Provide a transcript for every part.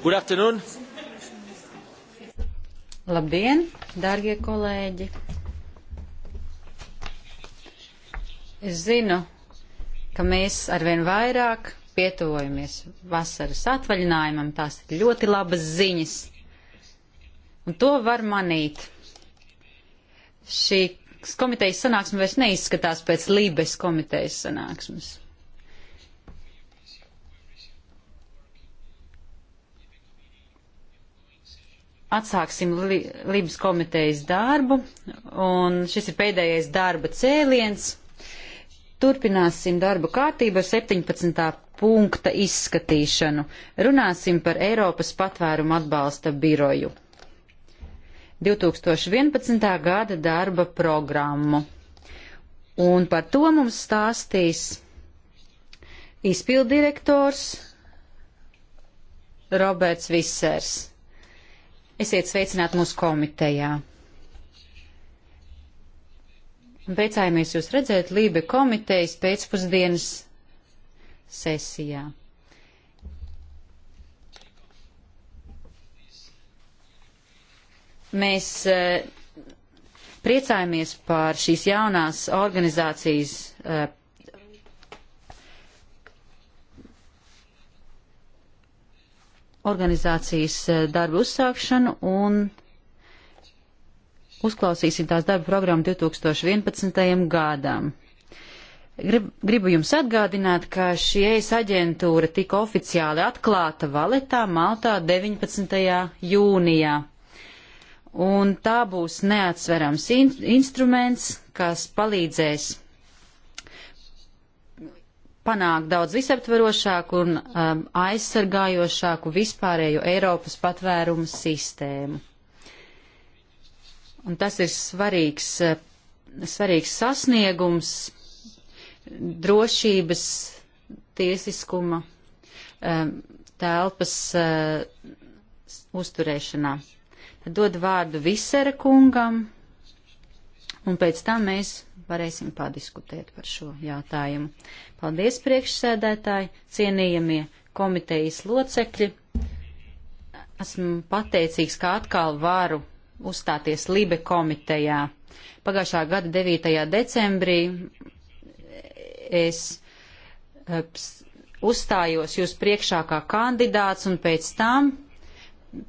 Good afternoon. Labdien, dārgie kolēģi! Es zinu, ka mēs arvien vairāk pietuvojamies vasaras atvaļinājumam. Tās ir ļoti labas ziņas. Un to var manīt. Šī komitejas sanāksme vairs neizskatās pēc Lībes komitejas sanāksmes. atsāksim li Libas komitejas darbu, un šis ir pēdējais darba cēliens. Turpināsim darbu kārtību ar 17. punkta izskatīšanu. Runāsim par Eiropas patvērumu atbalsta biroju. 2011. gada darba programmu. Un par to mums stāstīs izpildirektors Roberts Visers. Esiet sveicināti mūsu komitejā. Priecājamies jūs redzēt Lībe komitejas pēcpusdienas sesijā. Mēs e, priecājamies par šīs jaunās organizācijas e, organizācijas eh, darbu uzsākšanu un uzklausīsim tās darba programmu 2011. gadam. Grib, gribu jums atgādināt, ka šī EIS aģentūra tika oficiāli atklāta Valetā, Maltā 19. jūnijā. Un tā būs neatsverams in instruments, kas palīdzēs panākt daudz visaptverošāku un um, aizsargājošāku vispārējo Eiropas patvērumu sistēmu. Un tas ir svarīgs, uh, svarīgs sasniegums drošības, tiesiskuma um, telpas uh, uzturēšanā. Tad dod vārdu Visera kungam, un pēc tam mēs varēsim padiskutēt par šo jātājumu. Paldies, priekšsēdētāji, cienījamie komitejas locekļi. Esmu pateicīgs, ka atkal varu uzstāties Libe komitejā. Pagājušā gada 9. decembrī es eh, uzstājos jūs priekšā kā kandidāts un pēc tam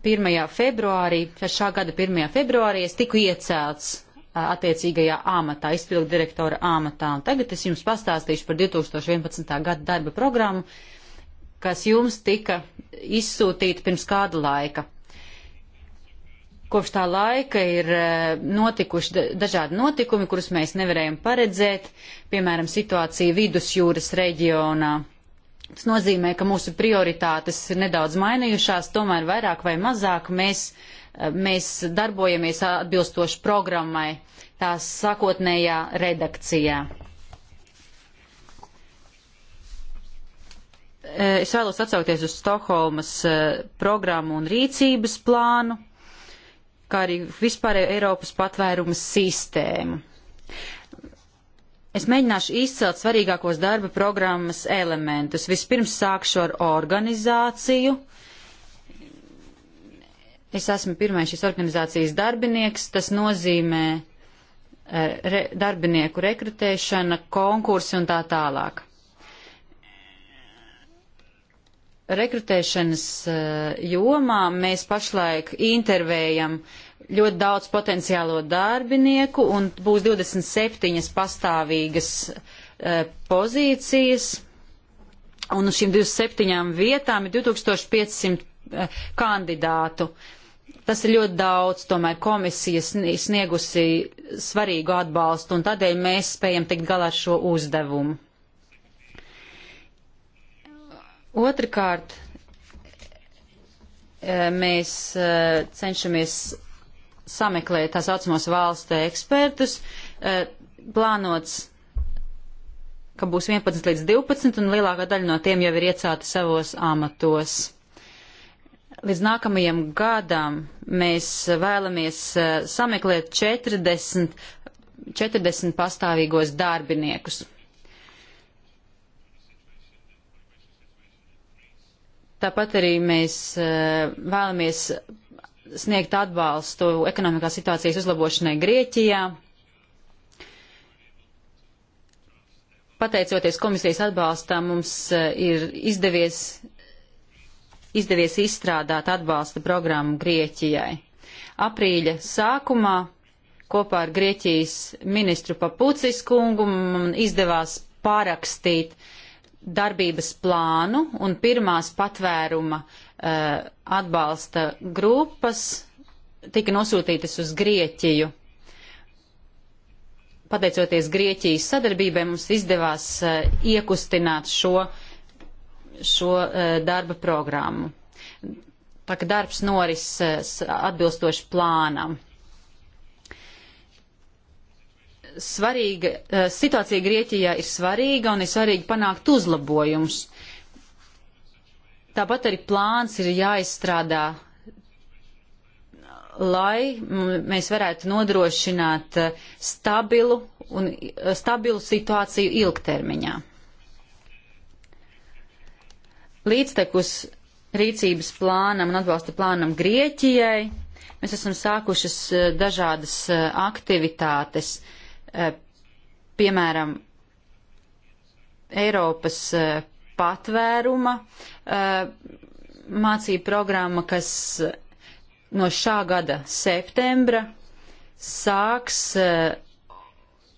1. februārī, šā gada 1. februārī es tiku iecelts attiecīgajā āmatā, izpildu direktora āmatā. Un tagad es jums pastāstīšu par 2011. gada darba programmu, kas jums tika izsūtīta pirms kāda laika. Kopš tā laika ir e, notikuši dažādi notikumi, kurus mēs nevarējam paredzēt, piemēram, situācija vidusjūras reģionā. Tas nozīmē, ka mūsu prioritātes ir nedaudz mainījušās, tomēr vairāk vai mazāk mēs uh, Eh, mēs darbojamies atbilstoši programmai tās sākotnējā redakcijā. Eh, es vēlos atsaukties uz Stokholmas eh, programmu un rīcības plānu, kā arī vispārējo Eiropas patvērumu sistēmu. Es mēģināšu izcelt svarīgākos darba programmas elementus. Vispirms sākšu ar organizāciju, uh, Es esmu pirmais šīs organizācijas darbinieks, tas nozīmē eh, re, darbinieku rekrutēšana, konkursi un tā tālāk. Rekrutēšanas eh, jomā mēs pašlaik intervējam ļoti daudz potenciālo darbinieku un būs 27 pastāvīgas eh, pozīcijas. Un uz šīm 27 vietām ir 2500 kandidātu. Uh, Tas ir ļoti daudz, tomēr komisija sniegusi svarīgu atbalstu, un tādēļ mēs spējam tikt galā ar šo uzdevumu. Otrakārt, e, mēs e, cenšamies sameklēt tā saucamos valsts ekspertus, e, plānots, ka būs 11 līdz 12, un lielākā daļa no tiem jau ir iecēta savos amatos. Līdz nākamajam gadam mēs vēlamies eh, sameklēt 40, 40 pastāvīgos darbiniekus. Tāpat arī mēs eh, vēlamies sniegt atbalstu ekonomikā situācijas uzlabošanai Grieķijā. Pateicoties komisijas atbalstam, mums eh, ir izdevies izdevies izstrādāt atbalsta programmu Grieķijai. Aprīļa sākumā kopā ar Grieķijas ministru Papucis kungu man izdevās parakstīt darbības plānu un pirmās patvēruma uh, atbalsta grupas tika nosūtītas uz Grieķiju. Pateicoties Grieķijas sadarbībai, mums izdevās uh, iekustināt šo uh, šo eh, darba programmu. Tā ka darbs noris atbilstoši plānam. Svarīga, eh, situācija Grieķijā ir svarīga un ir svarīgi panākt uzlabojumus. Tāpat arī plāns ir jāizstrādā, lai mēs varētu nodrošināt eh, stabilu, un, stabilu situāciju ilgtermiņā līdztekus rīcības plānam un atbalsta plānam Grieķijai. Mēs esam sākušas e, dažādas e, aktivitātes, e, piemēram, Eiropas patvēruma mācību programma, kas no šā gada septembra sāks,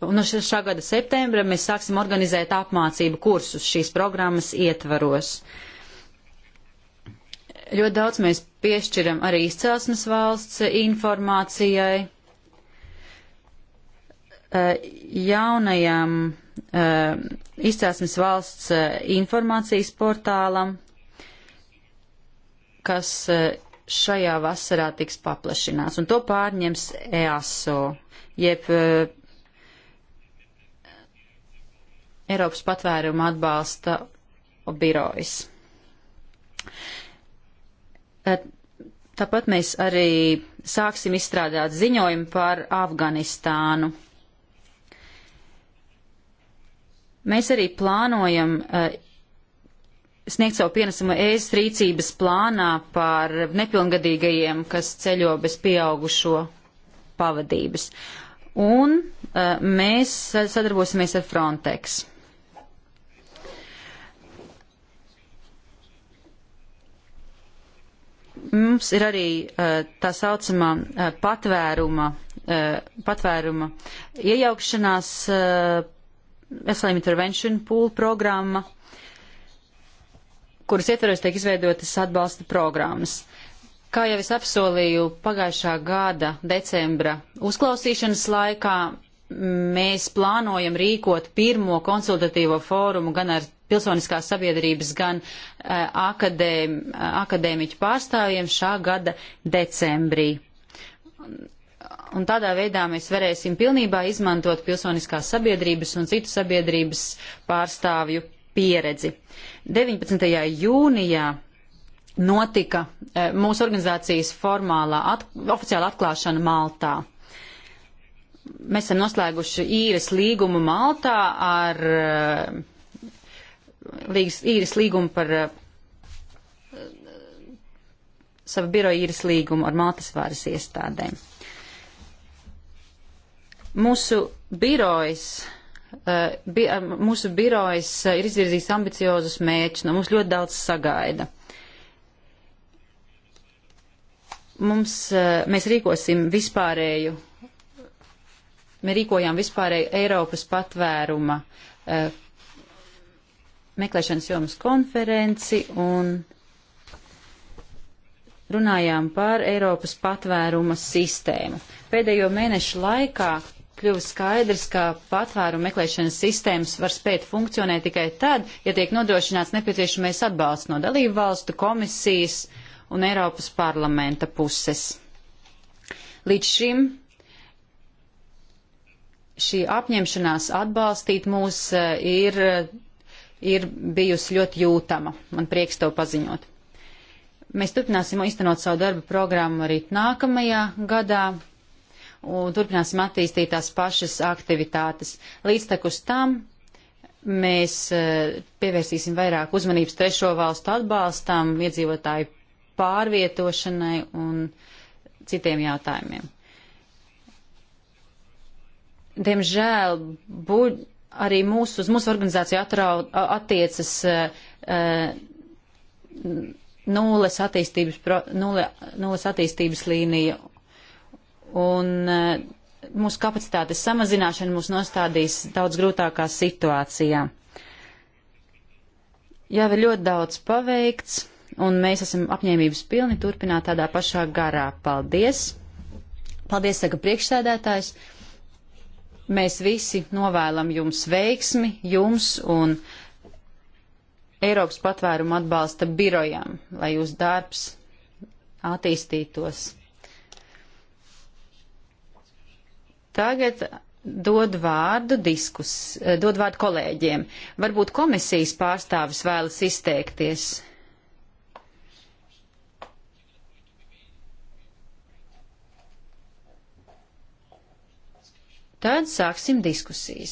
no šā gada septembra mēs sāksim organizēt apmācību kursus šīs programmas ietvaros. Uh, Ļoti daudz mēs piešķiram arī izcelsmes valsts informācijai. Eh, jaunajam eh, izcelsmes valsts eh, informācijas portālam, kas šajā vasarā tiks paplašināts, un to pārņems EASO, jeb Eiropas patvērumu atbalsta birojas. Tāpat mēs arī sāksim izstrādāt ziņojumu par Afganistānu. Mēs arī plānojam uh, sniegt savu pienesumu ēzes rīcības plānā par nepilngadīgajiem, kas ceļo bez pieaugušo pavadības. Un uh, mēs sadarbosimies ar Frontex. Mums ir arī eh, tā saucamā eh, patvēruma, eh, patvēruma iejaukšanās Veselības Intervention Pool programma, kuras ietveros tiek izveidotas atbalsta programmas. Kā jau es apsolīju pagājušā gada decembra uzklausīšanas laikā, mēs plānojam rīkot pirmo konsultatīvo fórumu gan ar pilsoniskās sabiedrības, gan uh, akadēm, akadēmiķu pārstāvjiem šā gada decembrī. Un tādā veidā mēs varēsim pilnībā izmantot pilsoniskās sabiedrības un citu sabiedrības pārstāvju pieredzi. 19. jūnijā notika uh, mūsu organizācijas formālā at oficiāla atklāšana Maltā. Mēs esam noslēguši īres līgumu Maltā ar eh, līgas, īres līgumu par eh, savu biroju īres līgumu ar Maltas varas iestādēm. Mūsu birojs, eh, bi, mūsu birojs ir izvirzījis ambiciozus mēķus, no mums ļoti daudz sagaida. Mums, mēs rīkosim vispārēju rīkojām vispārēju Eiropas patvēruma uh, meklēšanas jomas konferenci un runājām par Eiropas patvēruma sistēmu. Pēdējo mēnešu laikā kļuva skaidrs, ka patvērumu meklēšanas sistēmas var spēt funkcionēt tikai tad, ja tiek nodrošināts nepieciešamais atbalsts no dalību valstu komisijas un Eiropas parlamenta puses. Līdz šim šī apņemšanās atbalstīt mūs eh, ir, ir bijusi ļoti jūtama. Man prieks to paziņot. Mēs turpināsim īstenot savu darbu programmu arī nākamajā gadā un turpināsim attīstīt tās pašas aktivitātes. Līdztekus tam mēs eh, pievērsīsim vairāk uzmanības trešo valstu atbalstam, iedzīvotāju pārvietošanai un citiem jautājumiem diemžēl, buļ, arī mūsu, uz mūsu organizāciju atrau, attiecas uh, uh, nulles attīstības, pro, nulle, nulles attīstības līnija. Un uh, mūsu kapacitātes samazināšana mūs nostādīs daudz grūtākā situācijā. Jau ir ļoti daudz paveikts, un mēs esam apņēmības pilni turpināt tādā pašā garā. Paldies! Paldies, saka priekšsēdētājs! Mēs visi novēlam jums veiksmi, jums un Eiropas patvērumu atbalsta birojam, lai jūsu darbs attīstītos. Tagad dod vārdu diskus, dod vārdu kolēģiem. Varbūt komisijas pārstāvis vēlas izteikties. Tad sāksim diskusijas.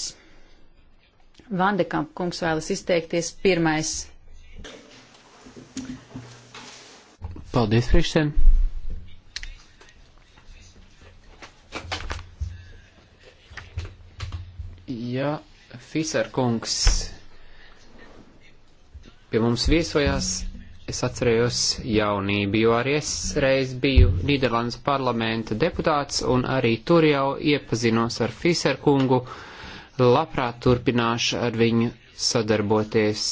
Vandekamp kungs vēlas izteikties pirmais. Paldies, priekšsēm. Ja Fisar kungs pie mums viesojās, es atcerējos jaunību, jo arī es reiz biju Nīderlandes parlamenta deputāts un arī tur jau iepazinos ar Fiser kungu, labprāt turpināšu ar viņu sadarboties.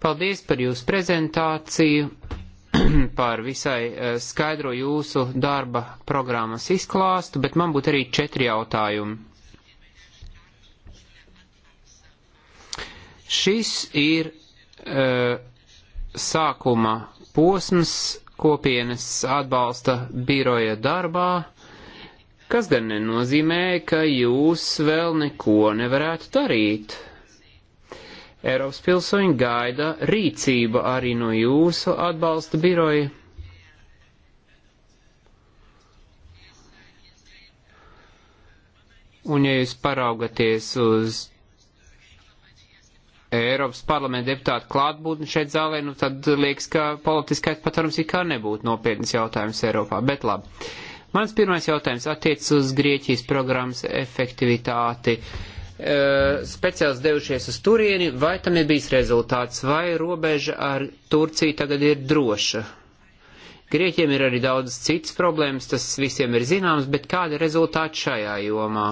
Paldies par jūsu prezentāciju, par visai eh, skaidro jūsu darba programmas izklāstu, bet man būtu arī četri jautājumi. Šis ir uh, sākuma posms kopienas atbalsta biroja darbā, kas gan nenozīmē, ka jūs vēl neko nevarētu darīt. Eiropas pilsoņi gaida rīcība arī no jūsu atbalsta biroja. Un ja jūs paraugaties uz Eiropas parlamenta deputātu klātbūtni šeit zālē, nu tad liekas, ka politiskais patvērums ir kā nebūtu nopietnas jautājums Eiropā, bet labi. Mans pirmais jautājums attiecas uz Grieķijas programmas efektivitāti. E, speciāls devušies uz turieni, vai tam ir bijis rezultāts, vai robeža ar Turciju tagad ir droša? Grieķiem ir arī daudz citas problēmas, tas visiem ir zināms, bet kāda ir rezultāti šajā jomā?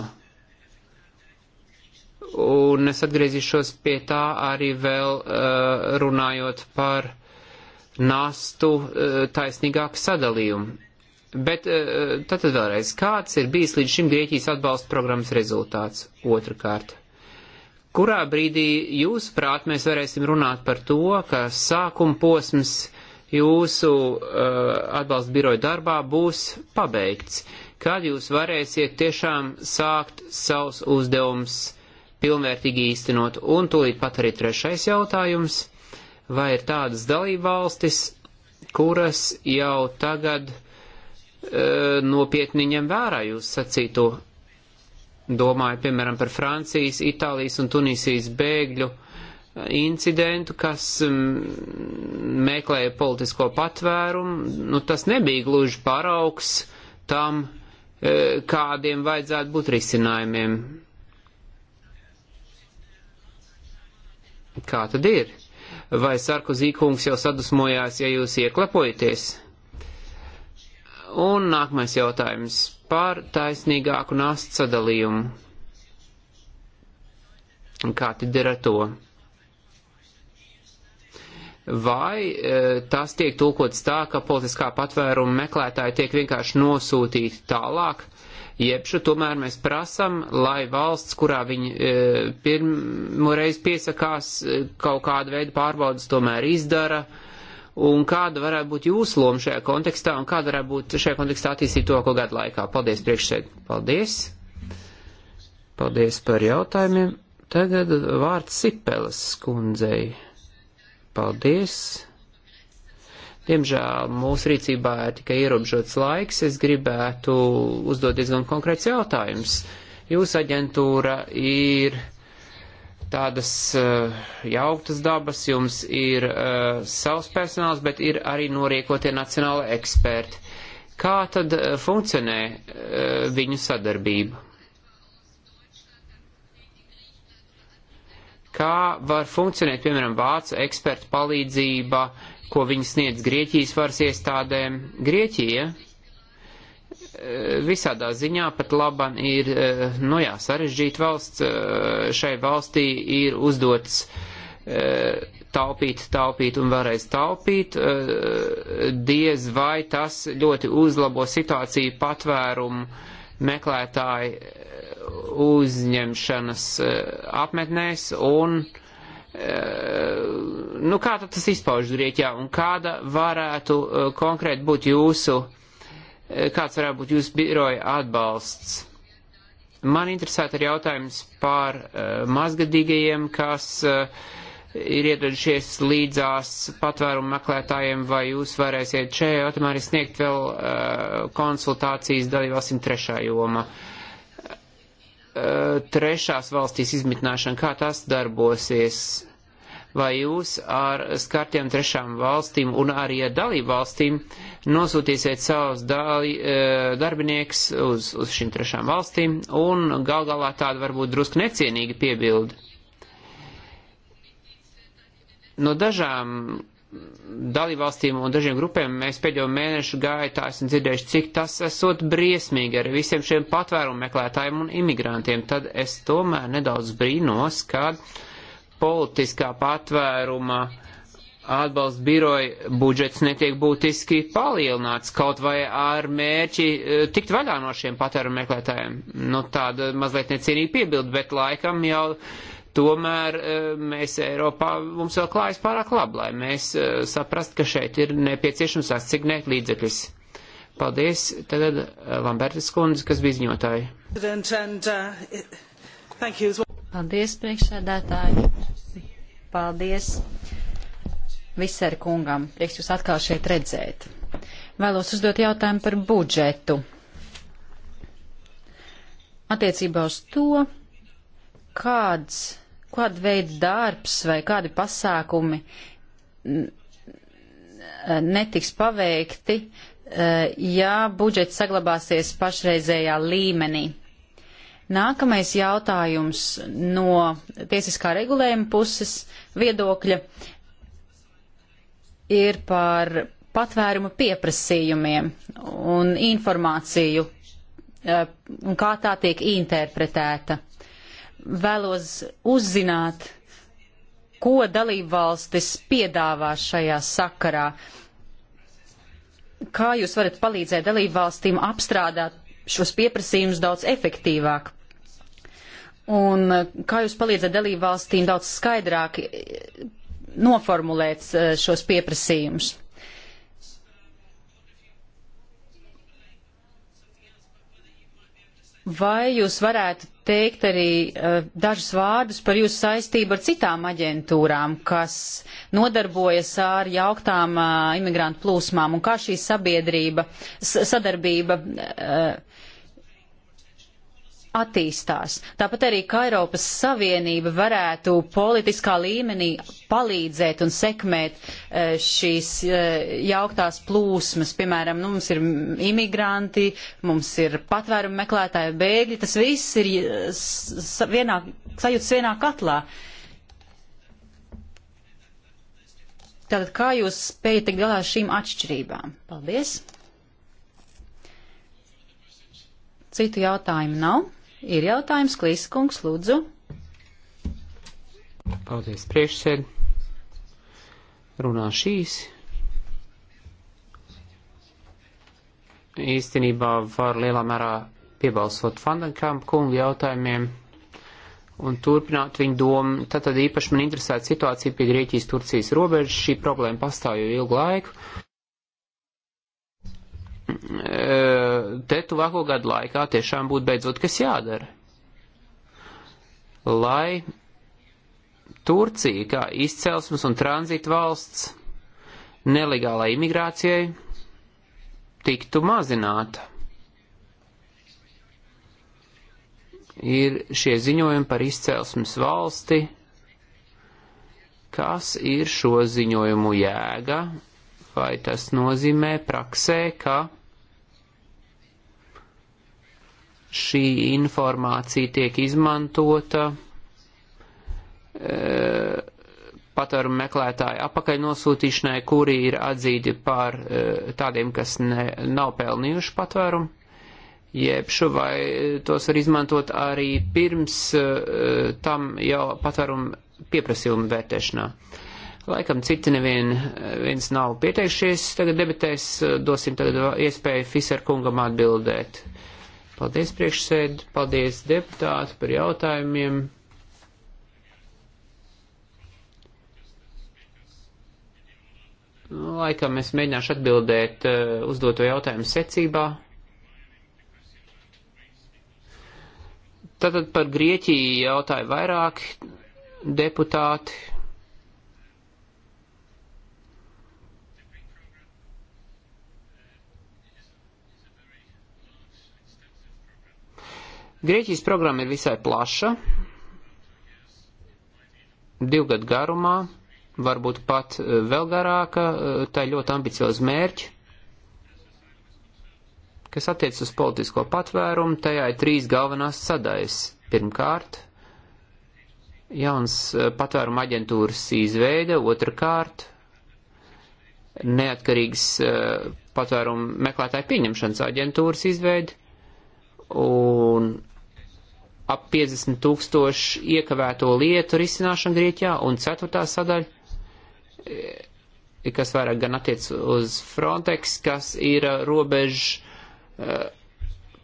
Un es atgriezīšos pie tā arī vēl uh, runājot par nastu uh, taisnīgāku sadalījumu. Bet uh, eh, tad vēlreiz, kāds ir bijis līdz šim Grieķijas atbalsta programmas rezultāts? Otrakārt, kurā brīdī jūs prāt mēs varēsim runāt par to, ka sākuma posms jūsu uh, atbalsta biroja darbā būs pabeigts? Kad jūs varēsiet tiešām sākt savus uzdevumus? pilnvērtīgi īstenot. Un tūlīt pat arī trešais jautājums, vai ir tādas dalībvalstis, kuras jau tagad e, nopietni ņem vērā jūs sacīto. Domāju, piemēram, par Francijas, Itālijas un Tunisijas bēgļu e, incidentu, kas meklēja politisko patvērumu, nu, tas nebija gluži paraugs tam, e, kādiem vajadzētu būt risinājumiem. Kā tad ir? Vai Sarkozī kungs jau sadusmojās, ja jūs ieklapojaties? Un nākamais jautājums par taisnīgāku nastu sadalījumu. Kā tad ir ar to? Vai e, tas tiek tulkots tā, ka politiskā patvēruma meklētāji tiek vienkārši nosūtīti tālāk, Iepšu tomēr mēs prasam, lai valsts, kurā viņi e, pirmoreiz piesakās, e, kaut kādu veidu pārbaudas tomēr izdara, un kāda varētu būt jūsu loma šajā kontekstā, un kāda varētu būt šajā kontekstā attīstīt to, ko gadu laikā. Paldies priekšsēd. Paldies. Paldies par jautājumiem. Tagad vārds Sipeles kundzei. Paldies. Diemžēl mūsu rīcībā ir tikai ierobežots laiks. Es gribētu uzdot diezgan konkrēts jautājums. Jūsu aģentūra ir tādas uh, jauktas dabas, jums ir uh, savs personāls, bet ir arī noriekotie nacionāli eksperti. Kā tad uh, funkcionē uh, viņu sadarbība? Kā var funkcionēt, piemēram, vācu ekspertu palīdzība uh, ko viņi sniedz Grieķijas varas iestādēm. Grieķija eh, visādā ziņā pat laban ir, eh, nu jā, sarežģīta valsts, eh, šai valstī ir uzdots taupīt, taupīt un vēlreiz taupīt, diez vai tas ļoti uzlabo situāciju patvērumu meklētāju uzņemšanas apmetnēs un uh, Eh, nu, kā tas izpaužas Grieķijā un kāda varētu uh, konkrēti būt jūsu, uh, kāds varētu būt jūsu biroja atbalsts? Man interesētu ir jautājums par uh, mazgadīgajiem, kas uh, ir iedodušies līdzās patvērumu meklētājiem, vai jūs varēsiet šajā jautājumā arī sniegt vēl uh, konsultācijas dalībvalstīm trešā joma. Uh, Eh, trešās valstīs izmitināšana, kā tas darbosies? Vai jūs ar skartiem trešām valstīm un arī ar dalību valstīm nosūtīsiet savus dali, eh, darbinieks uz, uz šīm trešām valstīm un gal galā tāda varbūt drusku necienīga piebilda? No dažām dalībvalstīm un dažiem grupiem mēs pēdējo mēnešu gaitā esam dzirdējuši, cik tas esot briesmīgi ar visiem šiem patvērumu meklētājiem un imigrantiem, tad es tomēr nedaudz brīnos, kad politiskā patvēruma atbalsta biroja budžets netiek būtiski palielināts, kaut vai ar mērķi e, tikt vaļā no šiem patvērumu meklētājiem. Nu, tāda mazliet necienīga piebilda, bet laikam jau. Uh, tomēr e, mēs Eiropā, mums vēl klājas pārāk labi, lai mēs e, saprast, ka šeit ir nepieciešams atsignēt līdzekļus. Paldies, tad e, Lambertas kundze, kas bija ziņotāji. Uh, Paldies, priekšsēdētāji. Paldies Viser kungam. Prieks jūs atkal šeit redzēt. Vēlos uzdot jautājumu par budžetu. Attiecībā uz to, kāds kāda veida darbs vai kādi pasākumi netiks paveikti, e, ja budžets saglabāsies pašreizējā līmenī. Nākamais jautājums no tiesiskā regulējuma puses viedokļa ir par patvērumu pieprasījumiem un informāciju e, un kā tā tiek interpretēta vēlos uzzināt, ko dalībvalstis piedāvā šajā sakarā. Kā jūs varat palīdzēt dalībvalstīm apstrādāt šos pieprasījumus daudz efektīvāk? Un kā jūs palīdzat dalībvalstīm daudz skaidrāk eh, noformulēt eh, šos pieprasījumus? Vai jūs varētu teikt arī uh, dažus vārdus par jūsu saistību ar citām aģentūrām, kas nodarbojas ar jauktām uh, imigrantu plūsmām un kā šī sabiedrība, sadarbība uh, attīstās. Tāpat arī, kā Eiropas Savienība varētu politiskā līmenī palīdzēt un sekmēt e, šīs e, jauktās plūsmas. Piemēram, nu, mums ir imigranti, mums ir patvērumu meklētāji, bēgļi. Tas viss ir e, vienā, sajūts vienā katlā. Tātad, kā jūs spējat tikt galā ar šīm atšķirībām? Paldies! Citu jautājumu nav. Ir jautājums, Klīskungs, lūdzu. Paldies, priekšsēd. Runā šīs. Īstenībā var lielā mērā piebalsot Fandenkām kungu jautājumiem un turpināt viņu domu. Tātad īpaši man interesēta situācija pie Grieķijas-Turcijas robežas. Šī problēma pastāv jau ilgu laiku te tuvāko gadu laikā tiešām būtu beidzot kas jādara. Lai Turcija, kā izcelsmes un tranzīta valsts, nelegālai imigrācijai tiktu mazināta. Ir šie ziņojumi par izcelsmes valsti, kas ir šo ziņojumu jēga Vai tas nozīmē praksē, ka šī informācija tiek izmantota e, eh, patvērumu meklētāju apakaļnosūtīšanai, kuri ir atzīti par e, tādiem, kas ne, nav pelnījuši patvērumu? Jebšu vai tos var izmantot arī pirms e, tam jau patvērumu pieprasījumu vērtēšanā. Uh, Laikam citi nevien, viens nav pieteikšies tagad debatēs, dosim tagad iespēju Fiser kungam atbildēt. Paldies priekšsēd, paldies deputāti par jautājumiem. Laikam es mēģināšu atbildēt eh, uzdoto jautājumu secībā. Tātad par Grieķiju jautāja vairāk deputāti. Grieķijas programma ir visai plaša, divu gadu garumā, varbūt pat eh, vēl garāka, eh, tā ir ļoti ambicioza mērķi, kas attiec uz politisko patvērumu, tajā ir trīs galvenās sadaļas. Pirmkārt, jauns eh, patvēruma aģentūras izveide, otrkārt, neatkarīgas patvērumu meklētāju pieņemšanas aģentūras izveide, un ap 50 tūkstoši iekavēto lietu risināšana Grieķijā, un ceturtā sadaļa, e, kas vairāk gan attiec uz Frontex, kas ir e, robežu e,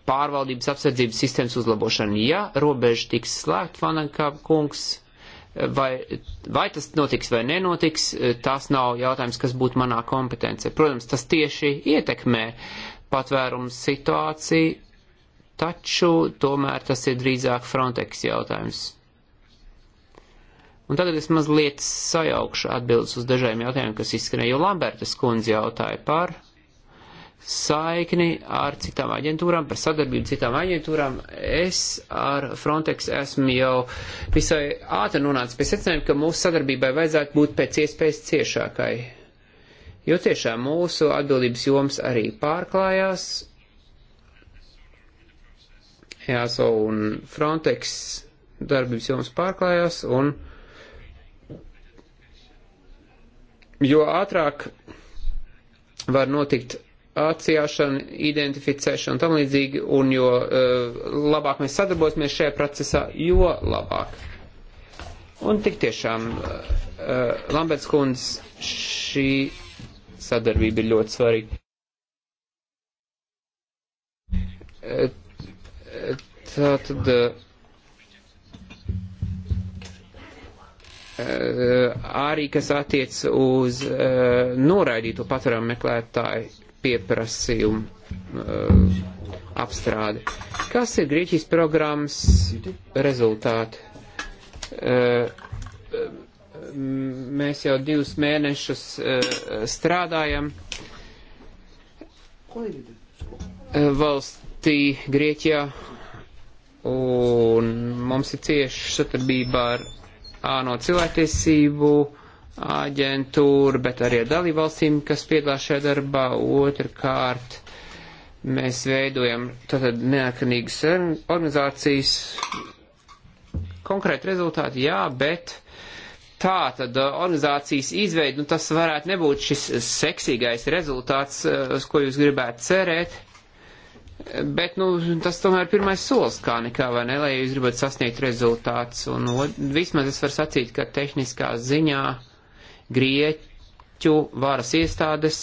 pārvaldības apsardzības sistēmas uzlabošana. Ja robeža tiks slēgt, Vanankāp kungs, vai, vai tas notiks vai nenotiks, tas nav jautājums, kas būtu manā kompetence. Protams, tas tieši ietekmē patvērums situāciju taču tomēr tas ir drīzāk Frontex jautājums. Un tagad es mazliet sajaukšu atbildes uz dažiem jautājumiem, kas izskanēja, jo Lambertas kundze jautāja par saikni ar citām aģentūrām, par sadarbību citām aģentūrām. Es ar Frontex esmu jau visai ātri nonācis pie secinājuma, ka mūsu sadarbībai vajadzētu būt pēc iespējas ciešākai. Jo tiešām mūsu atbildības joms arī pārklājās, EASO un Frontex darbības jomas pārklājās, un jo ātrāk var notikt atcijāšana, identificēšana un tam līdzīgi, un jo uh, labāk mēs sadarbosimies šajā procesā, jo labāk. Un tik tiešām, uh, uh, Lamberts kundz, šī sadarbība ir ļoti svarīga. Uh, Tā tad eh, eh, arī, kas attiec uz eh, noraidīto patvērumu meklētāju pieprasījumu apstrādi. Kas ir Grieķijas programmas rezultāti? Mēs jau divus mēnešus strādājam. Valstī Grieķijā Un mums ir cieši satarbība ar ANO cilvēktiesību aģentūru, bet arī ar dalībvalstīm, kas piedalās šajā darbā. Otrkārt, mēs veidojam tātad neatkarīgas organizācijas. Konkrēti rezultāti, jā, bet tā tad organizācijas izveida, nu tas varētu nebūt šis seksīgais rezultāts, eh, uz ko jūs gribētu cerēt Bet, nu, tas tomēr ir pirmais solis, kā nekā, vai ne, lai jūs gribat sasniegt rezultāts. Un vismaz es varu sacīt, ka tehniskā ziņā grieķu varas iestādes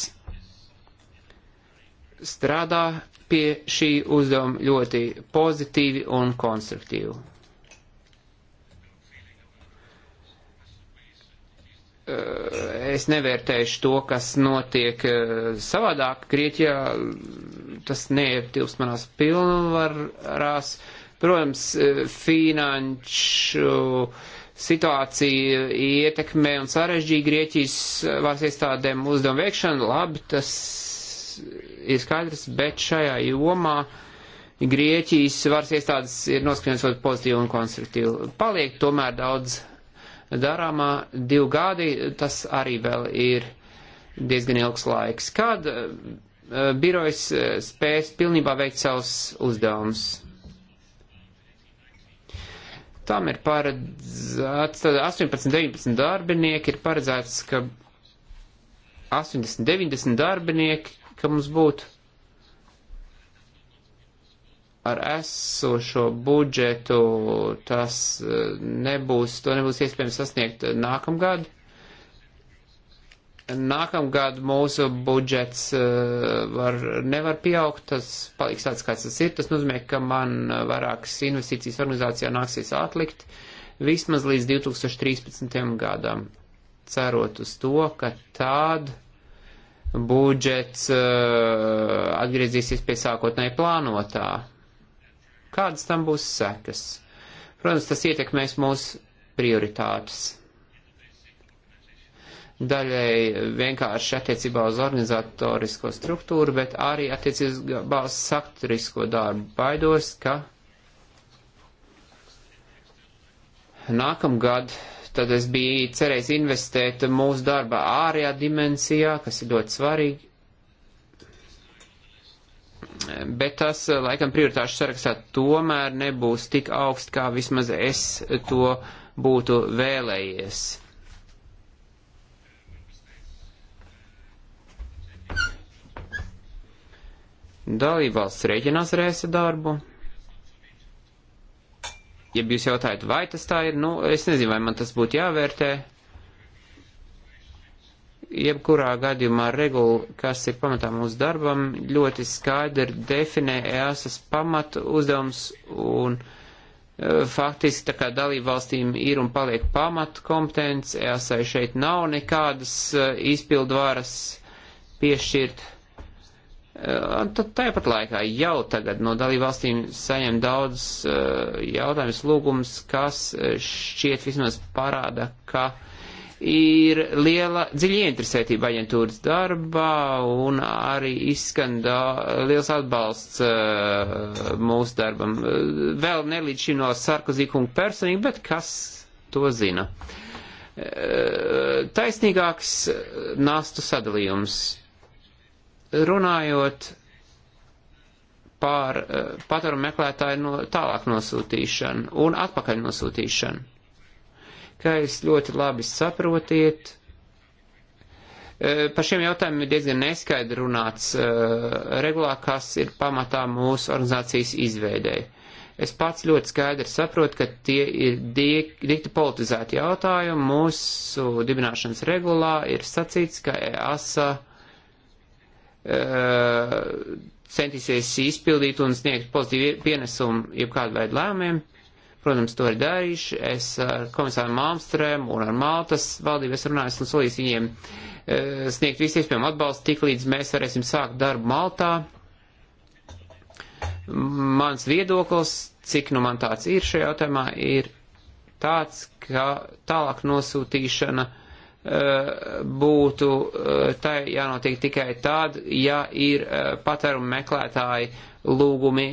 strādā pie šī uzdevuma ļoti pozitīvi un konstruktīvi. Eh, es nevērtēšu to, kas notiek eh, savādāk Grieķijā tas neietilps manās pilnvarās. Protams, eh, finanšu situācija ietekmē un sarežģīja Grieķijas eh, vārds iestādēm uzdevumu veikšanu. Labi, tas ir skaidrs, bet šajā jomā Grieķijas vārds iestādes ir noskaņots pozitīvi un konstruktīvi. Paliek tomēr daudz darāmā divi gadi, tas arī vēl ir diezgan ilgs laiks. Kad eh, Eh, birojs eh, spēs pilnībā veikt savus uzdevumus. Tam ir paredzēts, tad 18-19 darbinieki ir paredzēts, ka 80-90 darbinieki, ka mums būtu ar esošo budžetu, tas eh, nebūs, to nebūs iespējams sasniegt nākamgad nākamgad mūsu budžets eh, var, nevar pieaugt, tas paliks tāds, kāds tas ir. Tas nozīmē, ka man vairākas investīcijas organizācijā nāksies atlikt vismaz līdz 2013. gadam, cerot uz to, ka tād budžets eh, atgriezīsies pie sākotnēji plānotā. Kādas tam būs sekas? Protams, tas ietekmēs mūsu prioritātes daļai vienkārši attiecībā uz organizatorisko struktūru, bet arī attiecībā uz sakturisko darbu. Baidos, ka nākamgad tad es biju cerējis investēt mūsu darba ārējā dimensijā, kas ir ļoti svarīgi. Bet tas, laikam, prioritāšu sarakstā tomēr nebūs tik augsts, kā vismaz es to būtu vēlējies Dalībvalsts rēķinās ar ESA darbu. Ja jūs jautājat, vai tas tā ir, nu, es nezinu, vai man tas būtu jāvērtē. Jebkurā gadījumā regula, kas ir pamatā mūsu darbam, ļoti skaidri definē EASAS pamatu uzdevums un e, faktiski tā kā dalībvalstīm ir un paliek pamatu kompetence, EASA šeit nav nekādas e, izpildvaras piešķirt. Eh, tad tāpat laikā jau tagad no dalībvalstīm saņem daudz eh, jautājumus, lūgums, kas eh, šķiet vismaz parāda, ka ir liela dziļa interesētība aģentūras darbā un arī izskan da, liels atbalsts uh, mūsu darbam. Vēl ne līdz šim no Sarkozī kunga personīgi, bet kas to zina? Uh, taisnīgāks nastu sadalījums Runājot pār eh, patvaru meklētāju no, tālāk nosūtīšanu un atpakaļ nosūtīšanu. Kā jūs ļoti labi saprotiet, eh, par šiem jautājumiem ir diezgan neskaidri runāts eh, regulā, kas ir pamatā mūsu organizācijas izveidēji. Es pats ļoti skaidri saprotu, ka tie ir dikti politizēti jautājumi. Mūsu dibināšanas regulā ir sacīts, ka EASA uh, Uh, centīsies izpildīt un sniegt pozitīvu pienesumu jebkādu veidu lēmumiem. Protams, to ir darījuši. Es ar komisāru Malmstrēm un ar Maltas valdību esmu runājis un solījis viņiem uh, sniegt visu iespējamo atbalstu, tik līdz mēs varēsim sākt darbu Maltā. Mans viedoklis, cik nu man tāds ir šajā jautājumā, ir tāds, ka tālāk nosūtīšana uh, Eh, būtu eh, tai jānotiek tikai tad, ja ir eh, patērumu meklētāji lūgumi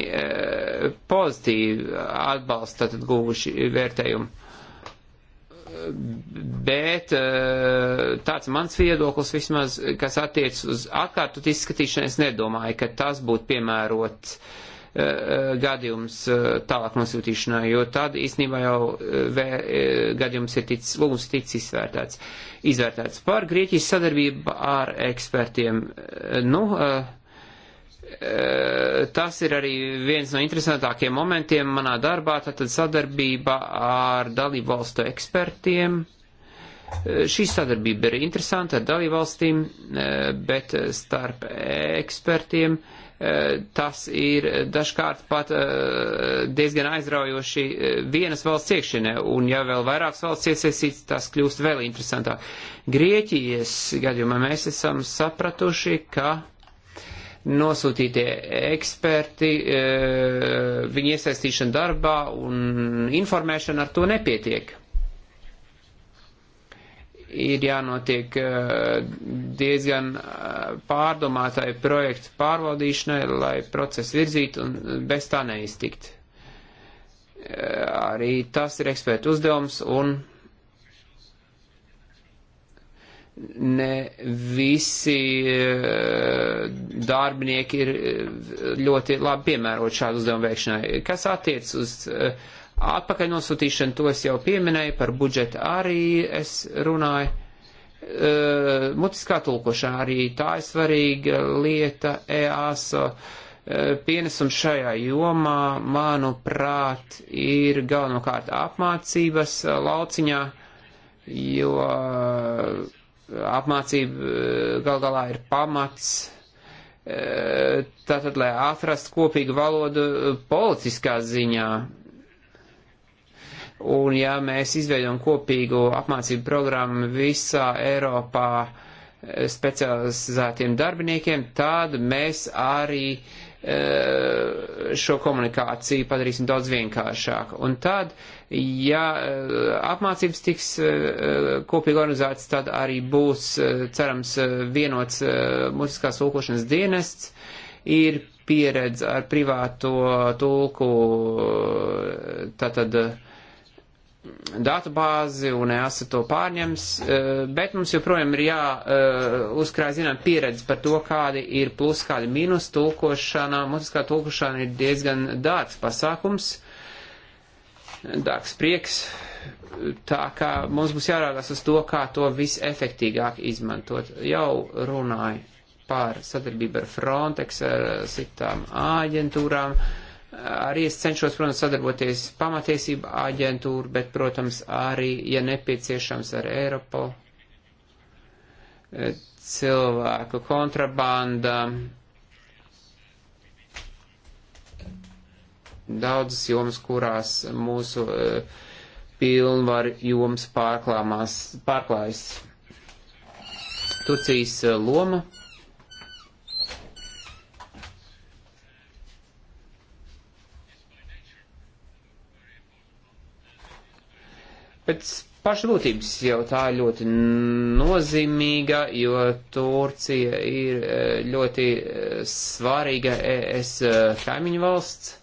pozitīvi atbalsta, tad guvuši vērtējumu. Bet tāds mans viedoklis vismaz, kas attiec uz atkārtot izskatīšanai, es nedomāju, ka tas būtu piemērots uh, E, e, gadījums e, tālāk nosūtīšanai, jo tad īstenībā jau vē, gadījums ir ticis, lūgums ir ticis izvērtēts. izvērtēts. Par Grieķijas sadarbību ar ekspertiem. Nu, Tas ir arī viens no interesantākiem momentiem manā darbā, tātad sadarbība ar dalību valstu ekspertiem. Šī sadarbība ir interesanta ar dalību valstīm, bet starp ekspertiem. Uh, Eh, tas ir dažkārt pat eh, diezgan aizraujoši eh, vienas valsts iekšienē, un ja vēl vairākas valsts iesaistīts, tas kļūst vēl interesantāk. Grieķijas gadījumā mēs esam sapratuši, ka nosūtītie eksperti, viņa iesaistīšana darbā un informēšana ar to nepietiek ir jānotiek eh, diezgan eh, pārdomātai projektu pārvaldīšanai, lai procesu virzītu un bez tā neiztikt. Eh, arī tas ir ekspertu uzdevums un ne visi darbinieki ir ļoti labi piemērot šādu uzdevumu veikšanai. Kas attiec uz Atpakaļ nosūtīšana, to es jau pieminēju, par budžetu arī es runāju. E, mutiskā tulkošana arī tā ir svarīga lieta EASO. E, pienesums šajā jomā, manuprāt, ir galvenokārt apmācības lauciņā, jo e, apmācība e, gal galā ir pamats e, tātad, lai atrastu kopīgu valodu politiskā ziņā, Un ja mēs izveidojam kopīgu apmācību programmu visā Eiropā eh, specializētiem darbiniekiem, tad mēs arī eh, šo komunikāciju padarīsim daudz vienkāršāku. Un tad, ja eh, apmācības tiks kopīgi organizētas, tad arī būs, cerams, vienots mūziskās tulkošanas dienests, ir pieredze ar privāto tulku, tātad. Uh, datubāzi un EASA to pārņems, eh, bet mums joprojām ir jāuzkrāj eh, zinām pieredze par to, kādi ir plus, kādi mīnus tulkošanā. Mums kā tulkošana ir diezgan dārgs pasākums, dārgs prieks, tā kā mums būs jārākās uz to, kā to visefektīgāk izmantot. Jau runāju par sadarbību ar Frontex, ar citām āģentūrām. Uh, Arī es cenšos, protams, sadarboties pamatiesību aģentūru, bet, protams, arī, ja nepieciešams, ar Eiropu, eh, cilvēku kontrabanda, daudzas jomas, kurās mūsu eh, pilnvaru jomas pārklājas. Turcijas eh, loma Pēc paša būtības jau tā ir ļoti nozīmīga, jo Turcija ir e, ļoti e, svarīga ES e, kaimiņu valsts,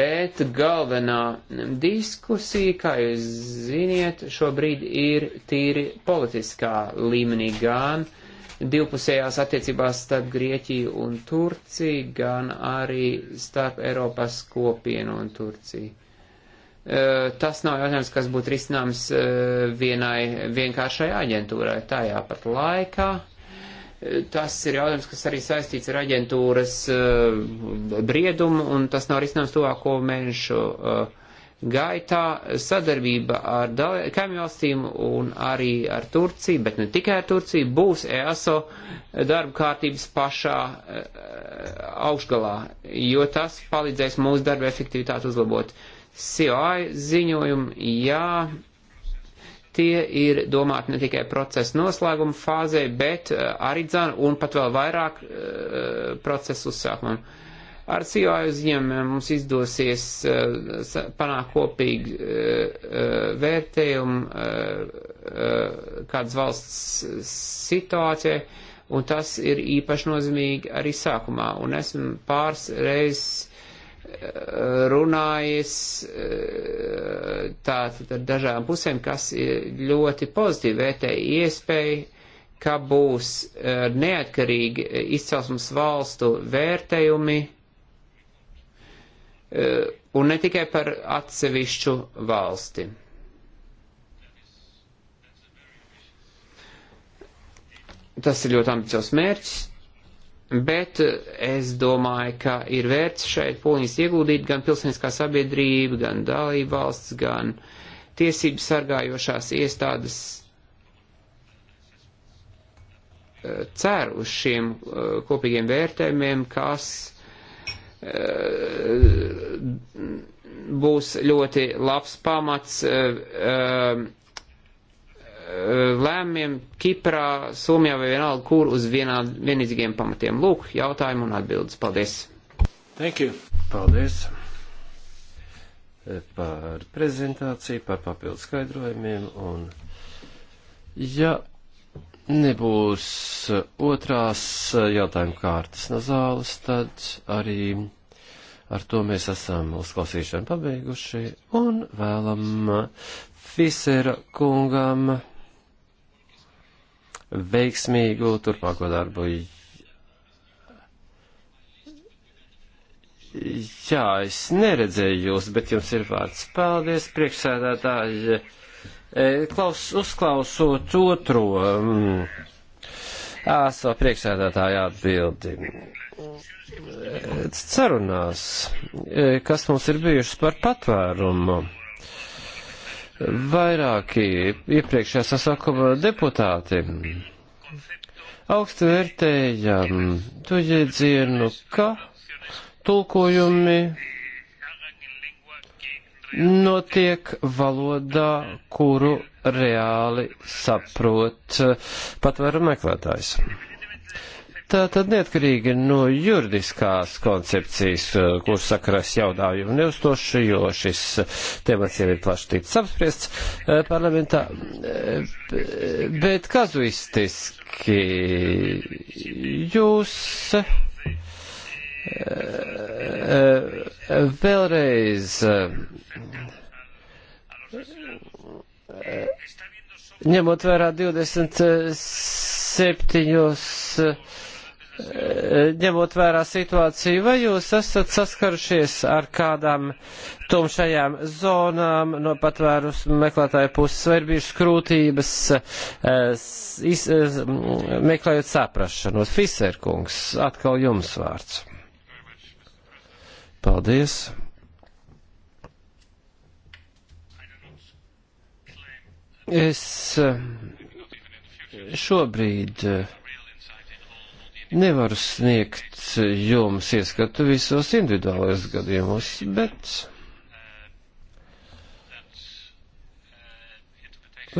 bet galvenā diskusija, kā jūs ziniet, šobrīd ir tīri politiskā līmenī gan divpusējās attiecībās starp Grieķiju un Turciju, gan arī starp Eiropas kopienu un Turciju tas nav jautājums, kas būtu risināms vienai vienkāršai aģentūrai. Tajā pat laikā tas ir jautājums, kas arī saistīts ar aģentūras briedumu, un tas nav risināms tuvāko mēnešu gaitā. Sadarbība ar kaimiņvalstīm un arī ar Turciju, bet ne tikai ar Turciju, būs EASO darba kārtības pašā augšgalā, jo tas palīdzēs mūsu darba efektivitāti uzlabot. Uh, COI ziņojumi, jā, tie ir domāti ne tikai procesa noslēguma fāzē, bet eh, arī dzan un pat vēl vairāk uh, procesa uzsākumam. Ar COI ziņojumiem mums izdosies uh, panākt kopīgu uh, vērtējumu kādas valsts situācijai, un tas ir īpaši nozīmīgi arī sākumā. Un esmu pāris reizes runājis eh, tātad ar dažām pusēm, kas ļoti pozitīvi vērtēja iespēju, ka būs eh, neatkarīgi izcelsmes valstu vērtējumi eh, un ne tikai par atsevišķu valsti. Tas ir ļoti ambiciozs mērķis, Bet eh, es domāju, ka ir vērts šeit pūliņas ieguldīt gan pilsoniskā sabiedrība, gan dalība valsts, gan tiesības sargājošās iestādes eh, cer uz šiem eh, kopīgiem vērtējumiem, kas būs ļoti labs pamats Eh, lēmumiem Kiprā, Somijā vai vienalga kur uz vienā, vienīdzīgiem pamatiem. Lūk, jautājumu un atbildes. Paldies! Thank you! Paldies! Eh, par prezentāciju, par papildu skaidrojumiem un, ja nebūs otrās jautājuma kārtas no zāles, tad arī ar to mēs esam uzklausīšanu pabeiguši un vēlam Fisera kungam veiksmīgu turpmāko darbu. Jā, es neredzēju jūs, bet jums ir vārds. Paldies, priekšsēdētāji. E, klaus, uzklausot otro um, mm, ASO priekšsēdētāju atbildi. Cerunās, e, kas mums ir bijušas par patvērumu Vairāki iepriekšējā sasākuma deputāti augstu vērtēja mm, to jēdzienu, ka tulkojumi notiek valodā, kuru reāli saprot patvēru meklētājs. Tātad neatkarīgi no juridiskās koncepcijas, eh, kur sakaras jaudājumu neuzdošu, jo šis temats jau ir plaši ticis apspriests eh, parlamentā, eh, bet kazuistiski jūs vēlreiz ņemot vērā 27 ņemot vērā situāciju, vai jūs esat saskarušies ar kādām tumšajām zonām no patvērus meklētāju puses, vai ir bijušas krūtības eh, iz, eh, meklējot saprašanos? Fiserkungs, atkal jums vārds. Paldies. Es eh, šobrīd uh, Nevaru sniegt jums ieskatu visos individuālajos gadījumos, bet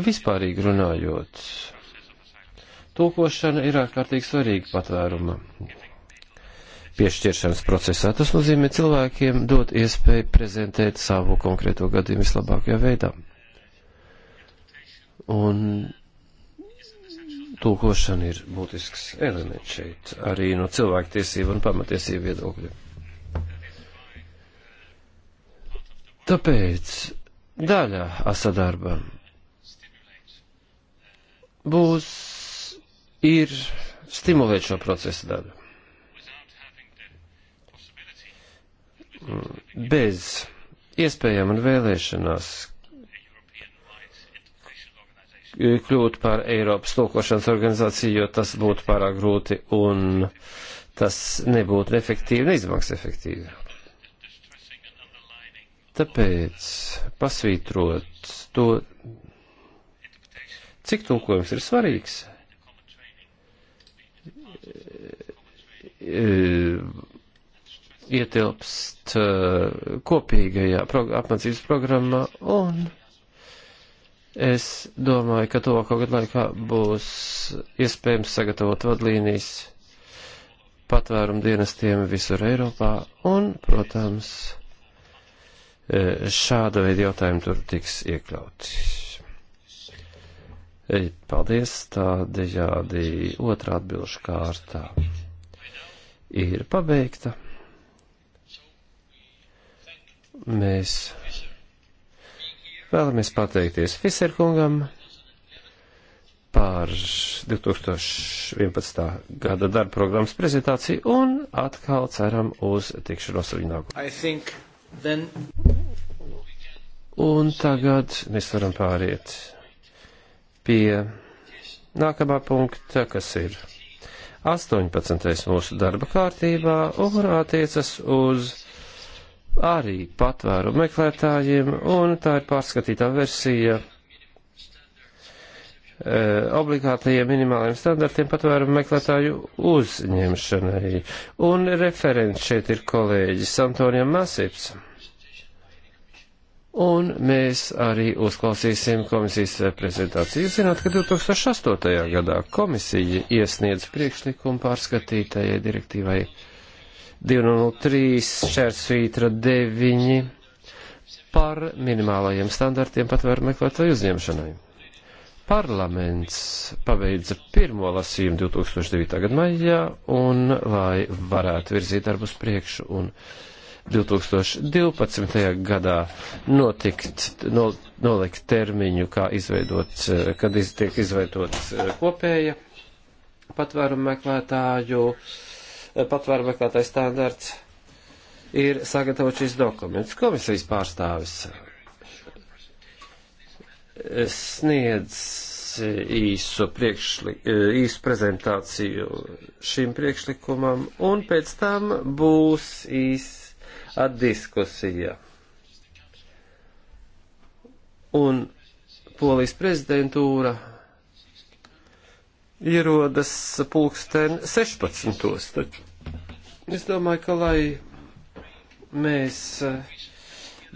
vispārīgi runājot, tulkošana ir ārkārtīgi svarīga patvēruma piešķiršanas procesā. Tas nozīmē cilvēkiem dot iespēju prezentēt savu konkrēto gadījumu vislabākajā veidā. Un tūkošana ir būtisks elements šeit, arī no cilvēktiesību un pamatiesību viedokļa. Tāpēc daļa asadarba būs ir stimulēt šo procesu daļu. Bez iespējām un vēlēšanās, kļūt par Eiropas tulkošanas organizāciju, jo tas būtu pārāk grūti un tas nebūtu efektīvi, neizmaksas efektīvi. Tāpēc pasvītrot to, cik tulkojums ir svarīgs, e, ietilpst e, kopīgajā apmācības programmā un Es domāju, ka tuvāko gadu laikā būs iespējams sagatavot vadlīnijas patvērumu dienestiem visur Eiropā, un, protams, e, šāda veida jautājumi tur tiks iekļauti. E, paldies, tādējādi otrā atbilžu kārtā ir pabeigta. Mēs Vēlamies pateikties Fiserkungam par 2011. gada darba programmas prezentāciju un atkal ceram uz tikšanos ar viņu. Then... Un tagad mēs varam pāriet pie nākamā punkta, kas ir 18. mūsu darba kārtībā un attiecas uz arī patvēru meklētājiem, un tā ir pārskatītā versija e, obligātajiem minimāliem standartiem patvēru meklētāju uzņemšanai. Un referents šeit ir kolēģis Antonijam Masips. Un mēs arī uzklausīsim komisijas prezentāciju. Jūs zināt, ka 2008. gadā komisija iesniedz priekšlikumu pārskatītajai direktīvai 203 šērsvītra 9 par minimālajiem standartiem patvēru meklētāju uzņemšanai. Parlaments pabeidza pirmo lasījumu 2009. gada maijā un lai varētu virzīt darbus priekšu un 2012. gadā notikt, no, nolikt termiņu, kā izveidot, kad iz, tiek izveidot eh, kopēja patvērumu meklētāju uh, Eh, patvērmeklētais standarts ir sagatavot šis dokuments. Komisijas pārstāvis eh, sniedz eh, īsu, priekšli, īsu prezentāciju šim priekšlikumam, un pēc tam būs īsa diskusija. Un Polijas prezidentūra ierodas pulksten 16. taču. Es domāju, ka lai mēs eh,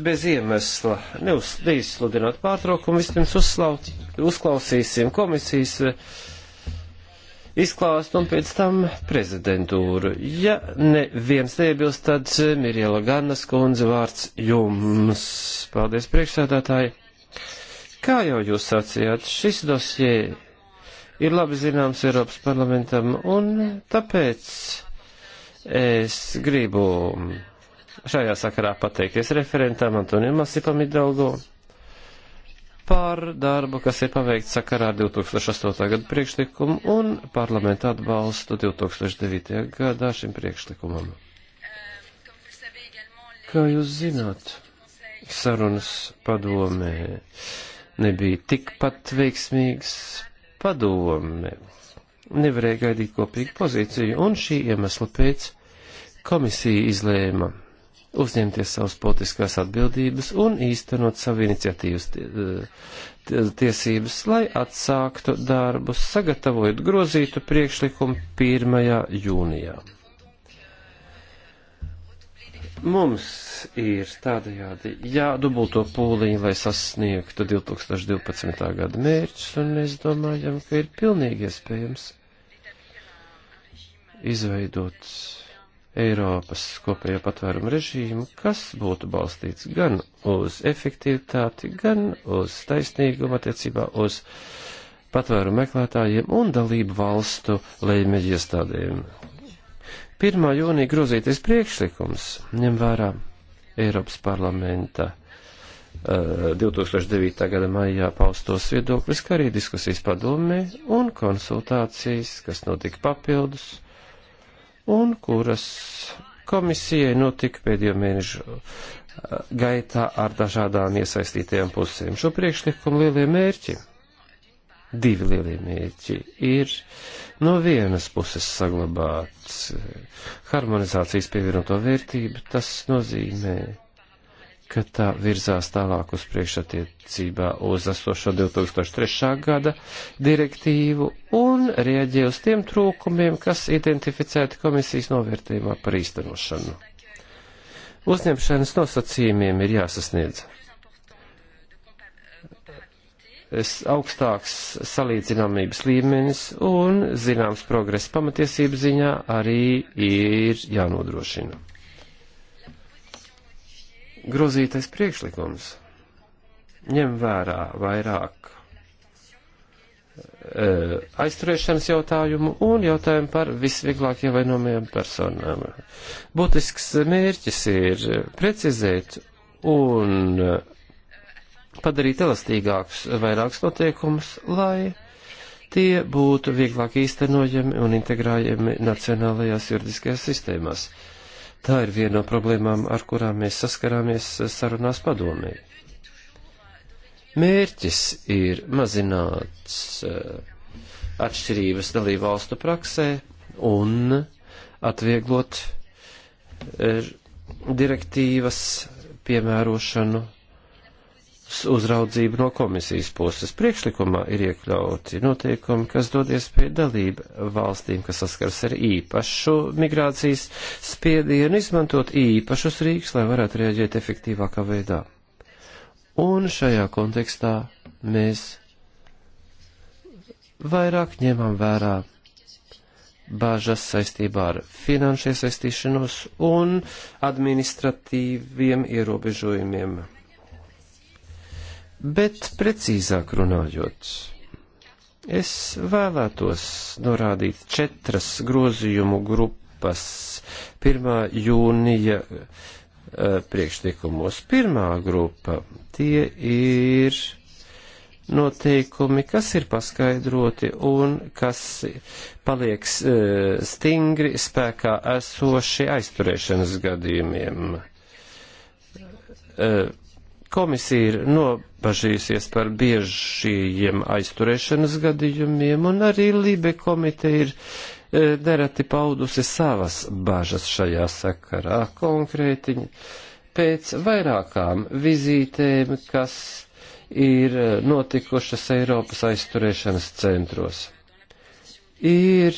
bez iemesla neuz, neizsludināt pārtraukumu, vispirms uzslaut, uzklausīsim komisijas eh, izklāstu un pēc tam prezidentūru. Ja neviens neiebilst, tad eh, Mirjela Gannas kundze vārds jums. Paldies priekšsēdētāji. Kā jau jūs sacījāt, šis dosie ir labi zināms Eiropas parlamentam un tāpēc Es gribu šajā sakarā pateikties referentam Antonim Masipam Idalgo par darbu, kas ir paveikts sakarā ar 2008. gadu priekšlikumu un parlamentu atbalstu 2009. gadā šim priekšlikumam. Kā jūs zināt, sarunas padomē nebija tikpat veiksmīgas padome nevarēja gaidīt kopīgu pozīciju, un šī iemesla pēc komisija izlēma uzņemties savas politiskās atbildības un īstenot savu iniciatīvas tiesības, lai atsāktu darbus, sagatavojot grozītu priekšlikumu 1. jūnijā. Mums ir tādajādi jādubulto pūliņi, lai sasniegtu 2012. gada mērķus, un mēs domājam, ka ir pilnīgi iespējams izveidot Eiropas kopējo patvērumu režīmu, kas būtu balstīts gan uz efektivitāti, gan uz taisnīgumu attiecībā uz patvērumu meklētājiem un dalību valstu lēmēģi iestādēm. 1. jūnija grozītais priekšlikums ņem vērā Eiropas parlamenta uh, eh, 2009. gada maijā paustos viedoklis, kā arī diskusijas padomē un konsultācijas, kas notika papildus un kuras komisijai notika pēdējo mēnešu uh, gaitā ar dažādām iesaistītajām pusēm. Šo priekšlikumu lielie mērķi, divi lielie mērķi, ir no vienas puses saglabāt uh, harmonizācijas pievienoto vērtību, tas nozīmē ka tā virzās tālāk uz priekšatiecībā uz esošo 2003. gada direktīvu un rieģē uz tiem trūkumiem, kas identificēti komisijas novērtējumā par īstenošanu. Uzņemšanas nosacījumiem ir jāsasniedz augstāks salīdzināmības līmenis un zināms progress pamatiesību ziņā arī ir jānodrošina grozītais priekšlikums ņem vērā vairāk e, aizturēšanas jautājumu un jautājumu par visvieglāk ievainojumiem personām. Būtisks mērķis ir precizēt un padarīt elastīgākus vairākus noteikumus, lai tie būtu vieglāk īstenojami un integrējami nacionālajās juridiskajās sistēmās. Uh, Tā ir viena no problēmām, ar kurām mēs saskarāmies sarunās padomē. Mērķis ir mazināt eh, atšķirības dalību valstu praksē un atvieglot eh, direktīvas piemērošanu uzraudzību no komisijas puses. Priekšlikumā ir iekļauti noteikumi, kas dod iespēju dalību valstīm, kas saskars ar īpašu migrācijas spiedienu, izmantot īpašus rīks, lai varētu rēģēt efektīvākā veidā. Un šajā kontekstā mēs vairāk ņemam vērā bāžas saistībā ar finanšu iesaistīšanos un administratīviem ierobežojumiem Bet precīzāk runājot, es vēlētos norādīt četras grozījumu grupas 1. jūnija eh, priekšlikumos. Pirmā grupa tie ir noteikumi, kas ir paskaidroti un kas paliek eh, stingri spēkā esoši aizturēšanas gadījumiem. Eh, komisija ir no bažījusies par biežajiem aizturēšanas gadījumiem, un arī Lībe komiteja ir e, nereti paudusi savas bažas šajā sakarā konkrēti pēc vairākām vizītēm, kas ir e, notikušas Eiropas aizturēšanas centros. Ir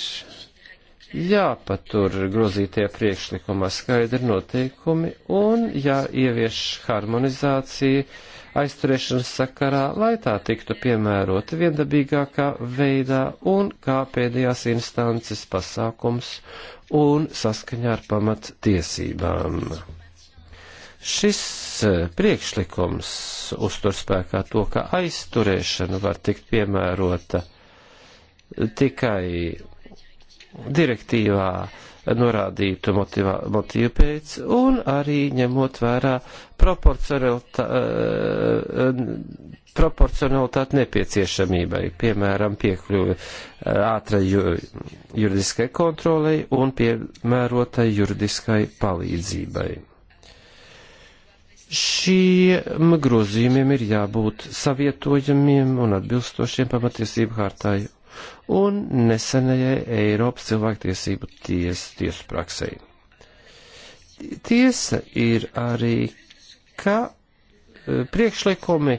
jāpatur grozītie priekšlikumā skaidri noteikumi un jāievieš harmonizācija aizturēšanas sakarā, lai tā tiktu piemērota viendabīgākā veidā un kā pēdējās instances pasākums un saskaņā ar pamat tiesībām. Šis eh, priekšlikums uztur spēkā to, ka aizturēšana var tikt piemērota tikai direktīvā norādītu motivā, motīvu pēc, un arī ņemot vērā proporcionalitā, eh, proporcionalitāti nepieciešamībai, piemēram, piekļuvi eh, ātrai juridiskai kontrolei un piemērotai juridiskai palīdzībai. Šiem grozījumiem ir jābūt savietojamiem un atbilstošiem pamatiesību hārtai un nesenajai Eiropas cilvēktiesību ties, tiesu praksē. Tiesa ir arī, ka e, priekšlikumi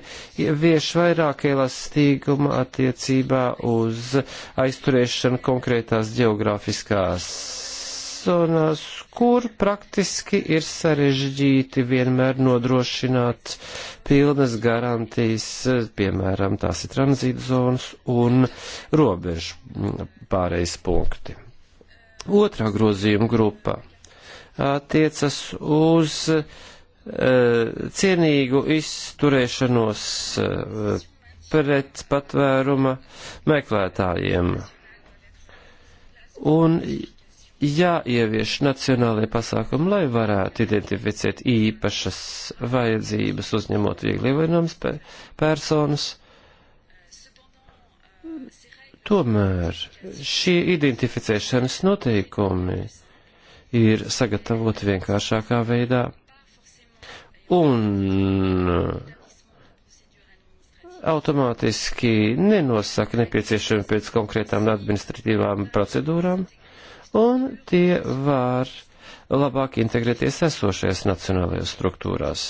vieš vairāk elastīguma attiecībā uz aizturēšanu konkrētās geogrāfiskās zonās kur praktiski ir sarežģīti vienmēr nodrošināt pilnas garantijas, piemēram, tās ir tranzīta zonas un robežu pārejas punkti. Otrā grozījuma grupa attiecas uz uh, cienīgu izturēšanos uh, pret patvēruma meklētājiem. Un jāievieš nacionālajie pasākumi, lai varētu identificēt īpašas vajadzības uzņemot viegli ievainojamas pe personas. Tomēr šie identificēšanas noteikumi ir sagatavoti vienkāršākā veidā un automātiski nenosaka nepieciešami pēc konkrētām administratīvām procedūrām un tie var labāk integrēties esošajās nacionālajās struktūrās.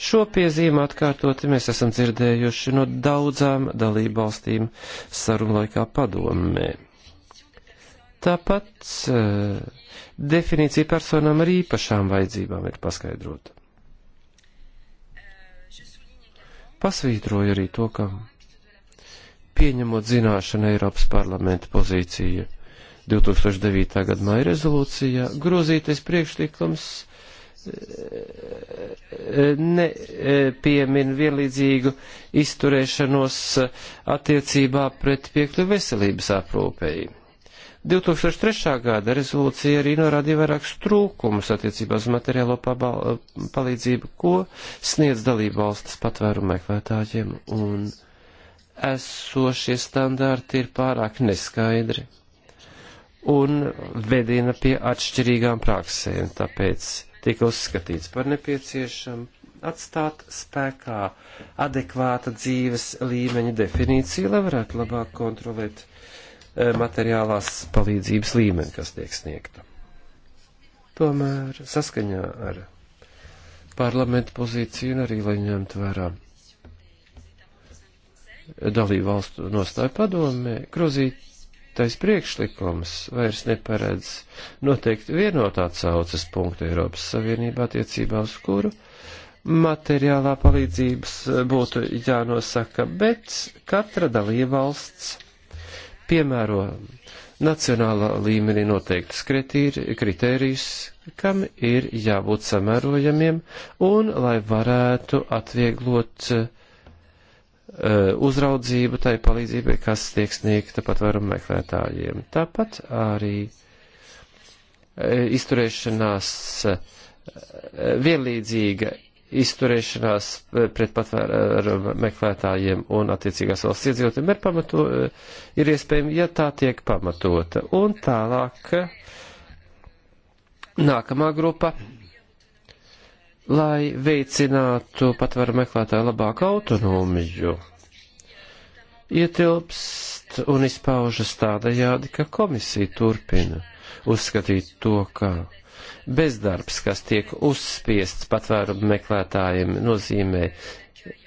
Šo piezīmu atkārtoti mēs esam dzirdējuši no daudzām dalībvalstīm sarunlaikā padomē. Tāpat uh, definīcija personām ar īpašām vajadzībām ir paskaidrota. Pasvītroju arī to, ka pieņemot zināšanu Eiropas parlamenta pozīciju 2009. gada māja rezolūcijā grozītais priekšlikums eh, eh, nepiemina eh, vienlīdzīgu izturēšanos attiecībā pret piekļu veselības aprūpēji. 2003. gada rezolūcija arī norādīja vairākus trūkumus attiecībā uz materiālo palīdzību, ko sniedz dalību valstis patvērumu meklētājiem, un esošie standarti ir pārāk neskaidri un vedina pie atšķirīgām praksēm, tāpēc tika uzskatīts par nepieciešamu atstāt spēkā adekvāta dzīves līmeņa definīciju, lai varētu labāk kontrolēt eh, materiālās palīdzības līmeni, kas tiek sniegta. Tomēr saskaņā ar parlamentu pozīciju un arī, lai ņemtu vērā dalību valstu nostāju padomē, grozīt Piektais priekšlikums vairs neparedz noteikti vienotā caucas punktu Eiropas Savienībā attiecībā uz kuru materiālā palīdzības būtu jānosaka, bet katra dalībvalsts piemēro nacionālā līmenī noteiktas kritērijas, kam ir jābūt samērojamiem un lai varētu atvieglot uh, Uh, uzraudzību tai palīdzībai, kas tiek sniegta patvērumu meklētājiem. Tāpat arī uh, izturēšanās, uh, vienlīdzīga izturēšanās pret patvērumu meklētājiem un attiecīgās valsts iedzīvotājiem ir, pamato, ir iespējama, ja tā tiek pamatota. Un tālāk nākamā grupa lai veicinātu patvaru meklētāju labāku autonomiju, ietilpst un izpaužas tādajādi, ka komisija turpina uzskatīt to, ka bezdarbs, kas tiek uzspiests patvērumu meklētājiem, nozīmē eh,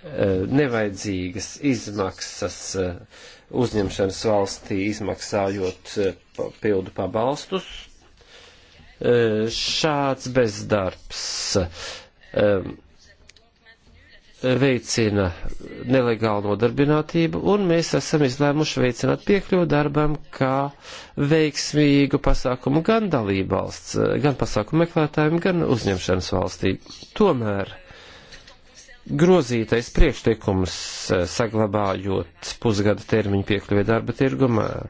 nevajadzīgas izmaksas eh, uzņemšanas valstī, izmaksājot eh, pildu pabalstus. Šāds bezdarbs um, veicina nelegālu nodarbinātību, un mēs esam izlēmuši veicināt piekļuvu darbam kā veiksmīgu pasākumu gan dalību valsts, gan pasākumu meklētājiem, gan uzņemšanas valstī. Tomēr grozītais priekšlikums eh, saglabājot pusgada termiņu piekļuvē darba tirgumā eh,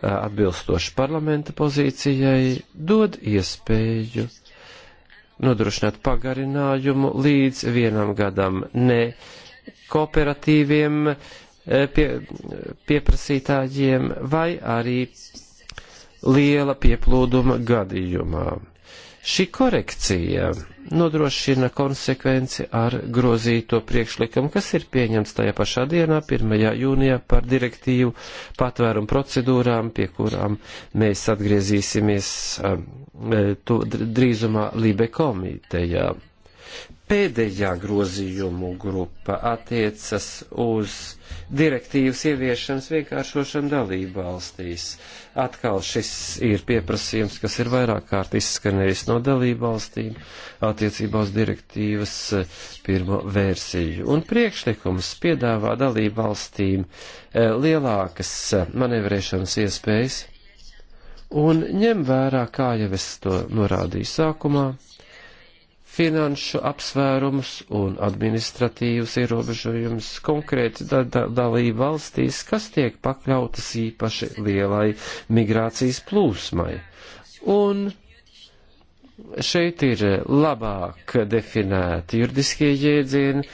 atbilstoši parlamenta pozīcijai dod iespēju nodrošināt pagarinājumu līdz vienam gadam ne kooperatīviem e, pie, pieprasītājiem vai arī liela pieplūduma gadījumā. Šī korekcija nodrošina konsekvenci ar grozīto priekšlikumu, kas ir pieņemts tajā pašā dienā, 1. jūnijā, par direktīvu patvērumu procedūrām, pie kurām mēs atgriezīsimies um, e, drīzumā Lībe komitejā. Pēdējā grozījumu grupa attiecas uz direktīvas ieviešanas vienkāršošanu dalību valstīs. Atkal šis ir pieprasījums, kas ir vairāk kārt izskanējis no dalību valstīm attiecībā uz direktīvas eh, pirmo versiju. Un priekšlikums piedāvā dalību valstīm eh, lielākas eh, manevrēšanas iespējas un ņem vērā, kā jau es to norādīju sākumā, finanšu apsvērumus un administratīvus ierobežojumus konkrēti da da dalību valstīs, kas tiek pakļautas īpaši lielai migrācijas plūsmai. Un šeit ir labāk definēti juridiskie jēdzieni,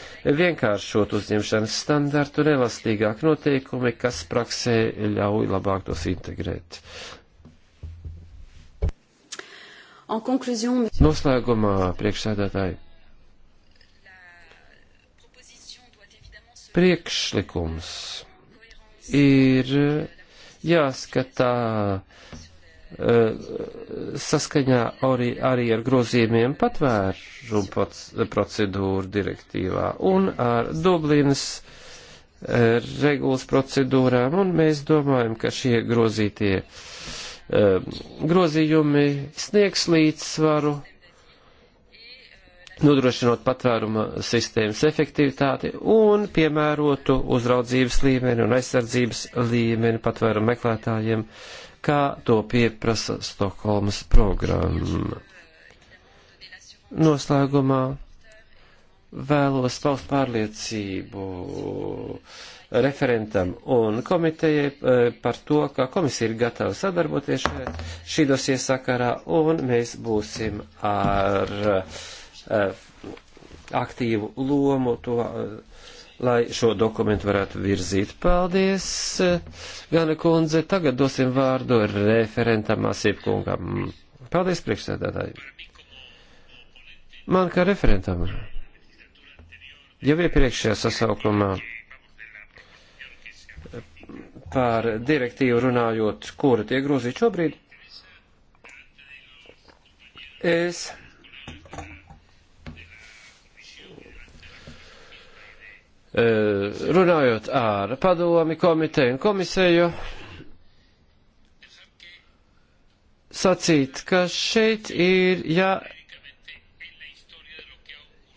vienkāršot uzņemšanas standartu un elastīgāk noteikumi, kas praksē ļauj labāk tos integrēt Noslēgumā priekšsēdētāji. Priekšlikums ir jāskatā eh, saskaņā arī, arī ar grozījumiem patvērumu procedūru direktīvā un ar Dublinas eh, regulas procedūrām, un mēs domājam, ka šie grozītie uh, Um, grozījumi sniegs līdzsvaru, nodrošinot patvēruma sistēmas efektivitāti un piemērotu uzraudzības līmeni un aizsardzības līmeni patvēruma meklētājiem, kā to pieprasa Stokholmas programma. Noslēgumā vēlos paust pārliecību. Uh, referentam un komitejai eh, par to, ka komisija ir gatava sadarboties šī dosie sakarā un mēs būsim ar eh, aktīvu lomu to, eh, lai šo dokumentu varētu virzīt. Paldies, Gana kundze. Tagad dosim vārdu referentam Asīpkungam. Paldies, priekšsēdētāji. Man kā referentam jau iepriekšējā sasaukumā par direktīvu runājot, kura tiek grozīta šobrīd, es eh, runājot ar padomi komiteju un komisēju, sacīt, ka šeit ir jāatbalsta. Ja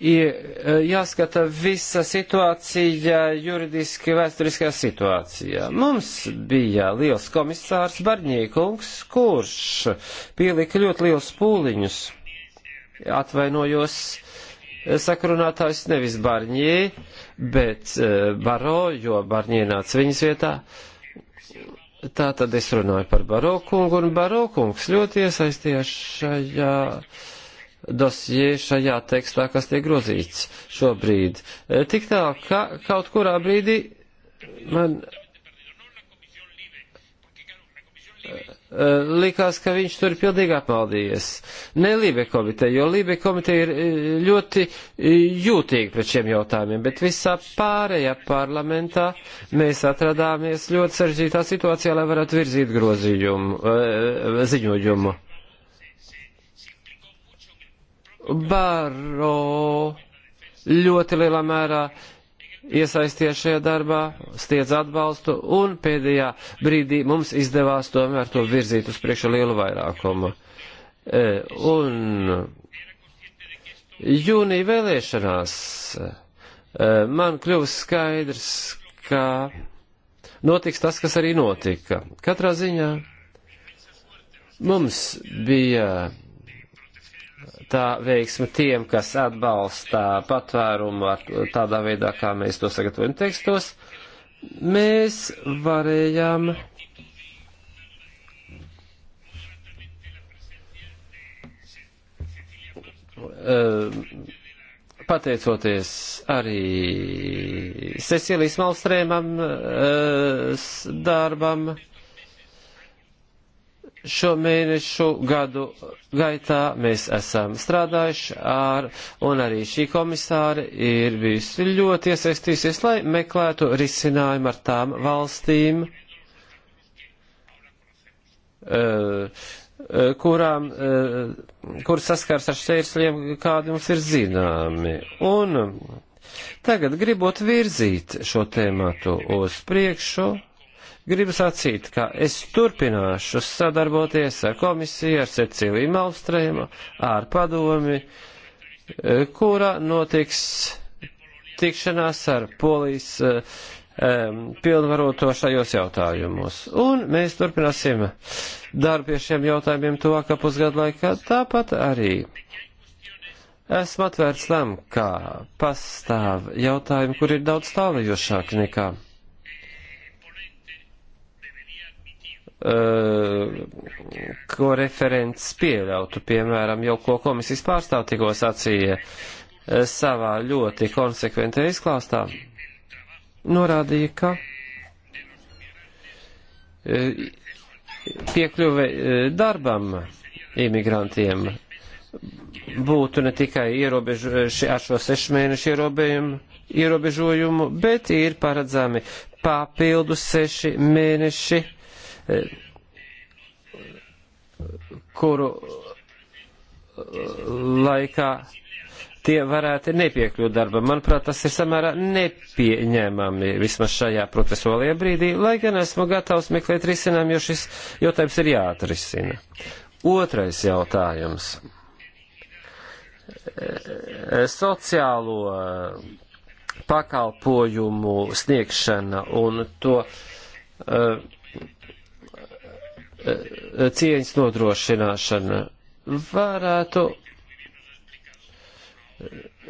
E, jāskata visa situācija juridiski vēsturiskajā situācijā. Mums bija liels komisārs Barņīkungs, kurš pielika ļoti liels pūliņus. Atvainojos, sakrunātājs nevis Barņī, bet e, Baro, jo Barņī nāca viņas vietā. Tā tad es runāju par Barokungu, un Barokungs ļoti iesaistījās šajā. Uh, dosie šajā tekstā, kas tiek grozīts šobrīd. E, tik tā, ka kaut kurā brīdī man e, likās, ka viņš tur ir pilnīgi apmaldījies. Ne Lībe komiteja, jo Lībe komiteja ir e, ļoti jūtīga pret šiem jautājumiem, bet visā pārējā parlamentā mēs atradāmies ļoti sarežģītā situācijā, lai varētu virzīt grozījumu, ziņojumu. Baro ļoti lielā mērā iesaisties šajā darbā, stiedz atbalstu, un pēdējā brīdī mums izdevās tomēr to virzīt uz priekšu lielu vairākumu. E, un jūnija vēlēšanās e, man kļuvis skaidrs, ka notiks tas, kas arī notika. Katrā ziņā mums bija tā veiksme tiem, kas atbalsta patvērumu ar tādā veidā, kā mēs to sagatavojam tekstos, mēs varējām ehm, pateicoties arī Cecilijas Malstrēmam ehm, darbam, šo mēnešu gadu gaitā mēs esam strādājuši ar, un arī šī komisāra ir bijusi ļoti iesaistījusies, lai meklētu risinājumu ar tām valstīm, eh, eh, kurām, eh, kur saskars ar šķērsļiem, kādi mums ir zināmi. Un tagad gribot virzīt šo tēmatu uz priekšu, Gribu sacīt, ka es turpināšu sadarboties ar komisiju, ar Cecīliju Malstrēmu, ar padomi, e, kura notiks tikšanās ar polijas um, e, pilnvaroto šajos jautājumos. Un mēs turpināsim darbu pie šiem jautājumiem tuvākā pusgada laikā. Tāpat arī esmu atvērts tam, kā pastāv jautājumi, kur ir daudz tālajošāki nekā Eh, ko referents pieļautu, piemēram, jau ko komisijas pārstāv tikko sacīja eh, savā ļoti konsekventā izklāstā, norādīja, ka eh, piekļuve darbam imigrantiem būtu ne tikai ierobežojuši ar šo sešu mēnešu ierobežojumu, bet ir paredzami papildus seši mēneši kuru eh, laikā tie varētu nepiekļūt darbam. Manuprāt, tas ir samērā nepieņēmami vismaz šajā procesuālajā brīdī, lai gan esmu gatavs meklēt risinājumu, jo šis jautājums ir jāatrisina. Otrais jautājums. Eh, sociālo eh, pakalpojumu sniegšana un to uh, Eh, cieņas nodrošināšana varētu, eh,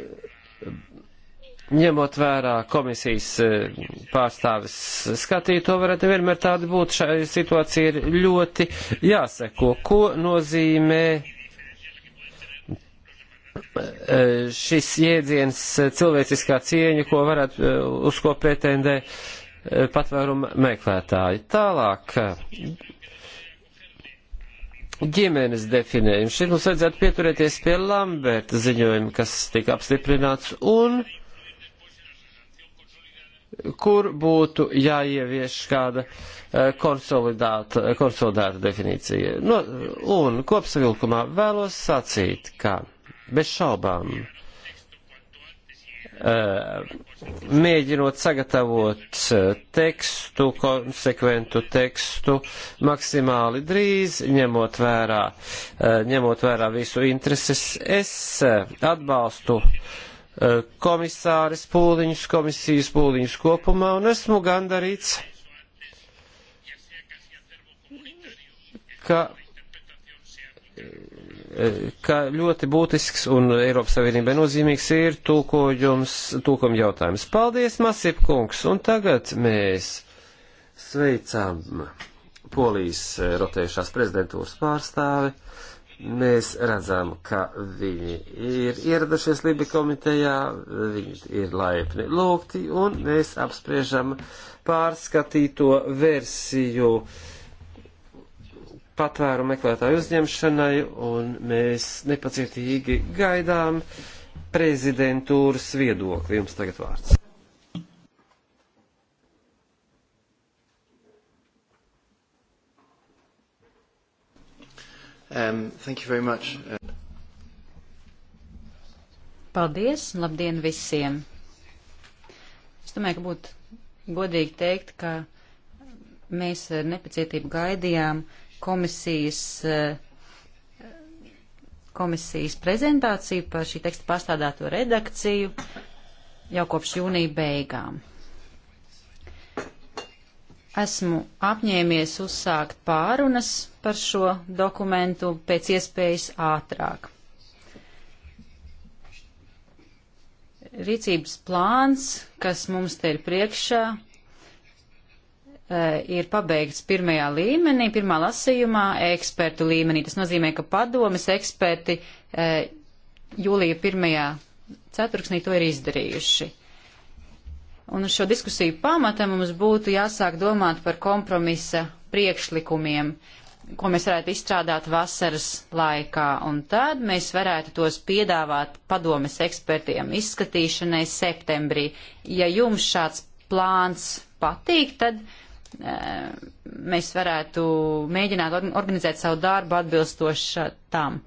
ņemot vērā komisijas eh, pārstāvis skatīt, to varētu vienmēr tādi būt. Šai situācija ir ļoti jāseko, ko nozīmē šis jēdziens cilvēciskā cieņa, ko varētu, uz ko pretendē patvēruma meklētāji. Tālāk ģimenes definējumu. Šeit mums vajadzētu pieturēties pie Lamberta ziņojuma, kas tika apstiprināts, un kur būtu jāievieš kāda eh, konsolidēta, konsolidēta definīcija. No, un kopsavilkumā vēlos sacīt, ka bez šaubām Eh, mēģinot sagatavot eh, tekstu, konsekventu tekstu maksimāli drīz, ņemot vērā, eh, ņemot vērā visu intereses. Es atbalstu komisāres pūliņus, komisijas pūliņus kopumā un esmu gandarīts, ka ka ļoti būtisks un Eiropas Savienībai nozīmīgs ir tulkojums, tulkojuma jautājums. Paldies, Masip kungs, un tagad mēs sveicām Polijas rotējušās prezidentūras pārstāvi. Mēs redzam, ka viņi ir ieradušies Libi komitejā, viņi ir laipni lūgti, un mēs apspriežam pārskatīto versiju. Uh, patvēru meklētāju uzņemšanai, un mēs nepacietīgi gaidām prezidentūras viedokli. Jums tagad vārds. Um, thank you very much. Paldies, labdien visiem! Es domāju, ka būtu godīgi teikt, ka mēs ar nepacietību gaidījām uh, komisijas, eh, komisijas prezentāciju par šī teksta pārstādāto redakciju jau kopš jūnija beigām. Esmu apņēmies uzsākt pārunas par šo dokumentu pēc iespējas ātrāk. Rīcības plāns, kas mums te ir priekšā, Eh, ir pabeigts pirmajā līmenī, pirmā lasījumā, ekspertu līmenī. Tas nozīmē, ka padomis eksperti eh, jūlija pirmajā ceturksnī to ir izdarījuši. Un uz šo diskusiju pamata mums būtu jāsāk domāt par kompromisa priekšlikumiem, ko mēs varētu izstrādāt vasaras laikā, un tad mēs varētu tos piedāvāt padomes ekspertiem izskatīšanai septembrī. Ja jums šāds plāns patīk, tad uh, Ehm, mēs varētu mēģināt organizēt savu darbu atbilstoši tam.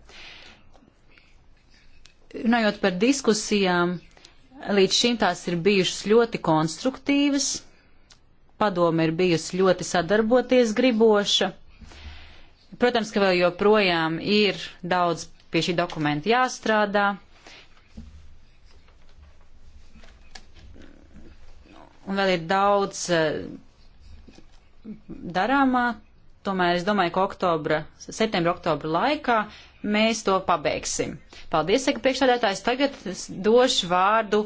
Runājot par diskusijām, līdz šim tās ir bijušas ļoti konstruktīvas, padome ir bijusi ļoti sadarboties griboša. Protams, ka vēl joprojām ir daudz pie šī dokumenta jāstrādā. Un vēl ir daudz eh, darāmā, tomēr es domāju, ka oktobra, septembra, oktobra laikā mēs to pabeigsim. Paldies, saka priekšsādātājs. Tagad es došu vārdu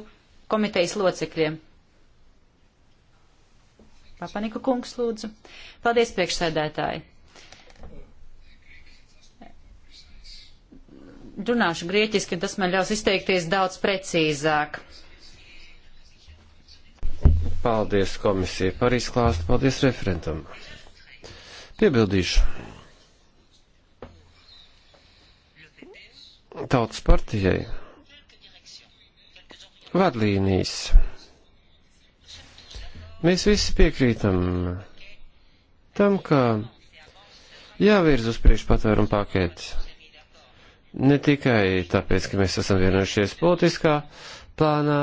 komitejas locekļiem. Papanika kungs, lūdzu. Paldies, priekšsēdētāji. Runāšu grieķiski, tas man ļaus izteikties daudz precīzāk. Paldies komisijai par izklāstu, paldies referentam. Piebildīšu. Tautas partijai vadlīnijas. Mēs visi piekrītam tam, ka jāvirz uz priekšu patvērumu paketi. Ne tikai tāpēc, ka mēs esam vienojušies politiskā plānā,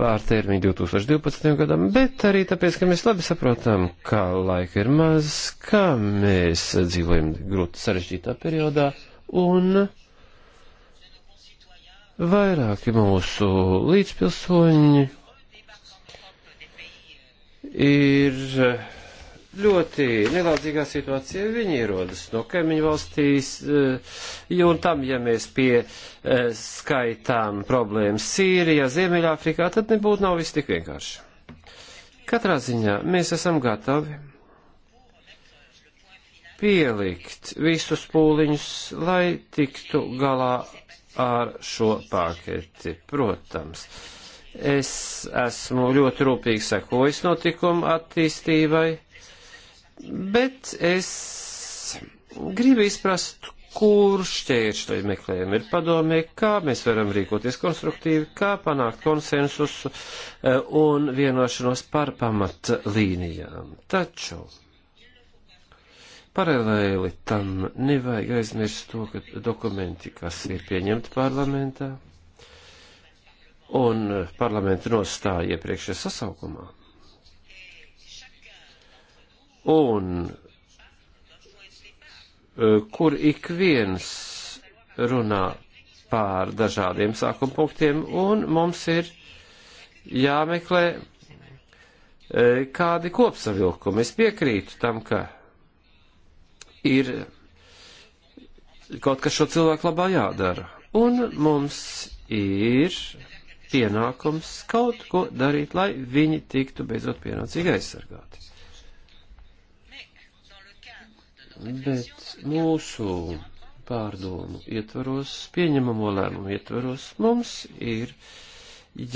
pār termiņu 2012. gadam, bet arī tāpēc, ka mēs labi saprotam, ka laika ir maz, ka mēs dzīvojam grūti sarežģītā periodā un vairāki mūsu līdzpilsoņi ir ļoti nelādzīgā situācijā viņi ierodas no kaimiņu valstīs, eh, un tam, ja mēs pie eh, skaitām problēmas Sīrijā, Ziemeļāfrikā, tad nebūtu nav viss tik vienkārši. Katrā ziņā mēs esam gatavi pielikt visus pūliņus, lai tiktu galā ar šo paketi, protams. Es esmu ļoti rūpīgi sekojis notikumu attīstībai Bet es gribu izprast, kur šķēršļi meklējumi ir padomē, kā mēs varam rīkoties konstruktīvi, kā panākt konsensus e, un vienošanos par pamat līnijām. Taču paralēli tam nevajag aizmirst to, ka dokumenti, kas ir pieņemti parlamentā un parlamenta nostāja iepriekšējā sasaukumā un e, kur ik viens runā pār dažādiem sākuma punktiem, un mums ir jāmeklē e, kādi kopsavilkumi. Es piekrītu tam, ka ir kaut kas šo cilvēku labā jādara, un mums ir pienākums kaut ko darīt, lai viņi tiktu beidzot pienācīgi aizsargāti bet mūsu pārdomu ietvaros, pieņemamo lēmumu ietvaros, mums ir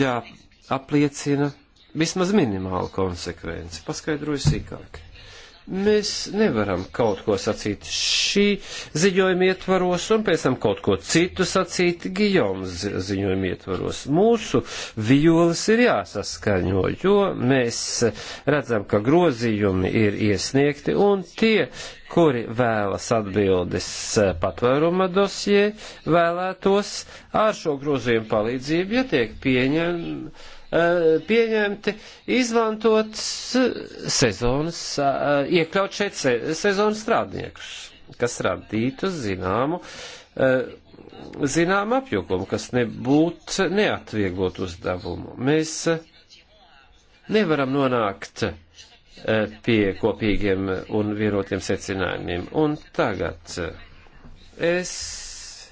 jāapliecina vismaz minimāla konsekvence. Paskaidroju sīkāk. Mēs nevaram kaut ko sacīt šī ziņojuma ietvaros un pēc tam kaut ko citu sacīt Gijomas ziņojuma ietvaros. Mūsu violas ir jāsaskaņo, jo mēs redzam, ka grozījumi ir iesniegti un tie, kuri vēlas atbildes patvēruma dosjē, vēlētos ar šo grozījumu palīdzību, ja tiek pieņemta Eh, pieņemti, izmantot sezonas, eh, iekļaut šeit sezonas strādniekus, kas radītu zināmu, eh, zināmu apjukumu, kas nebūtu neatvieglot uzdevumu. Mēs nevaram nonākt pie kopīgiem un vienotiem secinājumiem. Un tagad es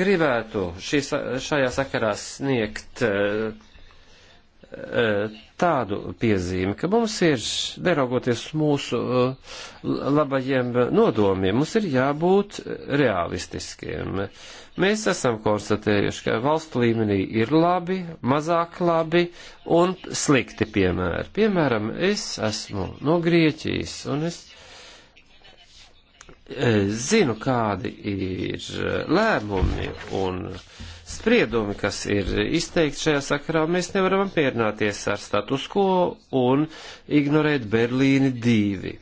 gribētu šī, šajā sakarā sniegt Eh, tādu piezīmi, ka mums ir, neraugoties mūsu eh, labajiem nodomiem, mums ir jābūt realistiskiem. Mēs esam konstatējuši, ka valstu līmenī ir labi, mazāk labi un slikti piemēri. Piemēram, es esmu no Grieķijas un es E, zinu, kādi ir lēmumi un spriedumi, kas ir izteikti šajā sakarā, mēs nevaram apmierināties ar status quo un ignorēt Berlīni divi.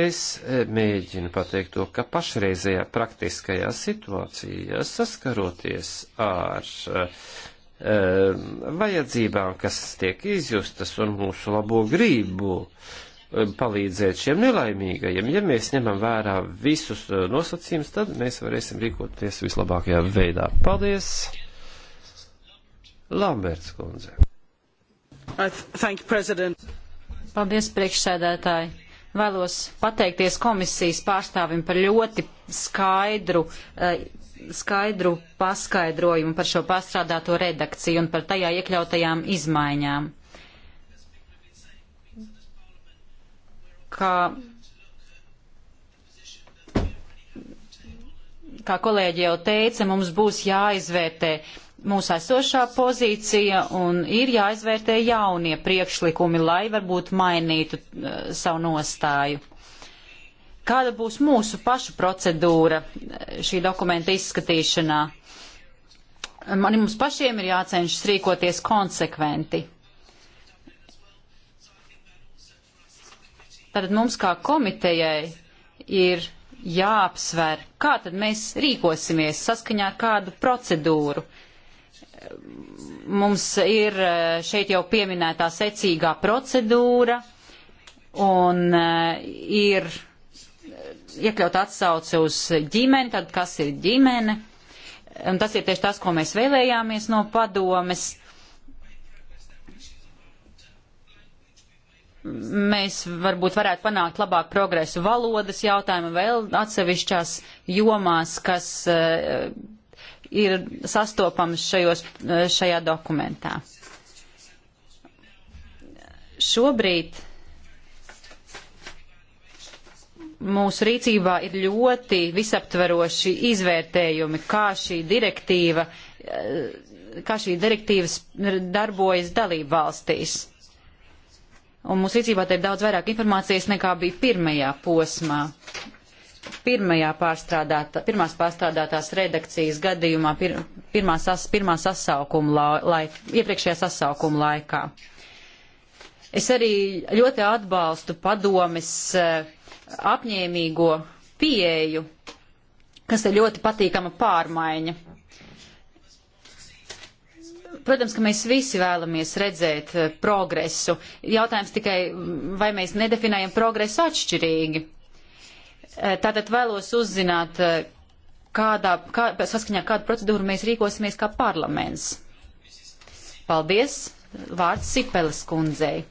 Es mēģinu pateikt to, ka pašreizējā praktiskajā situācijā saskaroties ar e, e, vajadzībām, kas tiek izjustas un mūsu labo grību, Um, palīdzēt šiem nelaimīgajiem. Ja mēs ņemam vērā visus uh, nosacījumus, tad mēs varēsim rīkoties vislabākajā veidā. Paldies! Lamberts kundze. Uh, thank you, President. Paldies, priekšsēdētāji. Vēlos pateikties komisijas pārstāvim par ļoti skaidru, uh, skaidru paskaidrojumu par šo pārstrādāto redakciju un par tajā iekļautajām izmaiņām. kā, kā kolēģi jau teica, mums būs jāizvērtē mūsu esošā pozīcija un ir jāizvērtē jaunie priekšlikumi, lai varbūt mainītu uh, savu nostāju. Kāda būs mūsu pašu procedūra eh, šī dokumenta izskatīšanā? Man mums pašiem ir jācenšas rīkoties konsekventi. Tātad mums kā komitejai ir jāapsver, kā tad mēs rīkosimies saskaņā ar kādu procedūru. Mums ir e, šeit jau pieminētā secīgā procedūra un e, ir iekļaut atsauci uz ģimeni, tad kas ir ģimene. Un tas ir tieši tas, ko mēs vēlējāmies no padomes. mēs varbūt varētu panākt labāk progresu valodas jautājumu vēl atsevišķās jomās, kas uh, ir sastopams šajos, eh, šajā dokumentā. Šobrīd mūsu rīcībā ir ļoti visaptveroši izvērtējumi, kā šī direktīva, eh, kā šī direktīva darbojas dalību valstīs. Un mūsu rīcībā te ir daudz vairāk informācijas nekā bija pirmajā posmā. Pirmajā pārstrādātā, pirmās pārstrādātās redakcijas gadījumā, pir, pirmā, sas, pirmā sasaukuma la, laik, iepriekšējā sasaukuma laikā. Es arī ļoti atbalstu padomes eh, apņēmīgo pieeju, kas ir ļoti patīkama pārmaiņa Protams, ka mēs visi vēlamies redzēt eh, progresu. Jautājums tikai, vai mēs nedefinējam progresu atšķirīgi. Eh, tātad vēlos uzzināt, eh, kādā, kā, saskaņā kādu procedūru mēs rīkosimies kā parlaments. Paldies! Vārds Sipeles kundzei.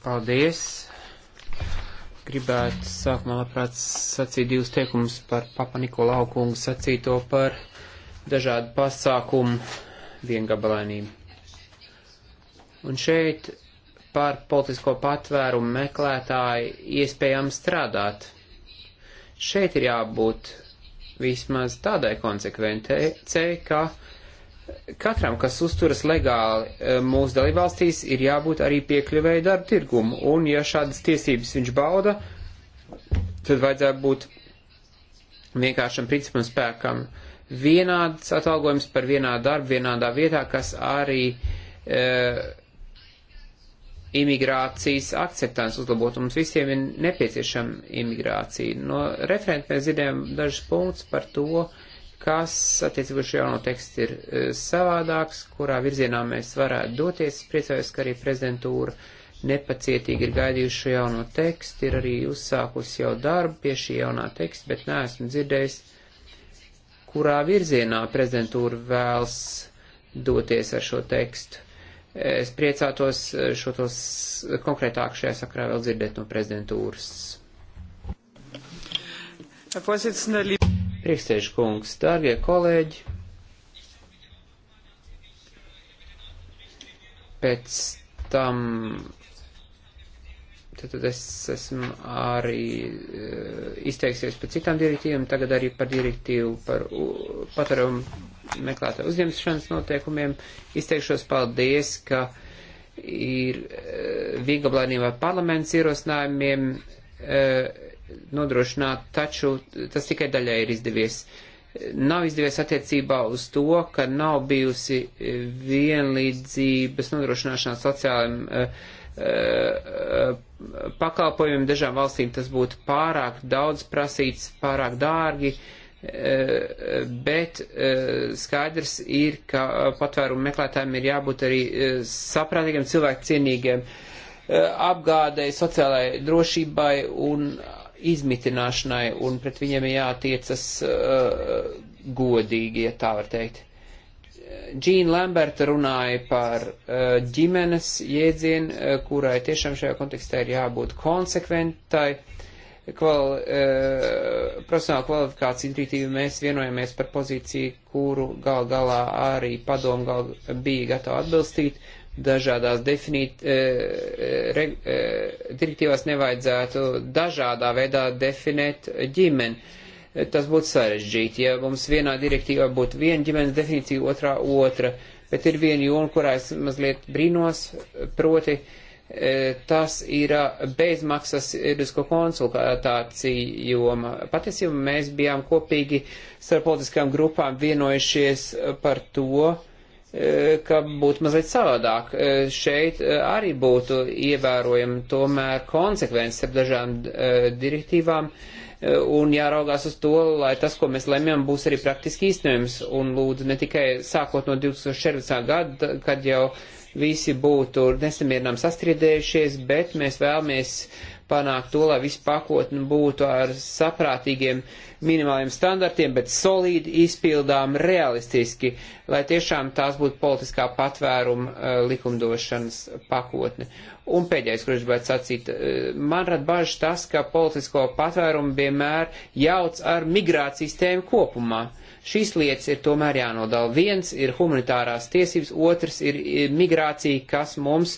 Paldies! Gribētu sākumā labprāt sacīt divus teikumus par Papa Nikolau kungu sacīto par dažādu pasākumu viengabalainību. Un šeit par politisko patvērumu meklētāju iespējām strādāt. Šeit ir jābūt vismaz tādai konsekvencei, ka katram, kas uzturas legāli eh, mūsu dalībvalstīs, ir jābūt arī piekļuvēju darba tirgumu, un ja šādas tiesības viņš bauda, tad vajadzētu būt vienkāršam principam spēkam uh, vienāds atalgojums par vienādu darbu vienādā vietā, kas arī e, imigrācijas akceptants uzlabot. Mums visiem ir nepieciešama imigrācija. No referenta mēs dzirdējām dažus punktus par to, kas attiecībā šajā jauno tekstu ir e, savādāks, kurā virzienā mēs varētu doties. Priecājos, ka arī prezidentūra nepacietīgi ir gaidījuši šo jauno tekstu, ir arī uzsākusi jau darbu pie šī jaunā teksta, bet neesmu dzirdējis kurā virzienā prezidentūra vēlas doties ar šo tekstu. Es priecātos eh, šo tos konkrētāk šajā sakrā vēl dzirdēt no prezidentūras. Priekšsēžu kungs, dārgie kolēģi, pēc tam direktīvu, tad es esmu arī e, izteiksies par citām direktīvām, tagad arī par direktīvu par patvērumu meklētā uzņemšanas noteikumiem. Izteikšos paldies, ka ir e, viegla blēnībā parlaments ierosinājumiem e, nodrošināt, taču tas tikai daļai ir izdevies. Nav izdevies attiecībā uz to, ka nav bijusi vienlīdzības nodrošināšanā sociālajiem uh, pakalpojumiem dažām valstīm tas būtu pārāk daudz prasīts, pārāk dārgi, bet skaidrs ir, ka patvērumu meklētājiem ir jābūt arī saprātīgiem, cilvēku cienīgiem apgādai, sociālai drošībai un izmitināšanai, un pret viņiem jātiecas godīgi, ja tā var teikt. Džīna Lamberta runāja par uh, ģimenes jēdzienu, uh, kurai tiešām šajā kontekstā ir jābūt konsekventai. Kval, uh, eh, profesionāla kvalifikācija intuitīvi mēs vienojamies par pozīciju, kuru gal galā arī padomu gal bija gatava atbilstīt. Dažādās definīt, uh, re, uh, direktīvās nevajadzētu dažādā veidā definēt ģimeni. Uh, tas būtu sarežģīti. Ja mums vienā direktīvā būtu viena ģimenes definīcija, otrā otra, bet ir viena joma, kurā es mazliet brīnos, proti e, tas ir bezmaksas juridisko konsultāciju joma. Patiesībā mēs bijām kopīgi starp politiskām grupām vienojušies par to, e, ka būtu mazliet savādāk. E, šeit arī būtu ievērojama tomēr konsekvence starp dažām direktīvām. Uh, Eh, un jāraugās uz to, lai tas, ko mēs lemjam, būs arī praktiski īstenojams. Un lūdzu, ne tikai sākot no 2014. gada, kad jau visi būtu nesamierinām sastriedējušies, bet mēs vēlamies panākt to, lai viss pakotni būtu ar saprātīgiem minimāliem standartiem, bet solīdi izpildām realistiski, lai tiešām tās būtu politiskā patvēruma uh, likumdošanas pakotne. Un pēdējais, kurš gribētu sacīt, uh, man rad bažas tas, ka politisko patvērumu vienmēr jauc ar migrācijas tēmu kopumā. Šīs lietas ir tomēr jānodala. Viens ir humanitārās tiesības, otrs ir eh, migrācija, kas mums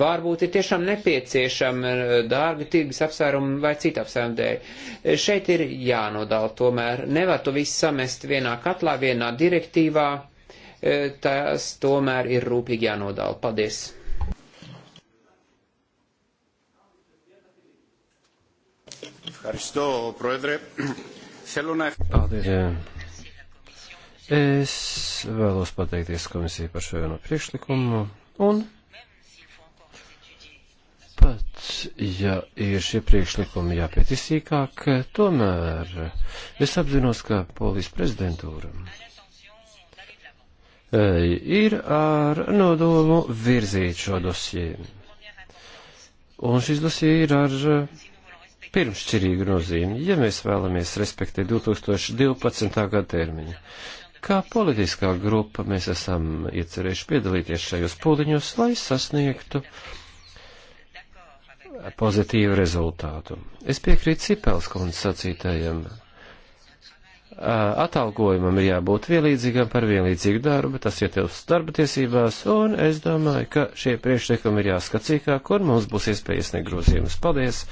varbūt ir tiešām nepieciešama eh, dārga tirgus apsvērumu vai citu apsvērumu dēļ. Eh, šeit ir jānodala tomēr. Nevar to visu samest vienā katlā, vienā direktīvā. Tas tomēr ir rūpīgi jānodala. Paldies! Ευχαριστώ, Πρόεδρε. Θέλω να... Paldies. Yeah. Es vēlos pateikties komisijai par šo jauno priekšlikumu un pat, ja ir šie priekšlikumi jāpēt izsīkāk, tomēr es apzinos, ka polijas prezidentūra e, ir ar nodomu virzīt šo dosiju. Un šis dosija ir ar pirmšķirīgu nozīmi, ja mēs vēlamies respektēt 2012. gada termiņu. Kā politiskā grupa mēs esam iecerējuši piedalīties šajos pūliņos, lai sasniegtu pozitīvu rezultātu. Es piekrītu Cipels kundzes sacītājiem. Atalgojumam ir jābūt vienlīdzīgam par vienlīdzīgu darbu, tas ietilpst darba tiesībās, un es domāju, ka šie priekšlikumi ir jāskat cīkāk, un mums būs iespējas negrozījumus. Paldies!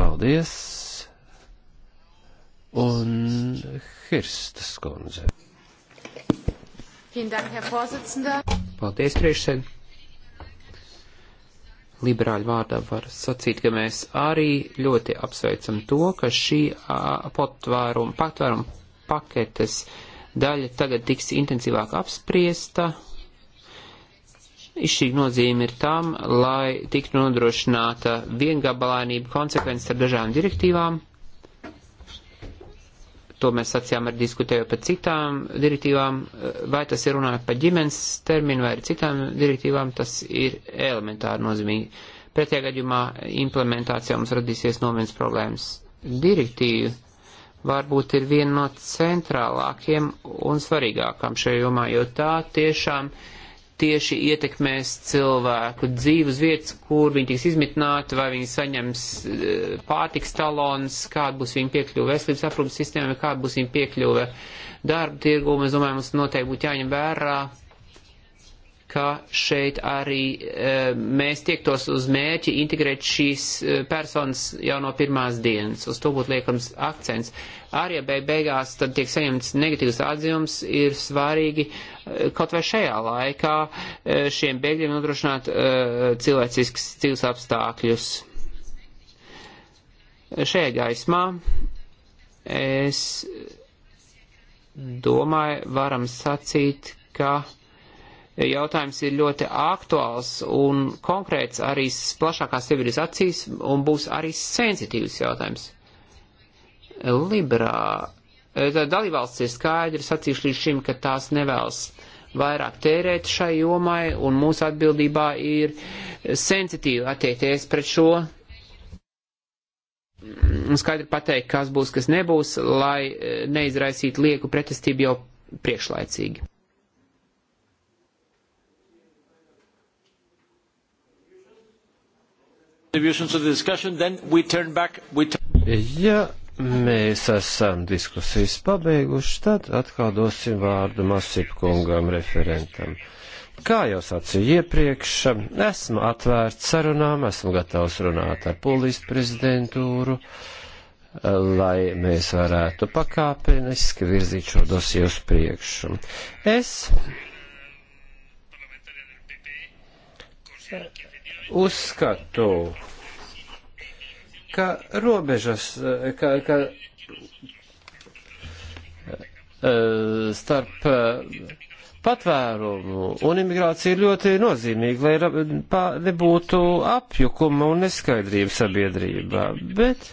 Paldies! un Hirstas kundze. Paldies, priekšsēd. Liberāļu vārdā var sacīt, ka mēs arī ļoti apsveicam to, ka šī patvēruma, patvēruma paketes daļa tagad tiks intensīvāk apspriesta. Izšķīgi nozīme ir tam, lai tiktu nodrošināta viengabalainība konsekvences ar dažām direktīvām to mēs sacījām arī diskutējot par citām direktīvām, vai tas ir runājot par ģimenes terminu vai ar citām direktīvām, tas ir elementāri nozīmīgi. Pretējā gadījumā implementācijā mums radīsies noviens problēmas. Direktīva varbūt ir viena no centrālākiem un svarīgākām šajā jomā, jo tā tiešām uh, tieši ietekmēs cilvēku dzīves vietas, kur viņi tiks izmitināti, vai viņi saņems eh, pārtiks talons, kāda būs viņa piekļuve veselības aprūpas sistēmai, kāda būs viņa piekļuve darba tirgumu. Es domāju, mums noteikti būtu jāņem vērā ka šeit arī e, mēs tiektos uz mērķi integrēt šīs e, personas jau no pirmās dienas. Uz to būtu liekams akcents. Arī, ja beig beigās tad tiek saņemts negatīvs atzīmes, ir svarīgi e, kaut vai šajā laikā e, šiem bēgļiem nodrošināt e, cilvēcisks dzīves apstākļus. Šajā gaismā es domāju, varam sacīt, ka jautājums ir ļoti aktuāls un konkrēts arī plašākās sabiedrības acīs un būs arī sensitīvs jautājums. Liberā. E, dalībvalsts ir skaidri sacījuši līdz šim, ka tās nevēlas vairāk tērēt šai jomai un mūsu atbildībā ir sensitīvi attiekties pret šo skaidri pateikt, kas būs, kas nebūs, lai e, neizraisītu lieku pretestību jau priekšlaicīgi. Ja mēs esam diskusijas pabeiguši, tad atkal dosim vārdu Masipkungam referentam. Kā jau sacīju iepriekš, esmu atvērts sarunām, esmu gatavs runāt ar polijas prezidentūru, lai mēs varētu pakāpeniski virzīt šo dosiju uz priekšu. Es Uzskatu, ka robežas, eh, ka, ka eh, starp eh, patvērumu un imigrāciju ir ļoti nozīmīgi, lai nebūtu apjukuma un neskaidrība sabiedrībā. Bet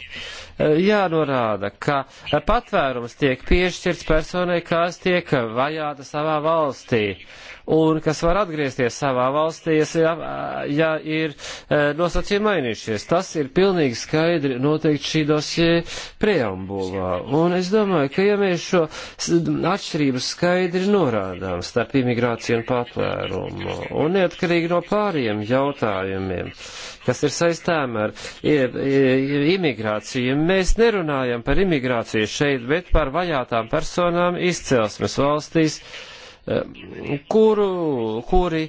jānorāda, ka patvērums tiek piešķirts personai, kas tiek vajāta savā valstī un kas var atgriezties savā valstī, ja, ja ir eh, nosacījumi mainījušies. Tas ir pilnīgi skaidri noteikti šī dosie preambulā. Un es domāju, ka ja mēs šo atšķirību skaidri norādām starp imigrāciju un patvērumu un neatkarīgi no pāriem jautājumiem, kas ir saistām ar imigrāciju. Mēs nerunājam par imigrāciju šeit, bet par vajātām personām izcelsmes valstīs, eh, kuru, kuri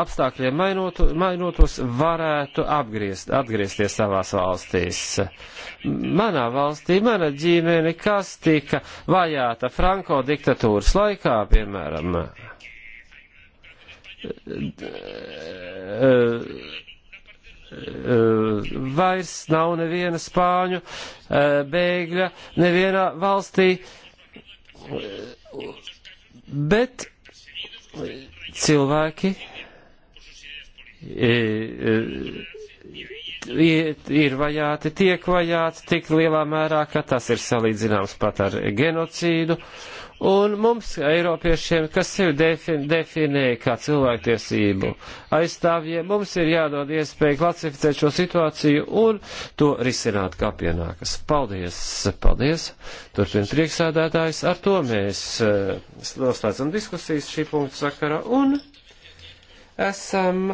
apstākļiem mainotu, mainotos, varētu apgriezt, atgriezties savās valstīs. Manā valstī, mana ģimene, kas tika vajāta Franko diktatūras laikā, piemēram, vairs nav neviena spāņu eh, bēgļa nevienā valstī, bet cilvēki eh, eh, ir vajāti, tiek vajāti tik lielā mērā, ka tas ir salīdzināms pat ar genocīdu. Uh, Un mums, Eiropiešiem, kas sevi defin, definē kā cilvēktiesību aizstāvjiem, mums ir jādod iespēja klasificēt šo situāciju un to risināt, kā pienākas. Paldies, paldies. Turpin priekšsēdētājs. Ar to mēs eh, noslēdzam diskusijas šī punkta sakarā un esam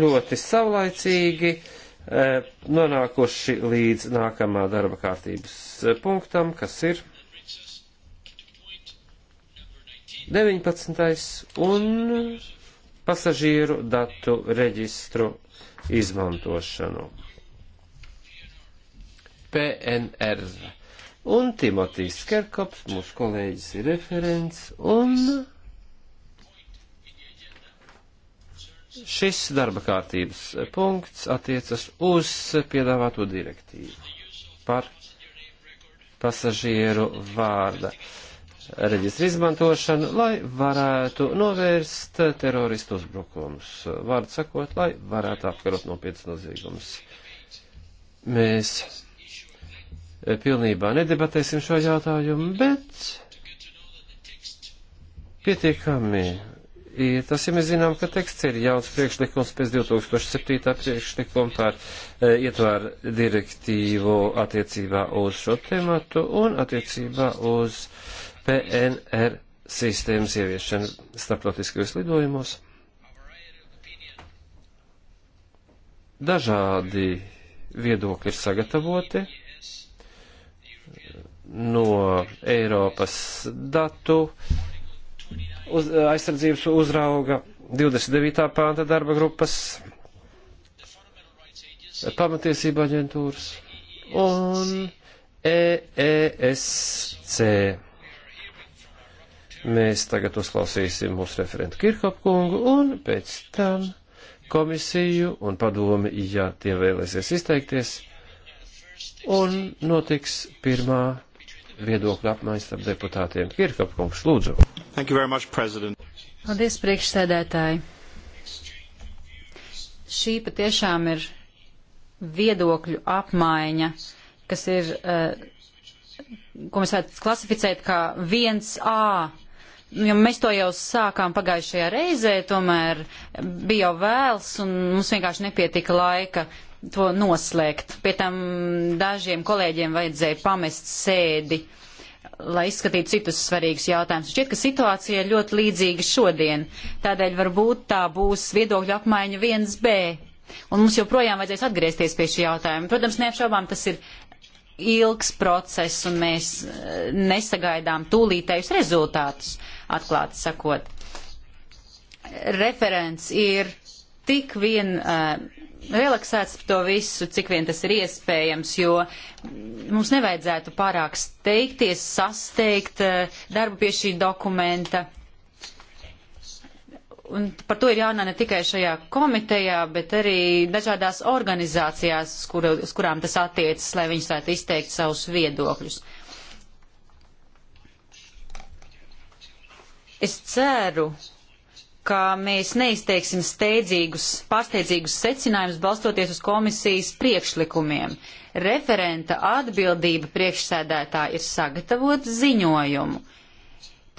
ļoti savlaicīgi eh, nonākuši līdz nākamā darba kārtības eh, punktam, kas ir. 19. un pasažieru datu reģistru izmantošanu. PNR. Un Timotīs Kerkops, mūsu kolēģis ir referents, un šis darba kārtības punkts attiecas uz piedāvāto direktīvu par pasažieru vārda. Uh, reģistru izmantošanu, lai varētu novērst teroristu uzbrukumus. Vārdu sakot, lai varētu apkarot nopietnas noziegumus. Mēs eh, pilnībā nedebatēsim šo jautājumu, bet pietiekami ir tas, ja mēs zinām, ka teksts ir jauns priekšlikums pēc 2007. priekšlikuma par e, eh, ietvēru direktīvu attiecībā uz šo tematu un attiecībā uz PNR sistēmas ieviešana starptautiskajos lidojumos. Dažādi viedokļi ir sagatavoti no Eiropas datu uz, aizsardzības uzrauga 29. pānta darba grupas, pamatiesība aģentūras un EESC Mēs tagad uzklausīsim mūsu referentu Kirkopkungu un pēc tam komisiju un padomi, ja tie vēlēsies izteikties. Un notiks pirmā viedokļa apmaiņa starp deputātiem. Kirkopkungs, lūdzu. Much, President. Paldies, priekšsēdētāji. Šī patiešām ir viedokļu apmaiņa, kas ir, eh, ko mēs varētu klasificēt kā 1A jo mēs to jau sākām pagājušajā reizē, tomēr bija jau vēls un mums vienkārši nepietika laika to noslēgt. Pie tam dažiem kolēģiem vajadzēja pamest sēdi, lai izskatītu citus svarīgus jautājumus. Šķiet, ka situācija ir ļoti līdzīga šodien, tādēļ varbūt tā būs viedokļu apmaiņa 1B. Un mums joprojām vajadzēs atgriezties pie šī jautājuma. Protams, neapšaubām tas ir ilgs process un mēs eh, nesagaidām tūlītējus rezultātus, atklāti sakot. Referents ir tik vien uh, relaksēts par to visu, cik vien tas ir iespējams, jo mums nevajadzētu pārāk steigties, sasteigt uh, darbu pie šī dokumenta. Un par to ir jārunā ne tikai šajā komitejā, bet arī dažādās organizācijās, kur, uz kurām tas attiecas, lai viņas varētu izteikt savus viedokļus. Es ceru, ka mēs neizteiksim steidzīgus, pārsteidzīgus secinājumus balstoties uz komisijas priekšlikumiem. Referenta atbildība priekšsēdētā ir sagatavot ziņojumu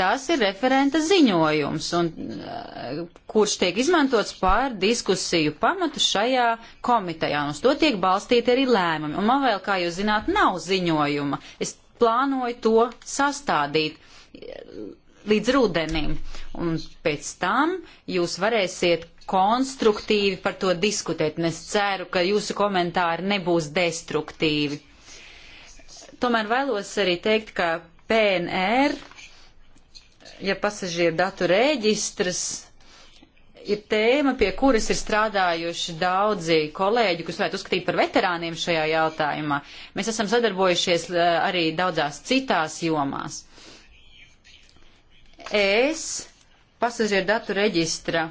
tas ir referenta ziņojums, un, eh, kurš tiek izmantots pār diskusiju pamatu šajā komitejā, un uz to tiek balstīti arī lēmumi. Un man vēl, kā jūs zināt, nav ziņojuma. Es plānoju to sastādīt eh, līdz rudenim, un pēc tam jūs varēsiet konstruktīvi par to diskutēt, un es ceru, ka jūsu komentāri nebūs destruktīvi. Tomēr vēlos arī teikt, ka PNR ja pasažieru datu reģistrs ir tēma, pie kuras ir strādājuši daudzi kolēģi, kurus varētu uzskatīt par veterāniem šajā jautājumā. Mēs esam sadarbojušies eh, arī daudzās citās jomās. Es pasažieru datu reģistra.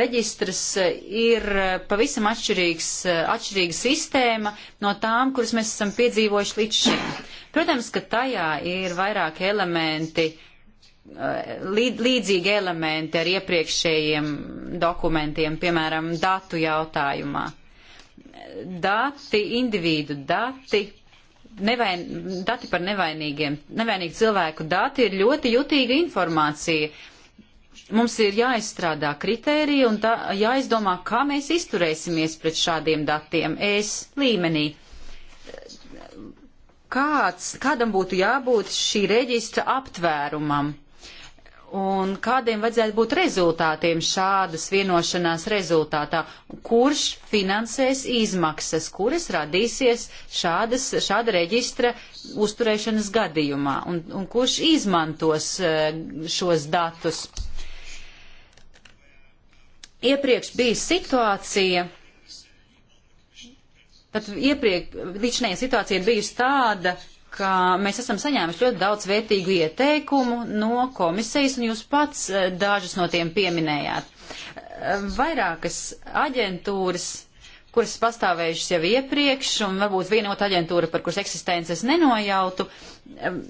Reģistrs eh, ir eh, pavisam atšķirīgs, atšķirīga sistēma no tām, kuras mēs esam piedzīvojuši līdz šim. Protams, ka tajā ir vairāki elementi, uh, Eh, līdzīgi elementi ar iepriekšējiem dokumentiem, piemēram, datu jautājumā. Dati, individu dati, nevain, dati par nevainīgiem, nevainīgu cilvēku dati ir ļoti jutīga informācija. Mums ir jāizstrādā kritērija un tā, jāizdomā, kā mēs izturēsimies pret šādiem datiem ēs līmenī kāds, kādam būtu jābūt šī reģistra aptvērumam? un kādiem vajadzētu būt rezultātiem šādas vienošanās rezultātā, kurš finansēs izmaksas, kuras radīsies šādas, šāda reģistra uzturēšanas gadījumā, un, un kurš izmantos e, šos datus. Iepriekš bija situācija, tad iepriekš, līdz šajā situācija bijusi tāda, ka mēs esam saņēmuši ļoti daudz vērtīgu ieteikumu no komisijas, un jūs pats eh, dažus no tiem pieminējāt. Eh, vairākas aģentūras, kuras pastāvējušas jau iepriekš, un varbūt vienota aģentūra, par kuras eksistences nenojautu, eh,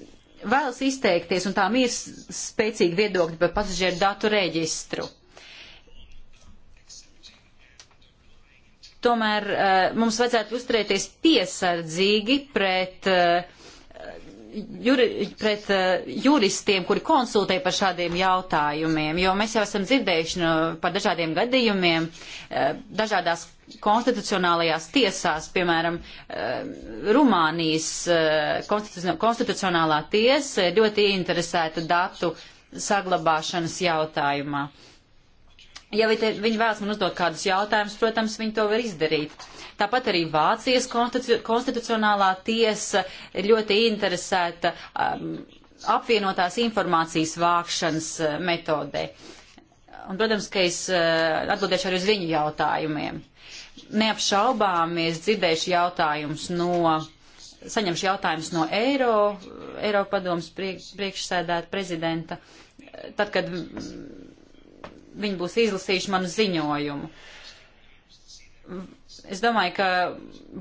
vēlas izteikties, un tām ir spēcīgi viedokļi par pasažieru datu reģistru. Tomēr mums vajadzētu uzturēties piesardzīgi pret uh, juri, pret uh, juristiem, kuri konsultē par šādiem jautājumiem, jo mēs jau esam dzirdējuši no, par dažādiem gadījumiem uh, dažādās konstitucionālajās tiesās, piemēram, uh, Rumānijas konstitucionālā tiesa ļoti interesēta datu saglabāšanas jautājumā. Uh, Ja viņi vēlas man uzdot kādus jautājumus, protams, viņi to var izdarīt. Tāpat arī Vācijas konstitucionālā tiesa ir ļoti interesēta um, apvienotās informācijas vākšanas uh, metodē. Un, protams, ka es uh, atbildēšu arī uz viņu jautājumiem. Neapšaubāmi es dzirdēšu jautājumus no, saņemšu jautājumus no Eiro, Eiropadomas priek, priekšsēdēta prezidenta, tad, kad. Mm, viņi būs izlasījuši manu ziņojumu. Es domāju, ka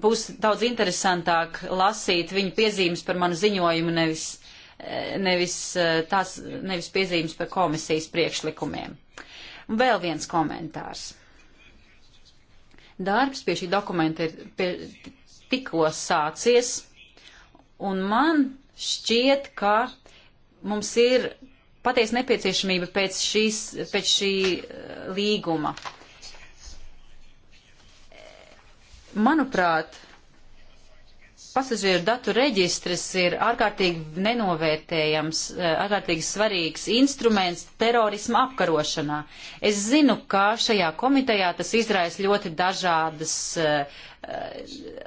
būs daudz interesantāk lasīt viņu piezīmes par manu ziņojumu, nevis, nevis, eh, tās, nevis piezīmes par komisijas priekšlikumiem. Un vēl viens komentārs. Darbs pie šī dokumenta ir pie, tikko sācies, un man šķiet, ka mums ir patiesa nepieciešamība pēc, šīs, pēc šī eh, līguma. Manuprāt, pasažieru datu reģistrs ir ārkārtīgi nenovērtējams, eh, ārkārtīgi svarīgs instruments terorisma apkarošanā. Es zinu, ka šajā komitejā tas izraisa ļoti dažādas, eh,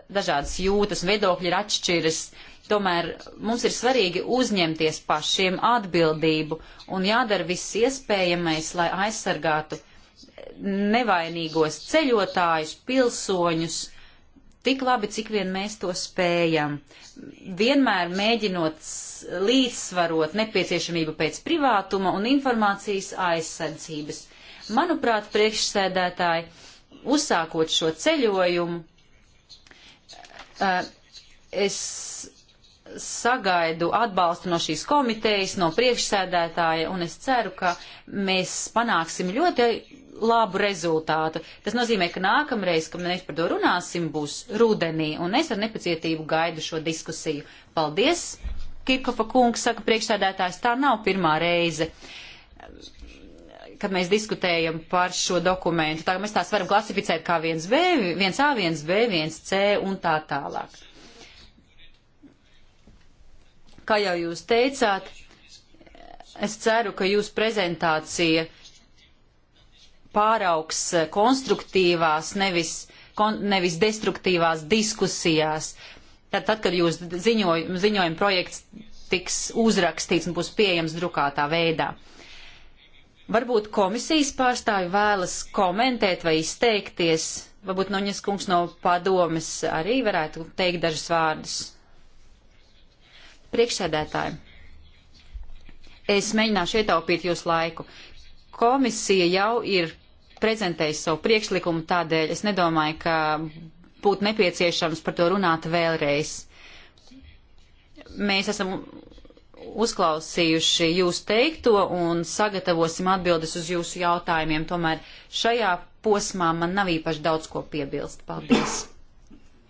dažādas jūtas, viedokļi ir atšķiras. Uh, Tomēr mums ir svarīgi uzņemties pašiem atbildību un jādara viss iespējamais, lai aizsargātu nevainīgos ceļotājus, pilsoņus, tik labi, cik vien mēs to spējam. Vienmēr mēģinot līdzsvarot nepieciešamību pēc privātuma un informācijas aizsardzības. Manuprāt, priekšsēdētāji, uzsākot šo ceļojumu, eh, es sagaidu atbalstu no šīs komitejas, no priekšsēdētāja, un es ceru, ka mēs panāksim ļoti labu rezultātu. Tas nozīmē, ka nākamreiz, kad mēs par to runāsim, būs rudenī, un es ar nepacietību gaidu šo diskusiju. Paldies, Kirkopa kungs, saka priekšsēdētājs, tā nav pirmā reize kad mēs diskutējam par šo dokumentu. Tā mēs tās varam klasificēt kā 1B, 1A, 1B, 1C un tā tālāk kā jau jūs teicāt, es ceru, ka jūsu prezentācija pāraugs konstruktīvās, nevis, kon, nevis destruktīvās diskusijās. Tad, tad kad jūs ziņoj, ziņojuma projekts tiks uzrakstīts un būs pieejams drukātā veidā. Varbūt komisijas pārstāvi vēlas komentēt vai izteikties. Varbūt Noņas kungs no padomes arī varētu teikt dažus vārdus. Priekšsēdētāji, es mēģināšu ietaupīt jūsu laiku. Komisija jau ir prezentējusi savu priekšlikumu, tādēļ es nedomāju, ka būtu nepieciešams par to runāt vēlreiz. Mēs esam uzklausījuši jūs teikto un sagatavosim atbildes uz jūsu jautājumiem. Tomēr šajā posmā man nav īpaši daudz ko piebilst. Paldies!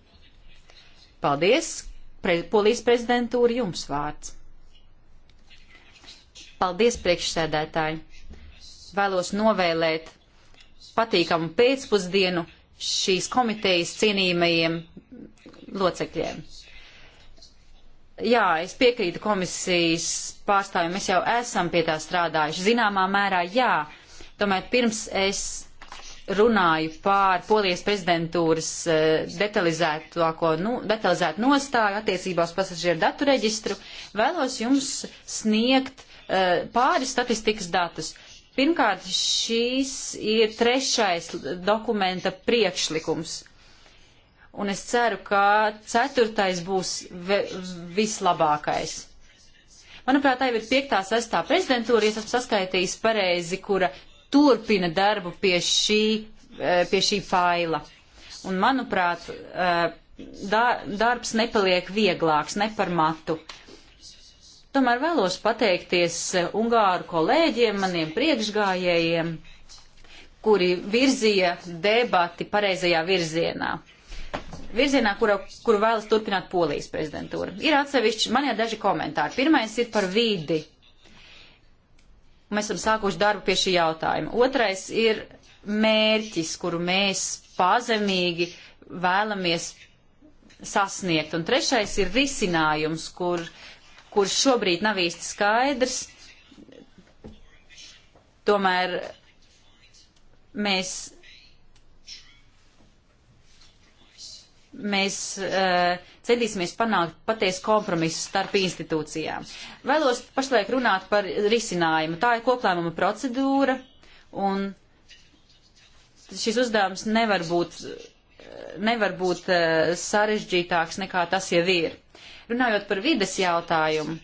Paldies! Pre, polijas prezidentūra jums vārds. Paldies, priekšsēdētāji! Vēlos novēlēt patīkamu pēcpusdienu šīs komitejas cienījamajiem locekļiem. Jā, es piekrītu komisijas pārstāvjiem, mēs jau esam pie tā strādājuši. Zināmā mērā jā, tomēr pirms es runāju pār Polijas prezidentūras eh, detalizētāko, nu, detalizētu nostāju attiecībās pasažieru datu reģistru, vēlos jums sniegt uh, pāris statistikas datus. Pirmkārt, šīs ir trešais dokumenta priekšlikums. Un es ceru, ka ceturtais būs vislabākais. Manuprāt, tā jau ir piektā, sestā prezidentūra, ja esmu saskaitījis pareizi, kura turpina darbu pie šī, eh, pie šī faila. Un, manuprāt, eh, darbs nepaliek vieglāks, ne par matu. Tomēr vēlos pateikties eh, Ungāru kolēģiem, maniem priekšgājējiem, kuri virzīja debati pareizajā virzienā. Virzienā, kuru, kuru vēlas turpināt Polijas prezidentūra. Ir atsevišķi, man ir daži komentāri. Pirmais ir par vīdi un mēs esam sākuši darbu pie šī jautājuma. Otrais ir mērķis, kuru mēs pazemīgi vēlamies sasniegt. Un trešais ir risinājums, kur, kurš šobrīd nav īsti skaidrs. Tomēr mēs, mēs uh, Centīsimies panākt patiesu kompromisu starp institūcijām. Vēlos pašlaik runāt par risinājumu. Tā ir koplēmuma procedūra, un šis uzdevums nevar būt, nevar būt eh, sarežģītāks nekā tas jau ir. Runājot par vides jautājumu,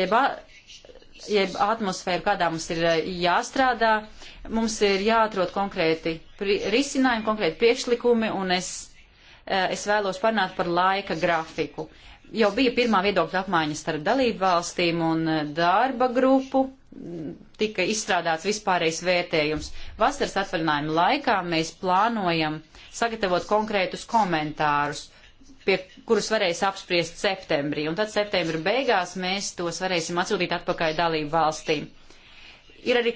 jeb, jeb atmosfēru, kādā mums ir eh, jāstrādā, mums ir jāatrod konkrēti risinājumi, konkrēti priekšlikumi, un es, eh, es vēlos parunāt par laika grafiku. Jau bija pirmā viedokļa apmaiņa starp dalību valstīm un eh, darba grupu, tika izstrādāts vispārējais vērtējums. Vasaras atvaļinājuma laikā mēs plānojam sagatavot konkrētus komentārus, pie kurus varēs apspriest septembrī, un tad septembra beigās mēs tos varēsim atsūtīt atpakaļ dalību valstīm. Ir arī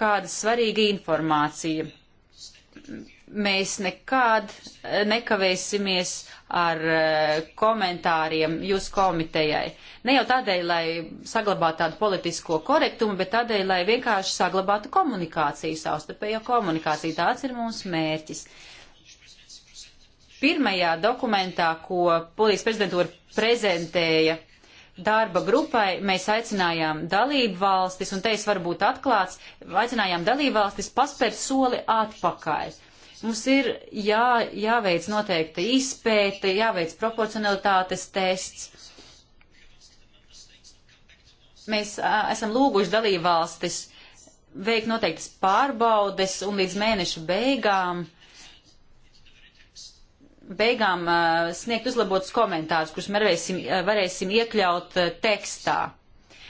kāda svarīga informācija mēs nekad nekavēsimies ar eh, komentāriem jūsu komitejai. Ne jau tādēļ, lai saglabātu tādu politisko korektumu, bet tādēļ, lai vienkārši saglabātu komunikāciju, savstarpējo komunikāciju. Tāds ir mūsu mērķis. Pirmajā dokumentā, ko Polijas prezidentūra prezentēja darba grupai mēs aicinājām dalību valstis, un te es varu būt atklāts, aicinājām dalību valstis paspērt soli atpakaļ. Mums ir jā, jāveic noteikta izpēte, jāveic proporcionalitātes tests. Mēs a, esam lūguši dalību valstis veikt noteiktas pārbaudes, un līdz mēneša beigām beigām uh, sniegt uzlabotus komentārus, kurus varēsim, uh, varēsim iekļaut uh, tekstā.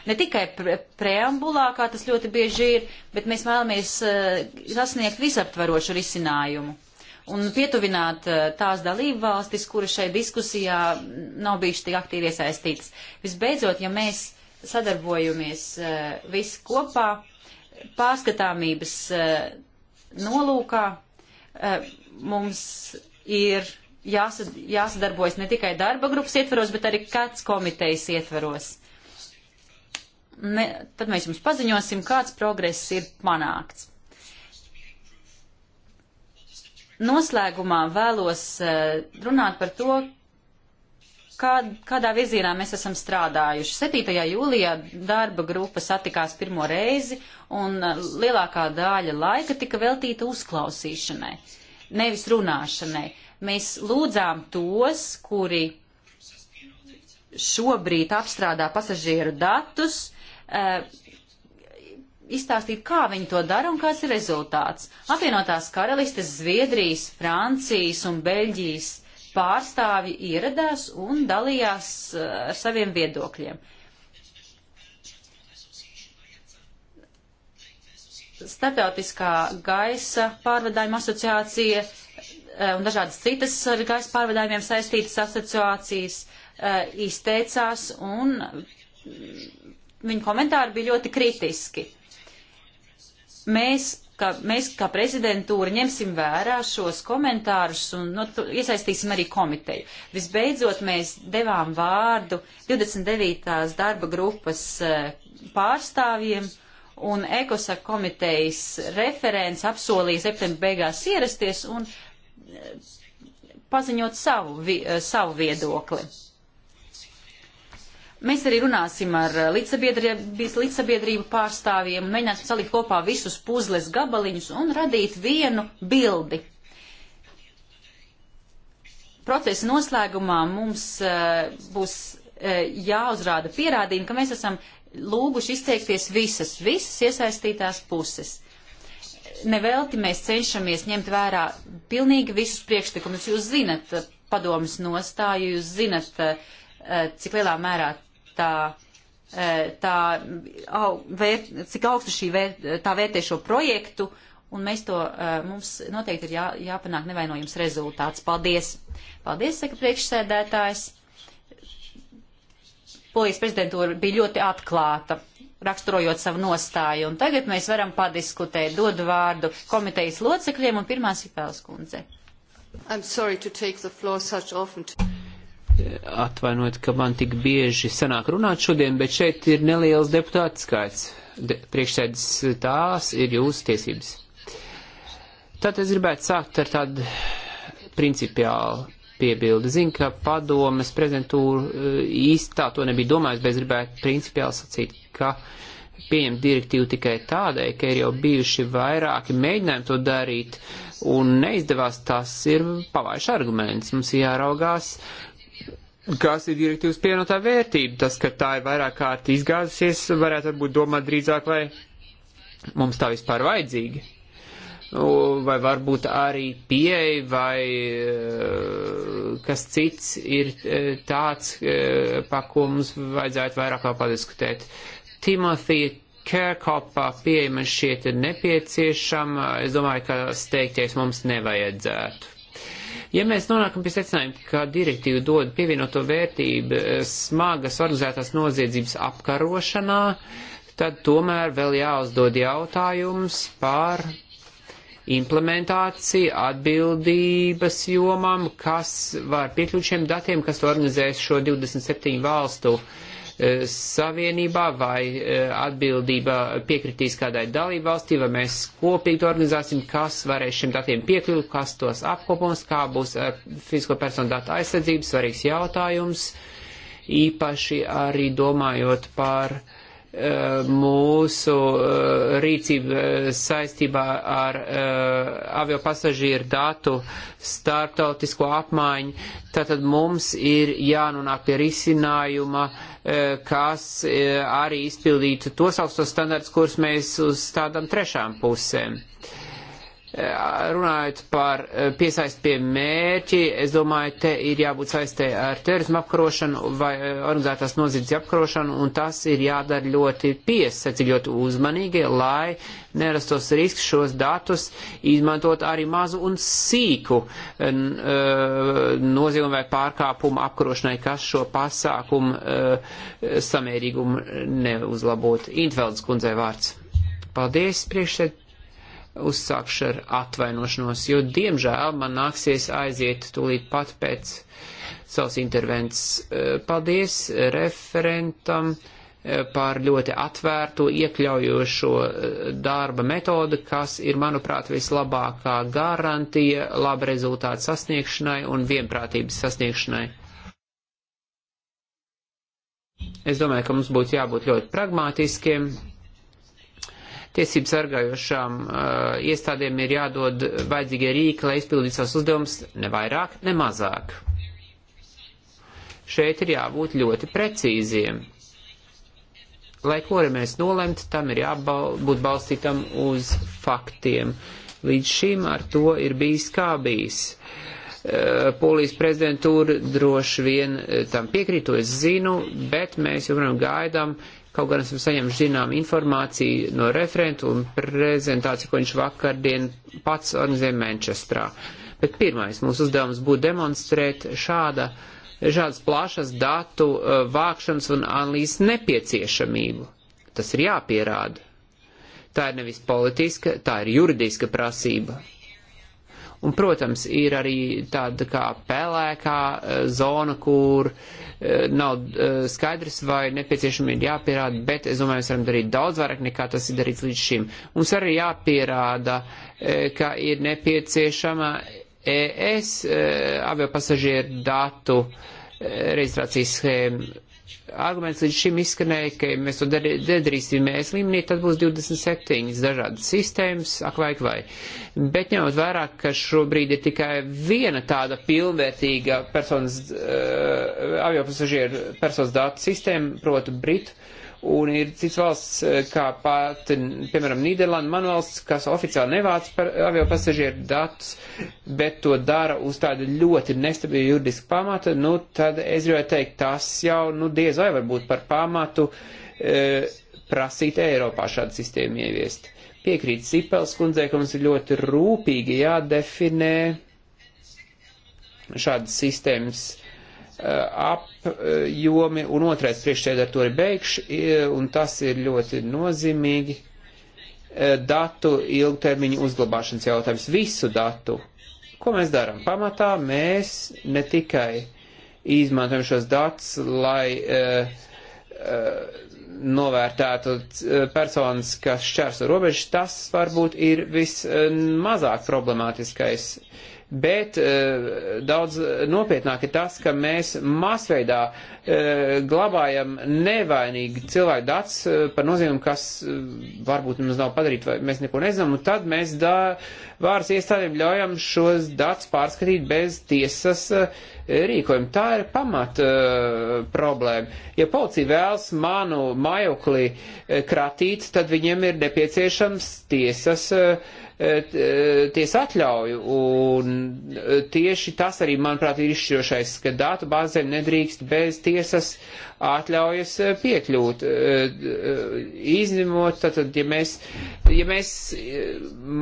Ne tikai pre preambulā, kā tas ļoti bieži ir, bet mēs vēlamies uh, sasniegt visaptvarošu risinājumu un pietuvināt uh, tās dalību valstis, kuras šai diskusijā nav bijuši tik aktīvi iesaistītas. Visbeidzot, ja mēs sadarbojamies uh, visi kopā, pārskatāmības nolūkā, mums ir jāsad, jāsadarbojas ne tikai darba grupas ietveros, bet arī kāds komitejas ietveros. Ne, tad mēs jums paziņosim, kāds progress ir panākts. Noslēgumā vēlos eh, runāt par to, kā, kādā virzienā mēs esam strādājuši. 7. jūlijā darba grupa satikās pirmo reizi, un eh, lielākā daļa laika tika veltīta uzklausīšanai, nevis runāšanai. Mēs lūdzām tos, kuri šobrīd apstrādā pasažieru datus, eh, izstāstīt, kā viņi to dara un kāds ir rezultāts. Apvienotās karalistes, Zviedrijas, Francijas un Beļģijas pārstāvi ieradās un dalījās eh, ar saviem viedokļiem. Startautiskā gaisa pārvadājuma asociācija Eh, un dažādas citas ar gaisa pārvadājumiem saistītas asociācijas eh, izteicās, un viņu komentāri bija ļoti kritiski. Mēs, kā, mēs, kā prezidentūra, ņemsim vērā šos komentārus un no, nu, iesaistīsim arī komiteju. Visbeidzot, mēs devām vārdu 29. darba grupas eh, pārstāvjiem un ECOSA komitejas referents apsolīja septembra beigās ierasties un paziņot savu, vi, eh, savu viedokli. Mēs arī runāsim ar eh, līdzsabiedrību pārstāvjiem un mēģināsim salikt kopā visus puzles gabaliņus un radīt vienu bildi. Procesa noslēgumā mums uh, būs uh, jāuzrāda pierādījumi, ka mēs esam lūguši izteikties visas, visas iesaistītās puses nevelti mēs cenšamies ņemt vērā pilnīgi visus priekšlikumus. Jūs zinat eh, padomas nostāju, jūs zinat, eh, eh, cik lielā mērā tā, tā au, vērt, cik augstu šī vērt, tā vērtē šo projektu, un mēs to, mums noteikti ir jā, jāpanāk nevainojums rezultāts. Paldies! Paldies, saka priekšsēdētājs. Polijas prezidentūra bija ļoti atklāta raksturojot savu nostāju. Un tagad mēs varam padiskutēt, dod vārdu komitejas locekļiem un pirmā Sipēles kundze. Atvainojiet, ka man tik bieži sanāk runāt šodien, bet šeit ir neliels deputāts skaits. De, priekšsēdis tās ir jūsu tiesības. Tātad es gribētu sākt ar tādu principiālu piebildi. Zinu, ka padomes prezidentūra e, īstā to nebija domājis, bet gribētu principiāli sacīt, ka pieņemt direktīvu tikai tādēļ, ka ir jau bijuši vairāki mēģinājumi to darīt un neizdevās, tas ir pavaišs arguments. Mums jāraugās, kas ir direktīvas pienotā vērtība. Tas, ka tā ir vairāk kārt izgāzusies, varētu varbūt domāt drīzāk, vai mums tā vispār vajadzīga vai varbūt arī pieeja vai eh, kas cits ir eh, tāds, eh, pa ko mums vajadzētu vairāk vēl padiskutēt. Timothy Kerkopā pieeja man šķiet ir nepieciešama, es domāju, ka steigties mums nevajadzētu. Ja mēs nonākam pie secinājuma, ka direktīva dod pievienoto vērtību smagas organizētās noziedzības apkarošanā, tad tomēr vēl jāuzdod jautājums par implementācija atbildības jomam, kas var piekļūt šiem datiem, kas to organizēs šo 27 valstu e, savienībā vai e, atbildība piekritīs kādai dalībvalstī, vai mēs kopīgi to organizāsim, kas varēs šiem datiem piekļūt, kas tos apkopums, kā būs ar e, fizisko personu datu aizsardzību, svarīgs jautājums, īpaši arī domājot par uh, mūsu eh, rīcība eh, saistībā ar eh, avio pasažieru datu startautisko apmaiņu, tātad mums ir jānonāk pie risinājuma, kas arī izpildītu tos augstos standarts, kurus mēs uzstādām trešām pusēm. Uh, Eh, runājot par eh, piesaist pie mērķi, es domāju, te ir jābūt saistē ar terorismu apkarošanu vai eh, organizētās noziedzības apkarošanu, un tas ir jādara ļoti piesacīgi, ļoti uzmanīgi, lai nerastos risks šos datus izmantot arī mazu un sīku noziegumu vai pārkāpumu apkarošanai, kas šo pasākumu samērīgumu neuzlabot. Intveldes kundzei vārds. Paldies, priekšsēdētāji uzsākšu ar atvainošanos, jo diemžēl man nāksies aiziet tūlīt pat pēc savas intervences. Eh, paldies referentam eh, par ļoti atvērto, iekļaujošo eh, darba metodu, kas ir, manuprāt, vislabākā garantija laba rezultāta sasniegšanai un vienprātības sasniegšanai. Es domāju, ka mums būtu jābūt ļoti pragmātiskiem, Tiesību sargājošām uh, iestādēm ir jādod vajadzīgie rīki, lai izpildītu savus uzdevumus ne vairāk, ne mazāk. Šeit ir jābūt ļoti precīziem. Lai ko arī mēs nolemt, tam ir jābūt balstītam uz faktiem. Līdz šim ar to ir bijis kā bijis. Uh, polijas prezidentūra droši vien eh, tam piekrītu, es zinu, bet mēs joprojām gaidām Kaut gan esam saņemši zinām informāciju no referentu un prezentāciju, ko viņš vakardien pats organizēja Manchestrā. Bet pirmais mūsu uzdevums būtu demonstrēt šāda, šādas plašas datu uh, vākšanas un analīzes nepieciešamību. Tas ir jāpierāda. Tā ir nevis politiska, tā ir juridiska prasība. Un, protams, ir arī tāda kā pelēkā eh, zona, kur eh, nav eh, skaidrs, vai nepieciešami ir jāpierāda, bet es domāju, mēs varam darīt daudz vairāk nekā tas ir darīts līdz šim. Mums arī jāpierāda, ka ir nepieciešama ES aviopasažieru datu reģistrācijas schēma arguments līdz šim izskanēja, ka ja mēs to nedarīsim mēs līmenī, tad būs 27 dažādas sistēmas, ak vai vai. Bet ņemot vērā, ka šobrīd ir tikai viena tāda pilnvērtīga personas, uh, aviopasažieru personas datu sistēma, proti Britu, uh, Un ir cits valsts, eh, kā pat, piemēram, Nīderlanda, man valsts, kas oficiāli nevāc par avio pasažieru datus, bet to dara uz tādu ļoti nestabilu juridisku pamatu, nu, tad es gribēju teikt, tas jau, nu, diez vai varbūt par pamatu e, prasīt Eiropā šādu sistēmu ieviest. Piekrīt Sipels kundzei, ka mums ir ļoti rūpīgi jādefinē šādas sistēmas Eh, apjomi, eh, un otrais priekšsēdē ar to arī beigšu, eh, un tas ir ļoti nozīmīgi datu ilgtermiņu uzglabāšanas jautājums. Visu datu. Ko mēs darām? Pamatā mēs ne tikai izmantojam šos datus, lai uh, uh, novērtētu personas, kas šķērso robežas, tas varbūt ir vismazāk problemātiskais uh, Bet eh, daudz nopietnāk ir tas, ka mēs masveidā eh, glabājam nevainīgi cilvēku dats eh, par noziegumu, kas varbūt mums nav padarīt, vai mēs neko nezinām, un tad mēs dā, vāras iestādēm ļaujam šos dats pārskatīt bez tiesas rīkojumu. Tā ir pamat uh, problēma. Ja policija vēlas manu mājokli kratīt, tad viņiem ir nepieciešams tiesas uh, E, e, ties atļauju. Un e, tieši tas arī, manuprāt, ir izšķirošais, ka datu bāzēm nedrīkst bez tiesas atļaujas piekļūt. Izņemot, tad, ja mēs, ja mēs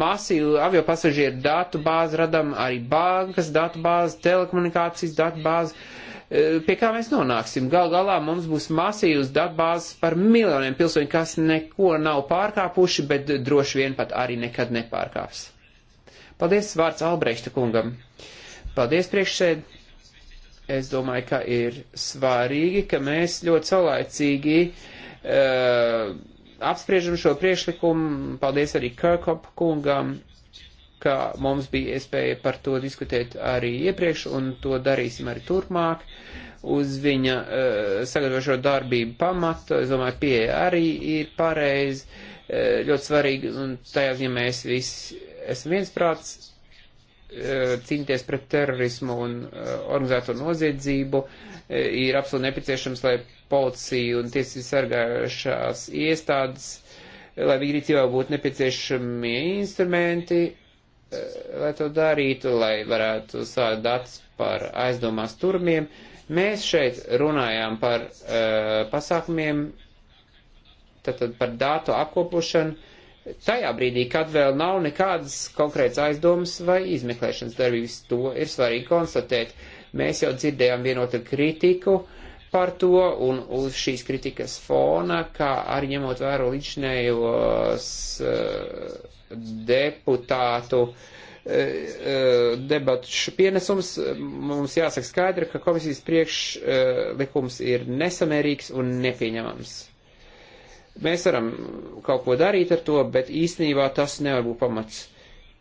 masīvu avio pasažieru datu bāzi radam arī bankas datu bāzi, telekomunikācijas datu bāzi, Eh, pie kā mēs nonāksim. Gal galā mums būs masīvas datbāzes par miljoniem pilsoņu, kas neko nav pārkāpuši, bet droši vien pat arī nekad nepārkāps. Paldies vārds Albrešta kungam. Paldies priekšsēd. Es domāju, ka ir svarīgi, ka mēs ļoti saulaicīgi uh, eh, apspriežam šo priekšlikumu. Paldies arī Kirkop kungam ka mums bija iespēja par to diskutēt arī iepriekš, un to darīsim arī turpmāk. Uz viņa uh, sagatavošo darbību pamatu, es domāju, pieeja arī ir pareizi, uh, eh, ļoti svarīgi, un tajā ziņā mēs visi esam viensprāts uh, cīnīties pret terorismu un uh, organizēto noziedzību uh, ir absolūti nepieciešams, lai policija un tiesības sargājušās iestādes, lai viņa rīcībā būtu nepieciešami instrumenti, Eh, lai to darītu, lai varētu sākt datus par aizdomās turmiem. Mēs šeit runājām par uh, pasākumiem, tātad par datu apkopošanu, tajā brīdī, kad vēl nav nekādas konkrētas aizdomas vai izmeklēšanas darbības. To ir svarīgi konstatēt. Mēs jau dzirdējām vienotu kritiku par to un uz šīs kritikas fona, kā arī ņemot vēro līdzinējos. Uh, deputātu e, e, debatu pienesums. Mums jāsaka skaidri, ka komisijas priekšlikums ir nesamērīgs un nepieņemams. Mēs varam kaut ko darīt ar to, bet īstenībā tas nevar būt pamats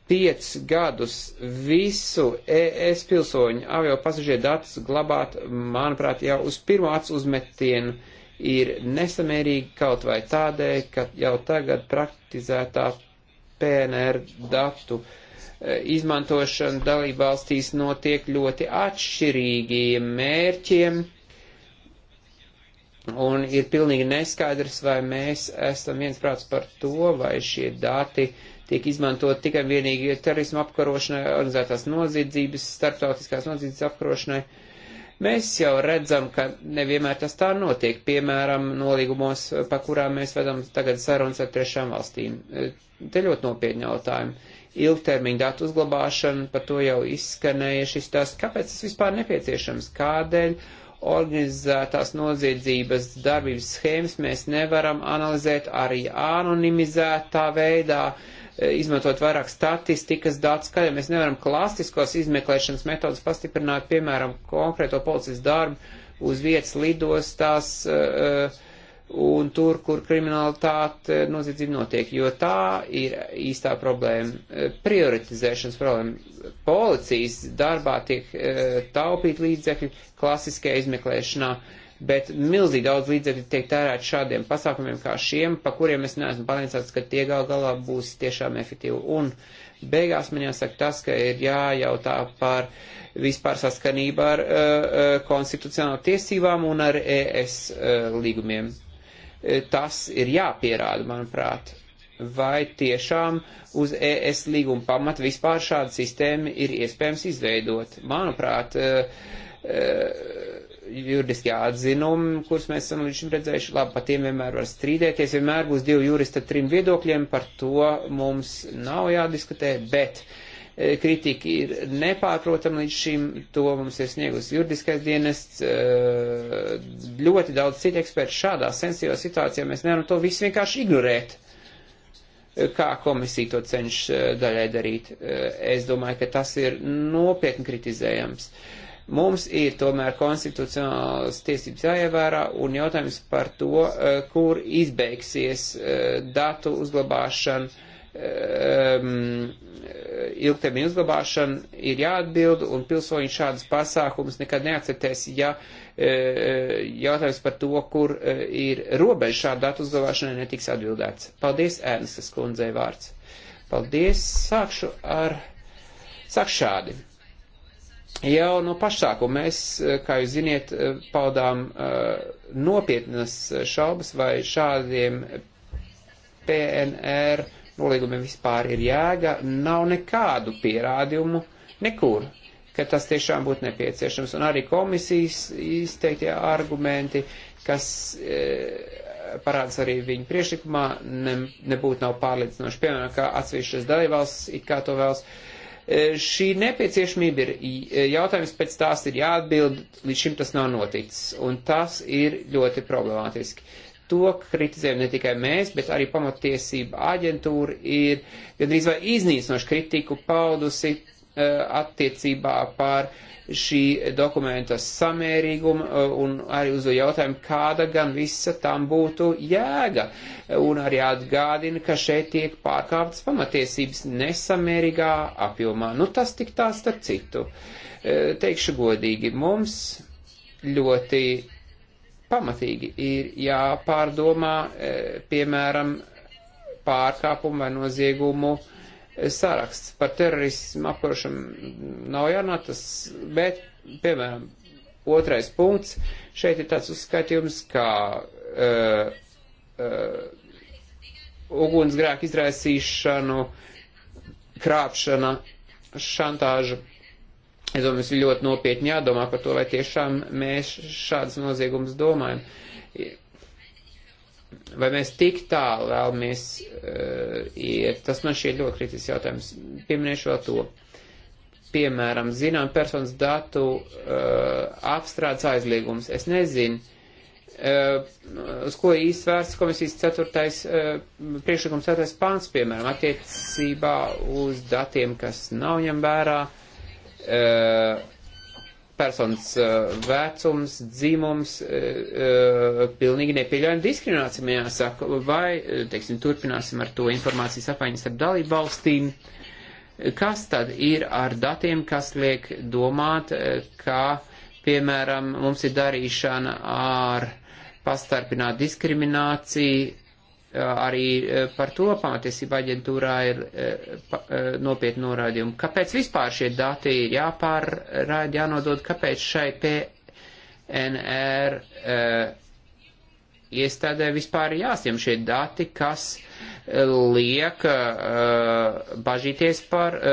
piec gadus visu ES pilsoņu avio pasažieru datus glabāt, manuprāt, jau uz pirmo acu uzmetienu ir nesamērīgi kaut vai tādēļ, ka jau tagad praktizētā PNR datu e, izmantošana dalībvalstīs notiek ļoti atšķirīgiem mērķiem, un ir pilnīgi neskaidrs, vai mēs esam viensprāts par to, vai šie dati tiek izmantot tikai vienīgi terorismu apkarošanai, organizētās noziedzības, starptautiskās noziedzības apkarošanai, uh, Mēs jau redzam, ka nevienmēr tas tā notiek, piemēram, nolīgumos, pa kurām mēs vedam tagad sarunas ar trešām valstīm. E, te ļoti nopietni jautājumi. Ilgtermiņa datu uzglabāšana, par to jau izskanēja šis tās, kāpēc tas vispār nepieciešams, kādēļ organizētās noziedzības darbības schēmas mēs nevaram analizēt arī anonimizētā veidā. Uh, Eh, izmantot vairāk statistikas datus, kā jau mēs nevaram klasiskos izmeklēšanas metodus pastiprināt, piemēram, konkrēto policijas darbu uz vietas lidostās eh, un tur, kur kriminalitāte eh, noziedzība notiek, jo tā ir īstā problēma, prioritizēšanas problēma. Policijas darbā tiek taupīt līdzekļi klasiskajā izmeklēšanā. Uh, bet milzīgi daudz līdzekļu tiek tērēt šādiem pasākumiem kā šiem, pa kuriem es neesmu pārliecināts, ka tie gal galā būs tiešām efektīvi. Un beigās man jāsaka tas, ka ir jājautā par vispār saskanību ar uh, konstitucionālo tiesībām un ar ES uh, eh, līgumiem. Tas ir jāpierāda, manuprāt vai tiešām uz ES līguma pamata vispār šādu sistēmu ir iespējams izveidot. Manuprāt, uh, uh, juridiskie atzinumi, kurus mēs esam līdz šim redzējuši, labi, par tiem vienmēr var strīdēties, vienmēr būs divi juristi ar trim viedokļiem, par to mums nav jādiskutē, bet e, kritika ir nepārprotama līdz šim, to mums ir sniegusi juridiskais dienests, e, ļoti daudz citu ekspertu šādā sensitīvā situācijā mēs nevaram to visu vienkārši ignorēt e, kā komisija to cenšas daļai darīt. Es domāju, ka tas ir nopietni kritizējams. Uh, Mums ir tomēr konstitucionālas tiesības jāievērā un jautājums par to, eh, kur izbeigsies eh, datu uzglabāšana, ehm, ilgtermiņa uzglabāšana, ir jāatbild un pilsoņi šādas pasākumus nekad neakceptēs, ja eh, jautājums par to, kur ir robeža šāda datu uzglabāšanai netiks atbildēts. Paldies, Ērnestas kundzei vārds. Paldies, sākšu ar, sākšu šādi Jau no pašsākuma mēs, eh, kā jūs ziniet, eh, paudām eh, nopietnas šaubas, vai šādiem PNR nolīgumiem vispār ir jēga. Nav nekādu pierādījumu nekur, ka tas tiešām būtu nepieciešams. Un arī komisijas izteiktie argumenti, kas parādās arī viņa priekšlikumā, ne, nebūtu nav pārliecinoši. Piemēram, kā atsevišķas dalībvalsts it kā to vēlas. Uh, E, šī nepieciešamība ir e, jautājums, pēc tās ir jāatbild, līdz šim tas nav noticis, un tas ir ļoti problemātiski. To kritizējam ne tikai mēs, bet arī pamatiesība aģentūra ir gandrīz vai iznīcinoši kritiku paudusi Eh, attiecībā pār šī dokumenta samērīgumu eh, un arī uz jautājumu, kāda gan visa tam būtu jēga. Un arī atgādina, ka šeit tiek pārkāptas pamatiesības nesamērīgā apjomā. Nu, tas tik tā starp citu. Eh, teikšu godīgi, mums ļoti pamatīgi ir jāpārdomā, piemēram, pārkāpumu vai noziegumu uh, saraksts par terorismu apkarošanu nav jānotas, bet, piemēram, otrais punkts, šeit ir tāds uzskatījums, kā uh, eh, uh, eh, ugunsgrēku izraisīšanu, krāpšana, šantāža. Es domāju, mums ir ļoti nopietni jādomā par to, vai tiešām mēs šādas noziegumus domājam vai mēs tik tālu vēlamies uh, iet, tas man šķiet ļoti kritisks jautājums. Pieminēšu vēl to. Piemēram, zinām personas datu uh, apstrādes aizliegums. Es nezinu, uh, uz ko īsti vērsts komisijas 4. Uh, priekšlikums 4. pāns, piemēram, attiecībā uz datiem, kas nav ņem vērā. Uh, personas eh, vecums, dzimums, eh, eh, pilnīgi nepieļaujama diskriminācija, man jāsaka, vai, teiksim, turpināsim ar to informācijas apmaiņas ar dalību valstīm. Kas tad ir ar datiem, kas liek domāt, ka, piemēram, mums ir darīšana ar pastarpināt diskrimināciju, Eh, arī eh, par to pamatiesība aģentūrā ir eh, nopietni norādījumi. Kāpēc vispār šie dati ir jāpārraida, jānodod, kāpēc šai PNR iestādē vispār ir jāsiem šie dati, kas liek uh, bažīties par uh,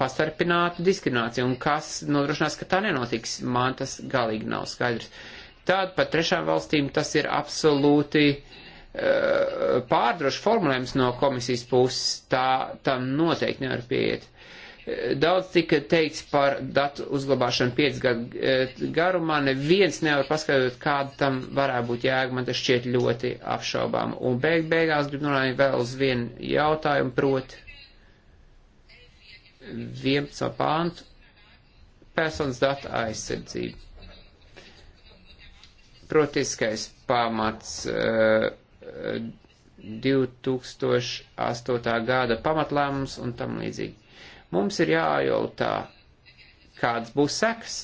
pastarpinātu diskrimināciju un kas nodrošinās, ka tā nenotiks. Man tas galīgi nav skaidrs. Tād par trešām valstīm tas ir absolūti uh, pārdrošs formulējums no komisijas puses, tā tam noteikti nevar pieiet. Daudz tika teikts par datu uzglabāšanu 5 gadu eh, garumā, neviens nevar paskaidrot, kāda tam varētu būt jēga, man tas šķiet ļoti apšaubām. Un beig beigās gribu runāt vēl uz vienu jautājumu, proti 11. pāntu personas data aizsardzība. Protiskais pamats. Uh, 2008. gada pamatlēmums un tam līdzīgi. Mums ir jājautā, kāds būs seks.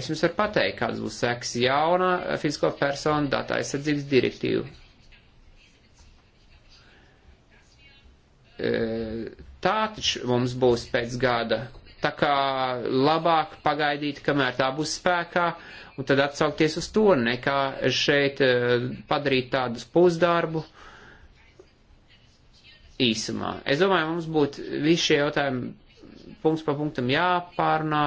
Es jums varu pateikt, kāds būs seks jauna fizisko personu data aizsardzības direktīva. E, tā taču mums būs pēc gada Tā kā labāk pagaidīt, kamēr tā būs spēkā, un tad atsaukties uz to, nekā šeit eh, padarīt tādus pusdarbu īsumā. Es domāju, mums būtu visi šie jautājumi punkts pa punktam jāpārnā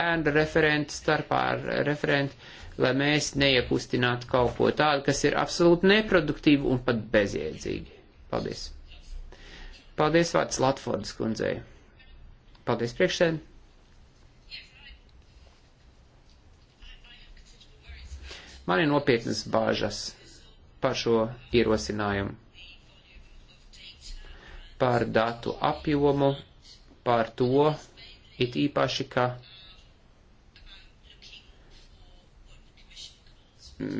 ēna referentu starpā ar referentu, lai mēs neiekustinātu kaut ko tādu, kas ir absolūti neproduktīvi un pat bezjēdzīgi. Paldies. Paldies vārds Latfordas kundzei. Paldies priekšsēm. Man ir nopietnas bāžas par šo ierosinājumu, par datu apjomu, par to, it īpaši, ka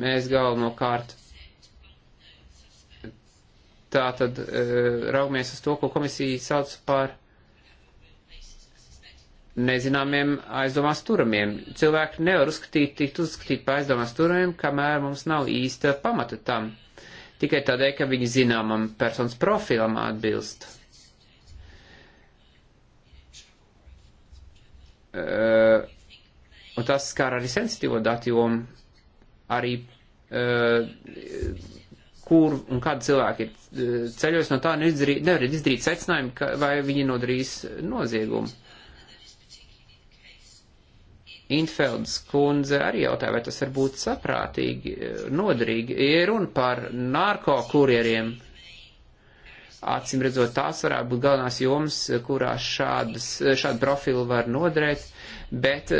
mēs galvenokārt tā tad e, eh, raugamies uz to, ko komisija sauc par nezināmiem aizdomās turamiem. Cilvēki nevar uzskatīt, tikt uzskatīt par aizdomās turamiem, kamēr mums nav īsta pamata tam. Tikai tādēļ, ka viņi zināmam personas profilam atbilst. Uh, un tas skar arī sensitīvo datu jomu, arī uh, kur un kādi cilvēki ir ceļos no tā neizdarīt, nevar izdarīt secinājumu, ka, vai viņi nodarīs noziegumu. Infelds kundze arī jautāja, vai tas var būt saprātīgi, noderīgi. Ja runa par narko kurjeriem, acīm redzot, tās varētu būt galvenās jomas, kurās šādas, šādu profilu var noderēt, bet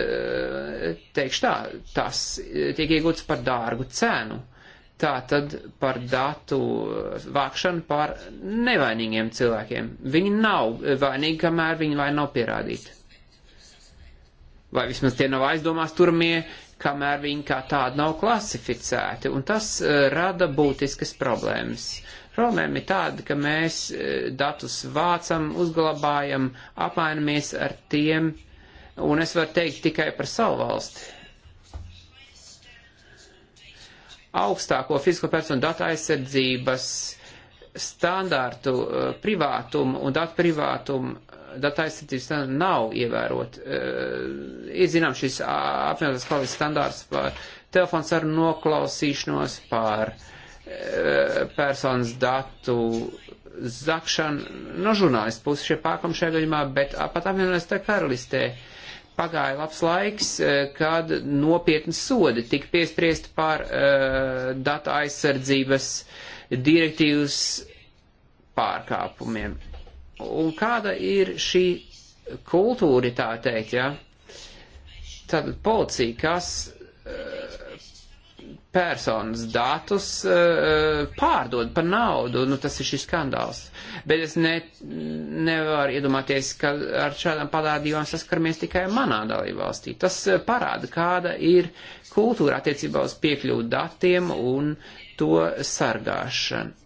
teikšu tā, tas tiek iegūts par dārgu cenu. Tā tad par datu vākšanu par nevainīgiem cilvēkiem. Viņi nav vainīgi, kamēr viņi vaina nav pierādīti vai vismaz tie nav aizdomās turmie, kamēr viņi kā tādi nav klasificēti, un tas uh, rada būtiskas problēmas. Problēma ir tāda, ka mēs uh, datus vācam, uzglabājam, apmainamies ar tiem, un es varu teikt tikai par savu valsti. Augstāko fizisko personu datu aizsardzības standārtu uh, privātumu un datu privātumu datu aizsardzības standarti nav ievērot. E, ir zināms šis apvienotās kvalitātes standārts par telefonu sarunu noklausīšanos, par e, personas datu zakšanu no nu, žurnālistu puses šie pārkam šajā gadījumā, bet pat apvienotās tā karalistē pagāja labs laiks, e, kad nopietni sodi tika piespriesti par uh, datu aizsardzības direktīvas pārkāpumiem. Un kāda ir šī kultūra, tā teikt, ja? Tad policija, kas eh, personas datus eh, pārdod par naudu, nu tas ir šis skandāls. Bet es ne, nevaru iedomāties, ka ar šādām parādībām saskaramies tikai manā dalībvalstī. Tas eh, parāda, kāda ir kultūra attiecībā uz piekļuvu datiem un to sargāšanu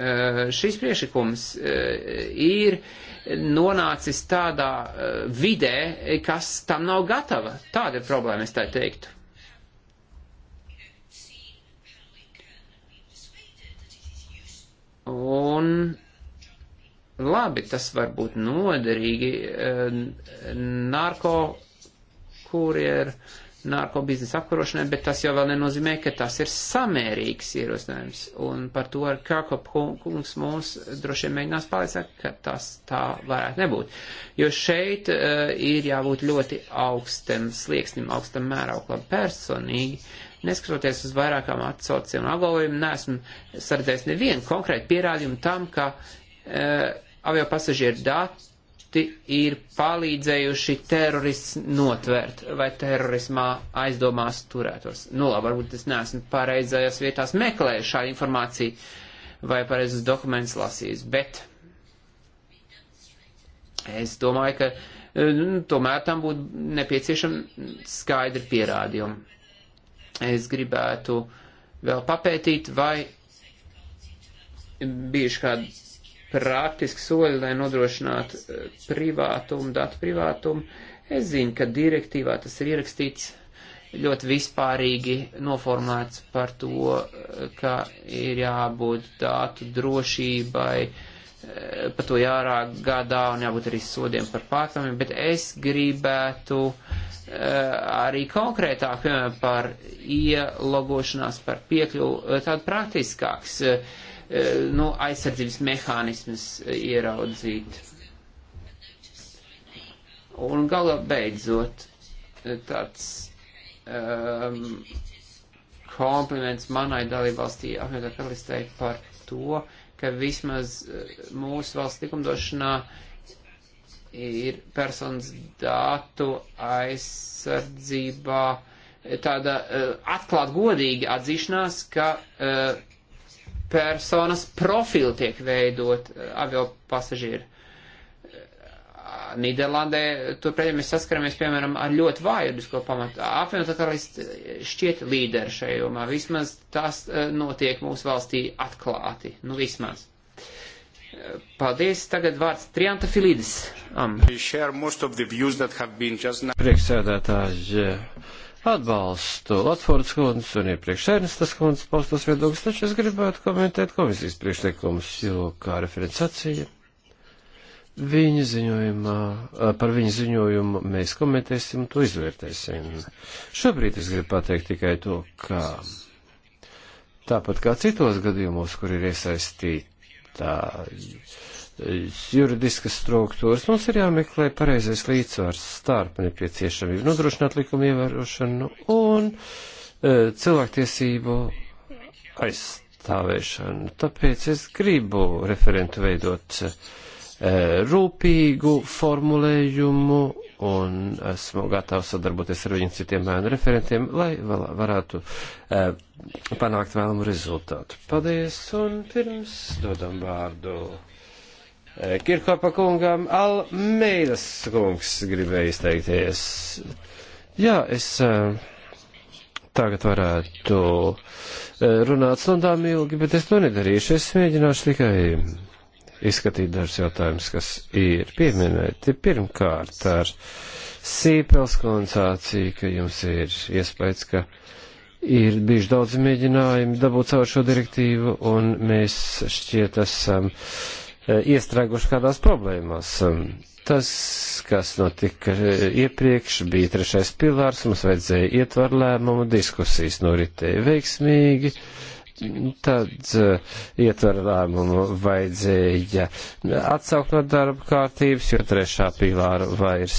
Eh, šis priešlikums eh, ir nonācis tādā eh, vidē, kas tam nav gatava. Tāda ir problēma, es tā teiktu. Un labi, tas var būt noderīgi narko kurjeru narkobiznesa apkarošanai, bet tas jau vēl nenozīmē, ka tas ir samērīgs ierosinājums. Un par to ar Kakop kungs mūs droši vien mēģinās pārliecināt, ka tas tā varētu nebūt. Jo šeit uh, ir jābūt ļoti augstam slieksnim, augstam mērauklam personīgi. Neskatoties uz vairākām atsauciem un apgalvojumiem, neesmu sardzējis nevienu konkrētu pierādījumu tam, ka uh, eh, avio pasažieru dati parasti ir palīdzējuši terorists notvērt vai terorismā aizdomās turētos. Nu, labi, varbūt es neesmu pareizajās vietās meklējis šādu informāciju vai pareizus dokumentus lasījis, bet es domāju, ka e, nu, tomēr tam būtu nepieciešama skaidra pierādījuma. Es gribētu vēl papētīt, vai bijuši kādi praktiski soļi, lai nodrošinātu e, privātumu, datu privātumu. Es zinu, ka direktīvā tas ir ierakstīts ļoti vispārīgi noformēts par to, e, ka ir jābūt datu drošībai, e, par to jārāk gadā un jābūt arī sodiem par pārkāpumiem, bet es gribētu arī konkrētāk, piemēram, par ielogošanās, par piekļuvu, tādu praktiskāks. Uh, Eh, nu, aizsardzības mehānismus eh, ieraudzīt. Un gala beidzot eh, tāds um, kompliments manai dalībvalstī apvienotā karalistē par to, ka vismaz mūsu valsts likumdošanā ir personas datu aizsardzībā tāda uh, atklāt godīga atzīšanās, ka uh, personas profili tiek veidot eh, avio pasažieru. Nīderlandē, tur pretī mēs saskaramies, piemēram, ar ļoti vājudisko pamatu. Apvienotā karalists eh, šķiet līderi šajā jomā. Vismaz tas eh, notiek mūsu valstī atklāti. Nu, vismaz. Paldies. Tagad vārds Trianta Filidis. Priekšsēdētāji, atbalstu Latvijas kundzes un iepriekš Ernstas kundzes paustos viedokļus, taču es gribētu komentēt komisijas priekšlikumus, jo, kā referents sacīja, viņa ziņojumā, par viņa ziņojumu mēs komentēsim un to izvērtēsim. Šobrīd es gribu pateikt tikai to, ka tāpat kā citos gadījumos, kur ir iesaistīta juridiskas struktūras. Mums ir jāmeklē pareizais līdzsvars starp nepieciešamību nodrošināt likumu ievērošanu un e, cilvēktiesību aizstāvēšanu. Tāpēc es gribu referentu veidot e, rūpīgu formulējumu un esmu gatavs sadarboties ar viņiem citiem bērnu referentiem, lai varētu e, panākt vēlamu rezultātu. Paldies un pirms dodam vārdu Kirkopa kungam. Almeidas kungs gribēja izteikties. Jā, es eh, tagad varētu eh, runāt stundām ilgi, bet es to nedarīšu. Es mēģināšu tikai izskatīt dažus jautājumus, kas ir pieminēti. Pirmkārt, ar sīpels kondensāciju, ka jums ir iespējas, ka ir bijuši daudz mēģinājumi dabūt caur šo direktīvu, un mēs šķiet esam E, iestrēguši kādās problēmās. Tas, kas notika e, iepriekš, bija trešais pilārs, mums vajadzēja ietvar lēmumu, diskusijas noritēja veiksmīgi, tad e, ietvar lēmumu vajadzēja atsaukt no darba kārtības, jo trešā pilāra vairs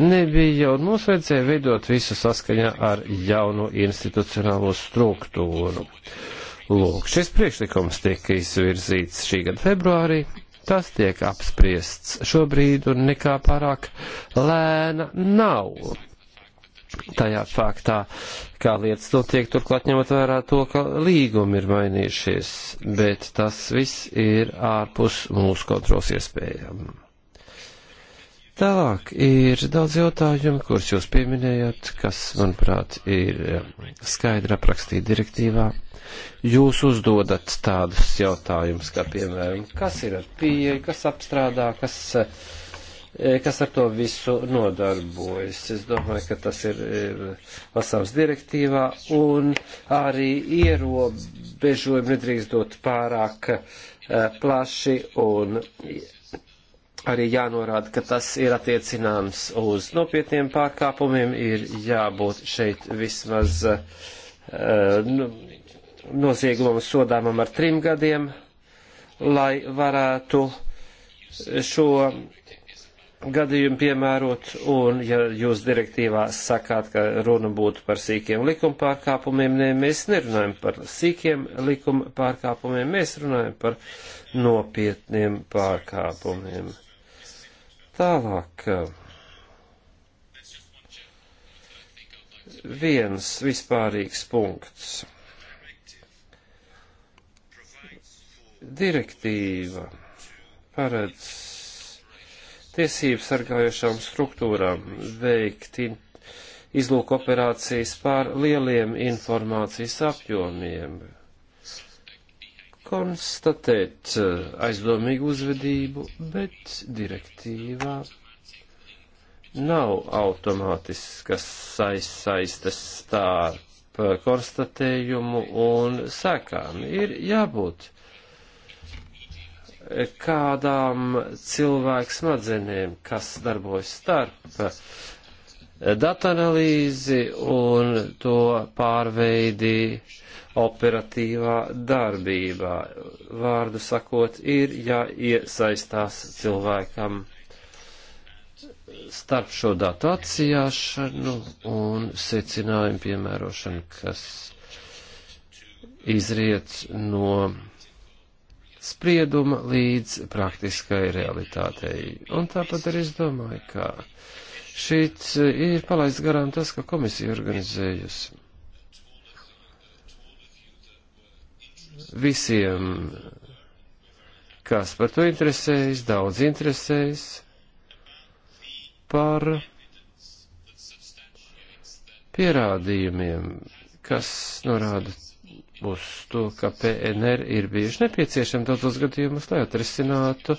nebija, un mums vajadzēja veidot visu saskaņā ar jaunu institucionālo struktūru. Lūk, šis priekšlikums tika izvirzīts šī gada februārī. Tas tiek apspriests šobrīd un nekā pārāk lēna nav tajā faktā, kā lietas notiek, turklāt ņemot vērā to, ka līgumi ir mainījušies, bet tas viss ir ārpus mūsu kontrols iespējām. Tālāk ir daudz jautājumu, kurus jūs pieminējat, kas, manuprāt, ir eh, skaidri aprakstīti direktīvā. Jūs uzdodat tādus jautājumus, kā piemēram, kas ir ar pieeju, kas apstrādā, kas, eh, kas ar to visu nodarbojas. Es domāju, ka tas ir, ir lasāms direktīvā un arī ierobežojumi nedrīkst dot pārāk eh, plaši un arī jānorāda, ka tas ir attiecināms uz nopietniem pārkāpumiem, ir jābūt šeit vismaz uh, nu, noziegumam sodāmam ar trim gadiem, lai varētu šo gadījumu piemērot, un ja jūs direktīvā sakāt, ka runa būtu par sīkiem likuma pārkāpumiem, ne, mēs nerunājam par sīkiem likuma pārkāpumiem, mēs runājam par nopietniem pārkāpumiem. Tālāk. Viens vispārīgs punkts. Direktīva paredz tiesību sargājošām struktūrām veikt izlūko operācijas pār lieliem informācijas apjomiem, konstatēt eh, aizdomīgu uzvedību, bet direktīvā nav automātiskas saistes starp konstatējumu un sekām. Ir jābūt kādām cilvēku smadzenēm, kas darbojas starp datu analīzi un to pārveidi uh, operatīvā darbībā. Vārdu sakot, ir jāiesaistās cilvēkam starp šo datu atsijāšanu un secinājumu piemērošanu, kas izriet no sprieduma līdz praktiskai realitātei. Un tāpat arī es domāju, ka šeit ir palaists garām tas, ka komisija organizējusi visiem, kas par to interesējas, daudz interesējas par pierādījumiem, kas norāda uz to, ka PNR ir bijuši nepieciešami daudzos gadījumos, lai atrisinātu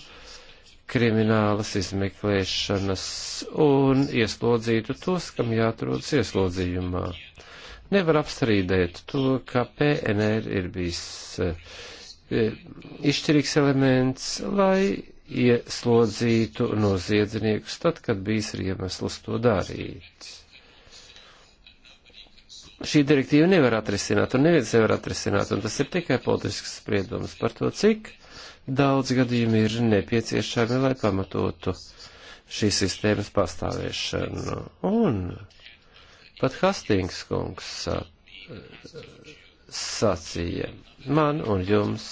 kriminālas izmeklēšanas un ieslodzītu tos, kam jāatrodas ieslodzījumā. Nevar apstrīdēt to, ka PNR ir bijis eh, izšķirīgs elements, lai ieslodzītu noziedzniekus tad, kad bijis iemesls to darīt. Šī direktīva nevar atrisināt, un neviens nevar atrisināt, un tas ir tikai politisks spriedums par to, cik daudz gadījumu ir nepieciešami, lai pamatotu šīs sistēmas pastāvēšanu. Un Pat Hastings kungs sacīja man un jums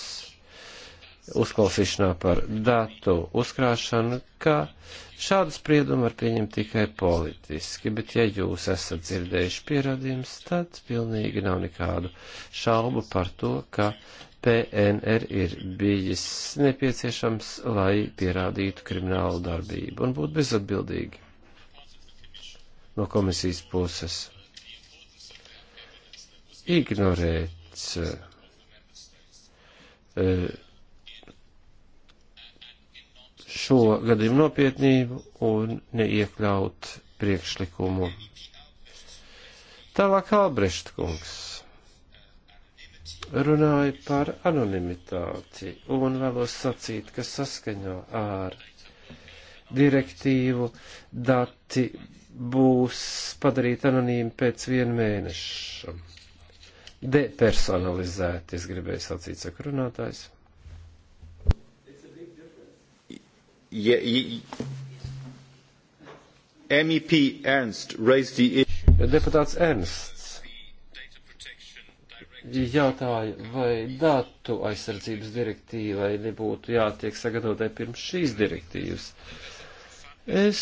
uzklausīšanā par datu uzkrāšanu, ka šādu spriedumu var pieņemt tikai politiski, bet ja jūs esat dzirdējuši pierādījums, tad pilnīgi nav nekādu šaubu par to, ka PNR ir bijis nepieciešams, lai pierādītu kriminālu darbību un būtu bezatbildīgi no komisijas puses ignorēt eh, šo gadījumu nopietnību un neiekļaut priekšlikumu. Tālāk Albrecht kungs runāja par anonimitāti un vēlos sacīt, ka saskaņā ar direktīvu dati būs padarīti anonīmi pēc viena mēneša. Depersonalizēti, es gribēju sacīt, saka runātājs. Yeah, yeah, yeah. MEP Ernst raised the issue. Deputāts Ernsts jautāja, vai datu aizsardzības direktīvai nebūtu jātiek sagatavotai pirms šīs direktīvas. Es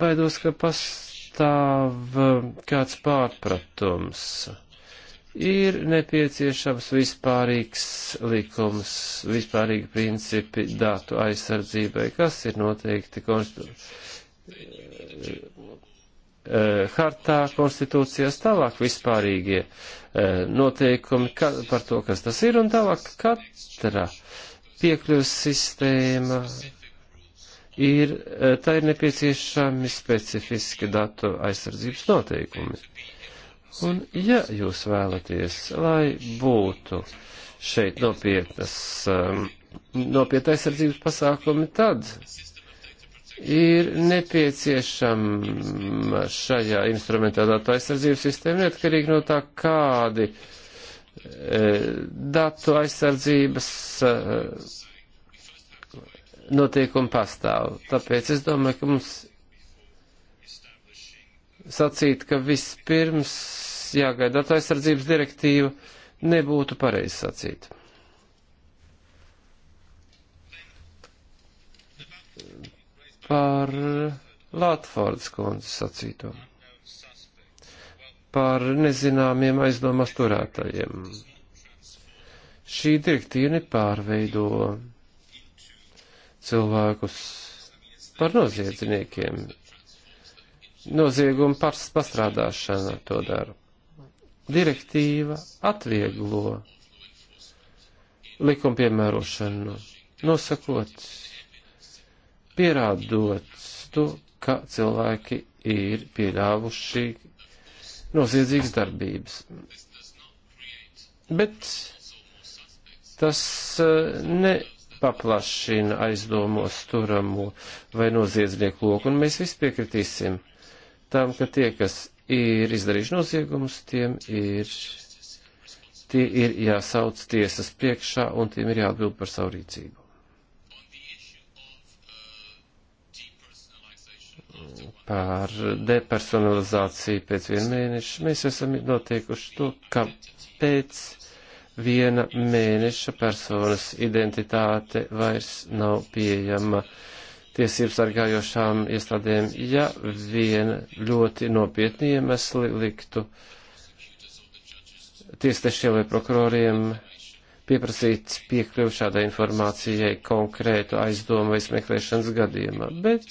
Baidos, ka pastāv eh, kāds pārpratums. Ir nepieciešams vispārīgs likums, vispārīgi principi datu aizsardzībai, kas ir noteikti konstitūcijā eh, hartā, konstitūcijās, tālāk vispārīgie eh, noteikumi ka, par to, kas tas ir, un tālāk katra piekļuves sistēma ir, eh, tā ir nepieciešami specifiski datu aizsardzības noteikumi. Un ja jūs vēlaties, lai būtu šeit nopietnas, ehm, nopietna aizsardzības pasākumi, tad ir nepieciešama šajā instrumentā datu aizsardzības sistēma neatkarīgi no tā, kādi eh, datu aizsardzības eh, notiekumi pastāv. Tāpēc es domāju, ka mums sacīt, ka vispirms jāgaida datu aizsardzības direktīva, nebūtu pareizi sacīt. Par Latvārdas kundzes sacīto. Par nezināmiem aizdomās turētājiem. Šī direktīva nepārveido cilvēkus par noziedzniekiem. Nozieguma pastrādāšana to dara. Direktīva atvieglo likuma piemērošanu, nosakot, pierādot to, ka cilvēki ir pieļāvuši noziedzīgas darbības. Bet tas eh, ne paplašina aizdomos turamo vai noziedznieku loku, un mēs visi piekritīsim tam, ka tie, kas ir izdarījuši noziegumus, tiem ir, tie ir jāsauc tiesas priekšā, un tiem ir jāatbild par savu rīcību. par depersonalizāciju pēc viena mēneša, mēs esam noteikuši to, ka pēc viena mēneša personas identitāte vairs nav pieejama tiesību sargājošām iestādēm, ja vien ļoti nopietni iemesli liktu tiesnešiem vai prokuroriem pieprasīt piekļuvu šādai informācijai konkrētu aizdomu vai smēklēšanas gadījumā, bet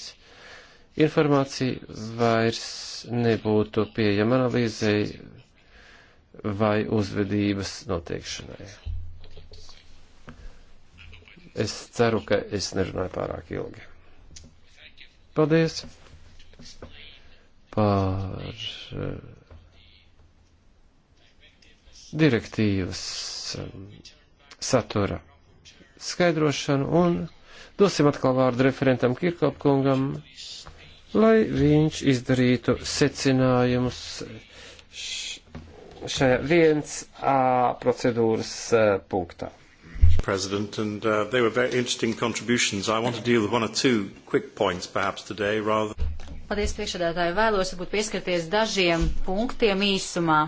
informācija vairs nebūtu pieejama analīzei vai uzvedības noteikšanai. Es ceru, ka es nerunāju pārāk ilgi. Paldies par eh, direktīvas eh, satura skaidrošanu un dosim atkal vārdu referentam Kirkopkungam, lai viņš izdarītu secinājumus šajā 1A procedūras eh, punktā. President, and uh, they were very interesting contributions. I want to deal with one or two quick points perhaps today rather. Paldies priekšsēdētāji. Vēlos varbūt pieskarties dažiem punktiem īsumā.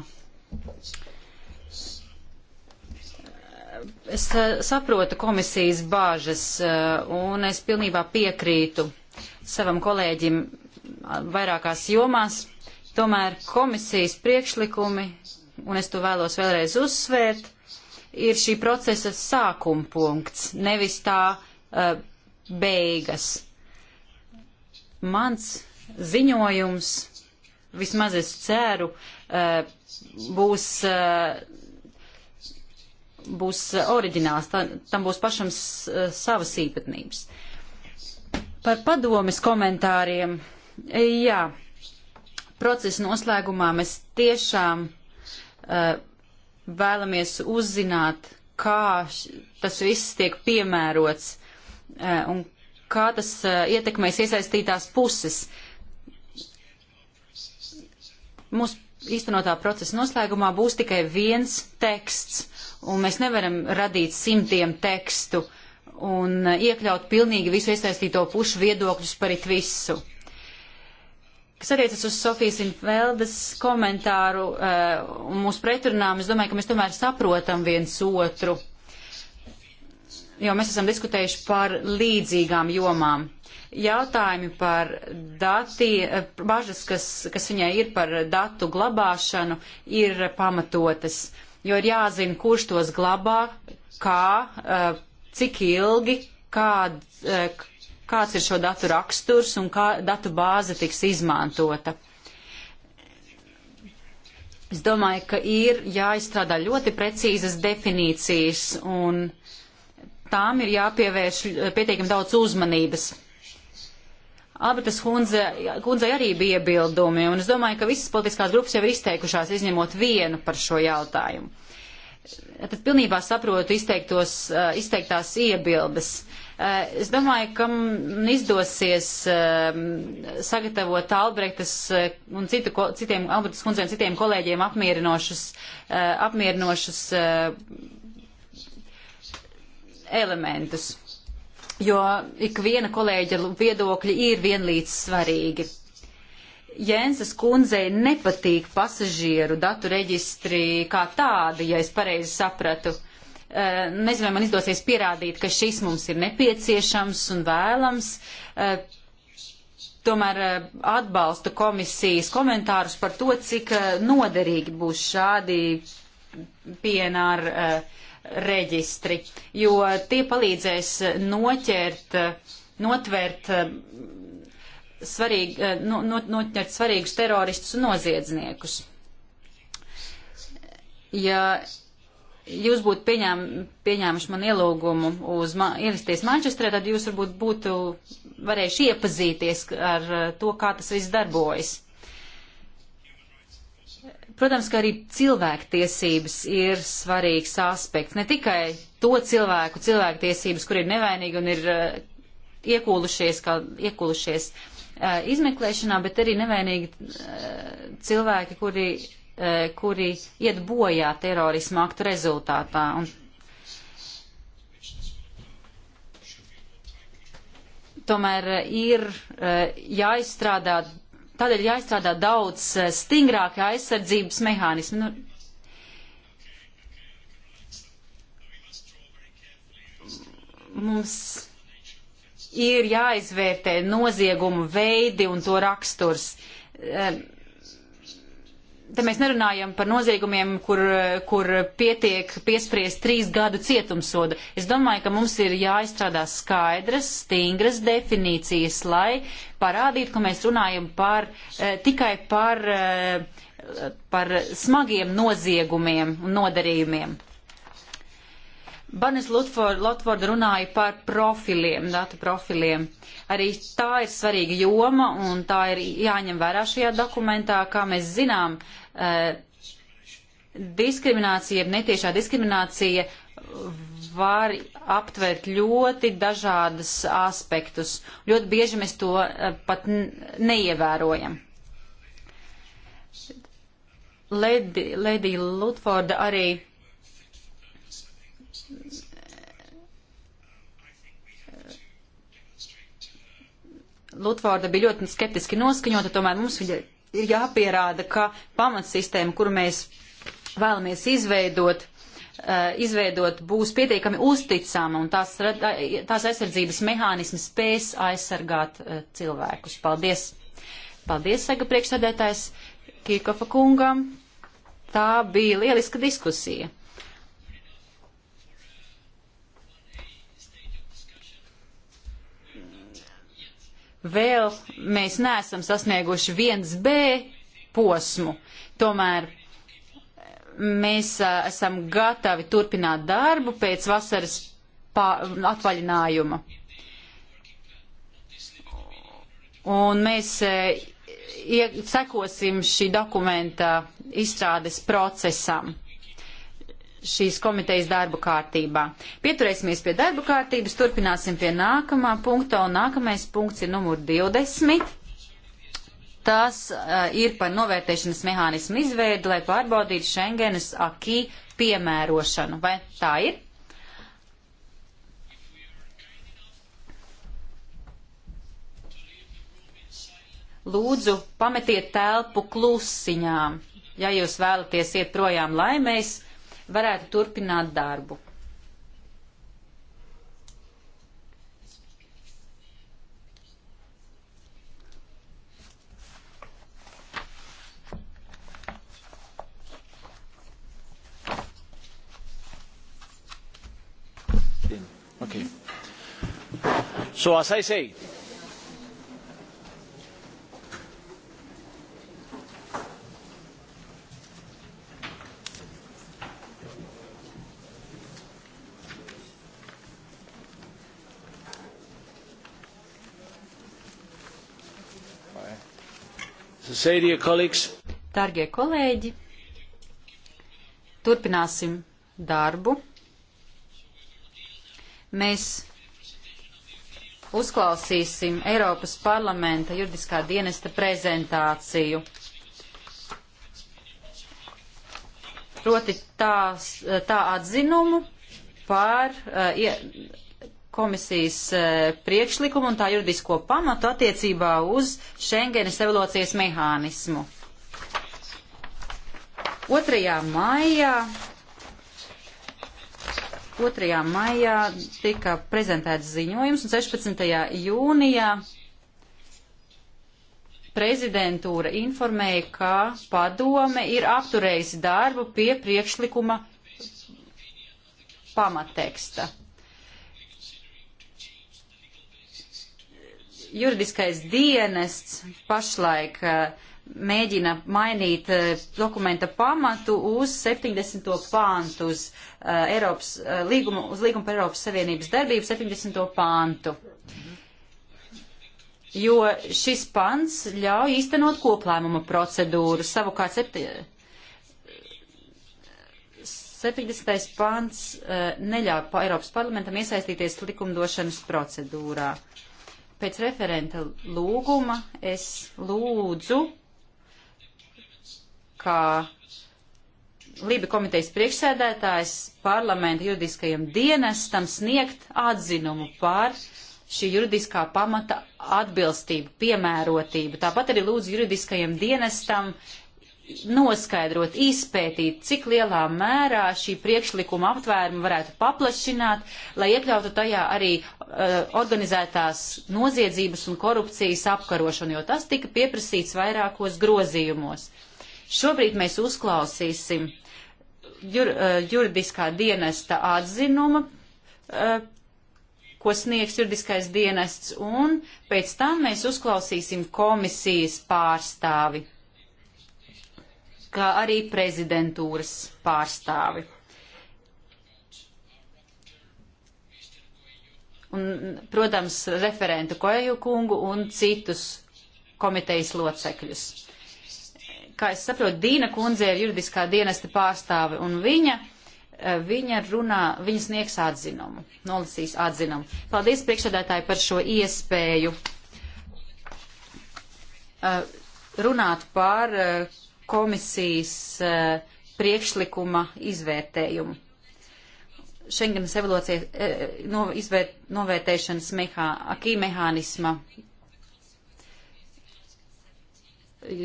Es eh, saprotu komisijas bāžas eh, un es pilnībā piekrītu savam kolēģim vairākās jomās. Tomēr komisijas priekšlikumi un es to vēlos vēlreiz uzsvērt, ir šī procesa sākuma punkts, nevis tā uh, beigas. Mans ziņojums, vismaz es ceru, uh, būs, uh, būs oriģināls, tā, tam būs pašam uh, savas īpatnības. Par padomes komentāriem. Jā, procesa noslēgumā mēs tiešām Eh, vēlamies uzzināt, kā tas viss tiek piemērots eh, un kā tas eh, ietekmēs iesaistītās puses. Mūsu īstenotā procesa noslēgumā būs tikai viens teksts, un mēs nevaram radīt simtiem tekstu un iekļaut pilnīgi visu iesaistīto pušu viedokļus par it visu. Kas attiecas uz Sofijas Infeldes komentāru uh, un mūsu pretrunām, es domāju, ka mēs tomēr saprotam viens otru, jo mēs esam diskutējuši par līdzīgām jomām. Jautājumi par dati, eh, bažas, kas, kas viņai ir par datu glabāšanu, ir pamatotas, jo ir jāzina, kurš tos glabā, kā, uh, cik ilgi, kād, uh, kāds ir šo datu raksturs un kā datu bāze tiks izmantota. Es domāju, ka ir jāizstrādā ļoti precīzas definīcijas un tām ir jāpievērš pietiekami daudz uzmanības. Abritas kundzei arī bija iebildumi, un es domāju, ka visas politiskās grupas jau ir izteikušās, izņemot vienu par šo jautājumu. Tad pilnībā saprotu izteiktos, izteiktās iebildes. Eh, es domāju, ka izdosies eh, sagatavot Albrehtas eh, un citu, citiem, Albrehtas kundzei un citiem kolēģiem apmierinošus, apmierinošus elementus, jo ik viena kolēģa viedokļi ir vienlīdz svarīgi. Jēnsas kundzei nepatīk pasažieru datu reģistri kā tādi, ja es pareizi sapratu. Uh, Eh, nezinu, vai man izdosies pierādīt, ka šis mums ir nepieciešams un vēlams. Eh, tomēr eh, atbalstu komisijas komentārus par to, cik noderīgi būs šādi PNR reģistri, jo tie palīdzēs noķert, notvērt svarīgi, no, no, noķert svarīgus teroristus un noziedzniekus. Ja jūs būtu pieņēm, pieņēmuši man ielūgumu uz ma ierasties Manchesterē, tad jūs varbūt būtu varējuši iepazīties ar eh, to, kā tas viss darbojas. Protams, ka arī cilvēktiesības ir svarīgs aspekts. Ne tikai to cilvēku cilvēktiesības, kur ir nevainīgi un ir uh, iekūlušies, kā, iekūlušies uh, izmeklēšanā, bet arī nevainīgi uh, cilvēki, kuri E, kuri iet bojā terorisma aktu rezultātā. Un tomēr ir e, jāizstrādā, tādēļ jāizstrādā daudz e, stingrākie aizsardzības mehānismi. Nu, mums ir jāizvērtē noziegumu veidi un to raksturs. Um, te mēs nerunājam par noziegumiem, kur, kur pietiek piespriest trīs gadu cietumsodu. Es domāju, ka mums ir jāizstrādā skaidras, stingras definīcijas, lai parādītu, ka mēs runājam par, eh, tikai par, eh, par smagiem noziegumiem un nodarījumiem. Banis Lotvorda runāja par profiliem, datu profiliem. Arī tā ir svarīga joma un tā ir jāņem vērā šajā dokumentā. Kā mēs zinām, uh, Eh, diskriminācija, netiešā diskriminācija var aptvert ļoti dažādas aspektus. Ļoti bieži mēs to eh, pat neievērojam. Ledi, Ledi Lutforda arī eh, Lutforda bija ļoti skeptiski noskaņota, tomēr mums viņa ir jāpierāda, ka pamatsistēma, kuru mēs vēlamies izveidot, eh, izveidot būs pietiekami uzticama un tās, tās aizsardzības mehānismi spēs aizsargāt eh, cilvēkus. Paldies! Paldies, saka priekšsēdētājs Kirkofa kungam. Tā bija lieliska diskusija. vēl mēs neesam sasnieguši 1B posmu. Tomēr eh, mēs uh, esam gatavi turpināt darbu pēc vasaras atvaļinājuma. Un mēs uh, sekosim šī dokumenta izstrādes procesam šīs komitejas darbu kārtībā. Pieturēsimies pie darbu kārtības, turpināsim pie nākamā punkta, un nākamais punkts ir numur 20. Tas uh, ir par novērtēšanas mehānismu izveidi, lai pārbaudītu Schengenas akī piemērošanu. Vai tā ir? Lūdzu, pametiet telpu klusiņām, ja jūs vēlaties iet projām, lai mēs varētu turpināt darbu. Okay. So as I say, Dargie kolēģi, turpināsim darbu. Mēs uzklausīsim Eiropas parlamenta juridiskā dienesta prezentāciju. Proti tā, tā atzinumu par uh, komisijas e, priekšlikumu un tā juridisko pamatu attiecībā uz Schengenes evolūcijas mehānismu. 2. maijā 2. maijā tika prezentēts ziņojums un 16. jūnijā prezidentūra informēja, ka padome ir apturējusi darbu pie priekšlikuma pamateksta. juridiskais dienests pašlaik eh, mēģina mainīt eh, dokumenta pamatu uz 70. pāntu, uz, eh, Eiropas, līgumu, uz līgumu par Eiropas Savienības darbību 70. pāntu. Jo šis pants ļauj īstenot koplēmumu procedūru. Savukārt 70. pants neļauj Eiropas parlamentam iesaistīties likumdošanas procedūrā. Uh, Pēc referenta lūguma es lūdzu, kā Lība komitejas priekšsēdētājs parlamenta juridiskajam dienestam sniegt atzinumu par šī juridiskā pamata atbilstību, piemērotību. Tāpat arī lūdzu juridiskajam dienestam noskaidrot, izpētīt, cik lielā mērā šī priekšlikuma aptvērumu varētu paplašināt, lai iekļautu tajā arī Eh, organizētās noziedzības un korupcijas apkarošanu, jo tas tika pieprasīts vairākos grozījumos. Šobrīd mēs uzklausīsim jur, eh, juridiskā dienesta atzinumu, eh, ko sniegs juridiskais dienests, un pēc tam mēs uzklausīsim komisijas pārstāvi, kā arī prezidentūras pārstāvi. un, protams, referentu Koeju kungu un citus komitejas locekļus. Kā es saprotu, Dīna kundze ir juridiskā dienesta pārstāve, un viņa, eh, viņa runā, viņa sniegs atzinumu, nolasīs atzinumu. Paldies priekšsēdētāji par šo iespēju eh, runāt par eh, komisijas priekšlikuma izvērtējumu. Schengenas evolūcijas e, no, izvērt, novērtēšanas mehā, akī mehānisma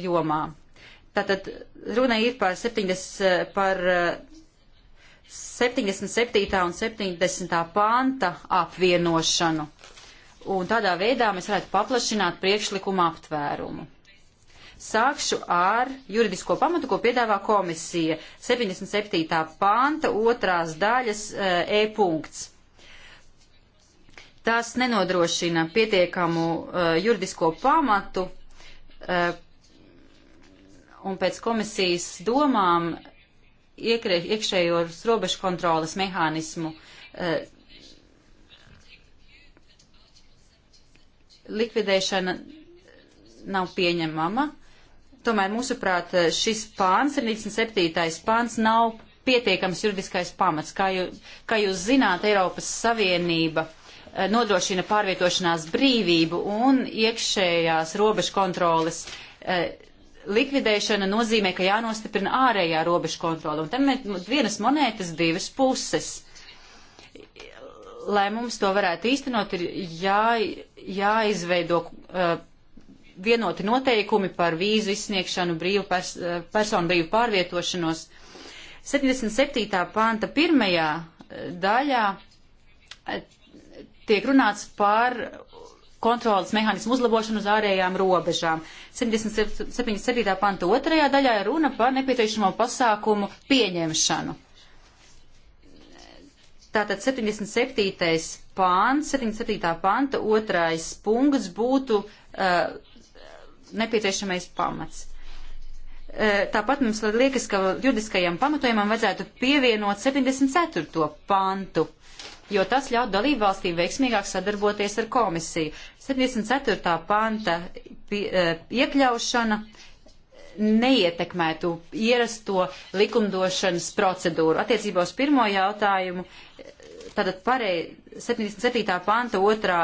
jomā. Tātad runa ir par, 70, e, par 77. E, un 70. panta apvienošanu. Un tādā veidā mēs varētu paplašināt priekšlikuma aptvērumu. Sākšu ar juridisko pamatu, ko piedāvā komisija 77. panta otrās daļas e eh, punkts. Tas nenodrošina pietiekamu uh, juridisko pamatu, uh, un pēc komisijas domām iekrie, iekšējos robežu kontrolas mehānismu uh, likvidēšana nav pieņemama. Uh, Tomēr, mūsuprāt, šis pāns, 37. pāns, nav pietiekams juridiskais pamats. Kā, jū, kā jūs zināt, Eiropas Savienība eh, nodrošina pārvietošanās brīvību un iekšējās robežu kontroles eh, likvidēšana nozīmē, ka jānostiprina ārējā robežu kontrola. Un tam ir vienas monētas divas puses. Lai mums to varētu īstenot, ir jā, jāizveido uh, vienoti noteikumi par vīzu izsniegšanu, brīvu pers eh, personu brīvu pārvietošanos. 77. panta pirmajā eh, daļā eh, tiek runāts par kontrolas mehānismu uzlabošanu uz ārējām robežām. 77. panta otrajā daļā ir runa par nepieciešamo pasākumu pieņemšanu. Tātad 77. pāns, 77. panta otrais punkts būtu uh, nepieciešamais pamats. E, tāpat mums liekas, ka juridiskajam pamatojumam vajadzētu pievienot 74. pantu, jo tas ļaut dalību valstīm veiksmīgāk sadarboties ar komisiju. 74. panta e, iekļaušana neietekmētu ierasto likumdošanas procedūru. Attiecībā uz pirmo jautājumu, e, tātad parei 77. panta otrā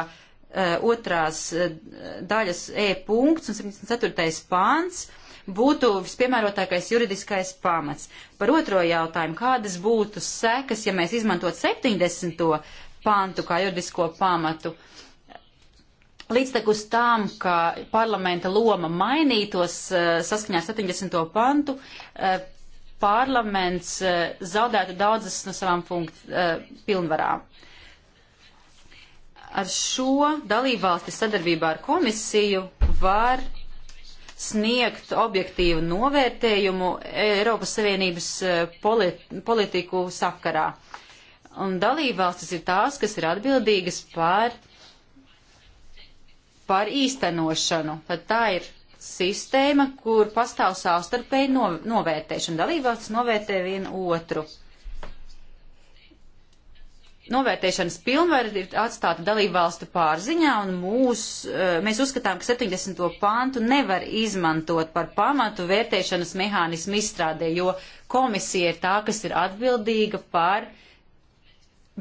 Eh, otrās eh, daļas E punkts un 74. pāns būtu vispiemērotākais juridiskais pamats. Par otro jautājumu, kādas būtu sekas, ja mēs izmantot 70. pantu kā juridisko pamatu? Līdztekus tam, ka parlamenta loma mainītos eh, saskaņā ar 70. pantu, parlaments zaudētu daudzas no savām pilnvarām. Ar šo dalībvalsti sadarbībā ar komisiju var sniegt objektīvu novērtējumu Eiropas Savienības eh, politiku sakarā. Un dalībvalstis ir tās, kas ir atbildīgas par, par īstenošanu. Tad tā ir sistēma, kur pastāv savstarpēji novērtēšana. Dalībvalstis novērtē vienu otru novērtēšanas pilnvaru ir atstāta dalību valstu pārziņā, un mūs, eh, mēs uzskatām, ka 70. pantu nevar izmantot par pamatu vērtēšanas mehānismu izstrādē, jo komisija ir tā, kas ir atbildīga par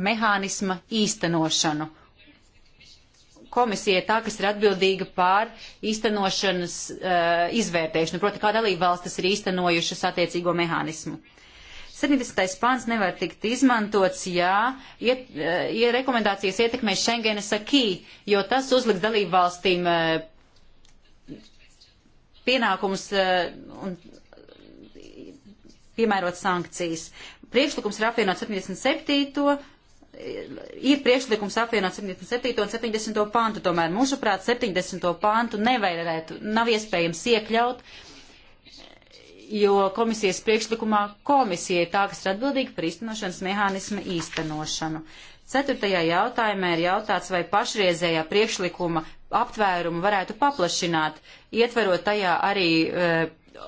mehānisma īstenošanu. Komisija ir tā, kas ir atbildīga pār īstenošanas uh, izvērtēšanu, proti, kā dalībvalstis ir īstenojušas attiecīgo mehānismu. Uh, 70. pāns nevar tikt izmantots, ja, iet, ja rekomendācijas ietekmē Schengenes akī, jo tas uzliks dalību valstīm eh, pienākumus eh, un piemērot sankcijas. Priekšlikums ir apvienot 77. Eh, ir priekšlikums apvienot 77. un 70. pantu, tomēr mūsuprāt 70. pantu nevajadzētu, nav iespējams iekļaut uh, jo komisijas priekšlikumā komisija ir tā, kas ir atbildīga par īstenošanas mehānismu īstenošanu. Ceturtajā jautājumā ir jautāts, vai pašreizējā priekšlikuma aptvērumu varētu paplašināt, ietverot tajā arī e,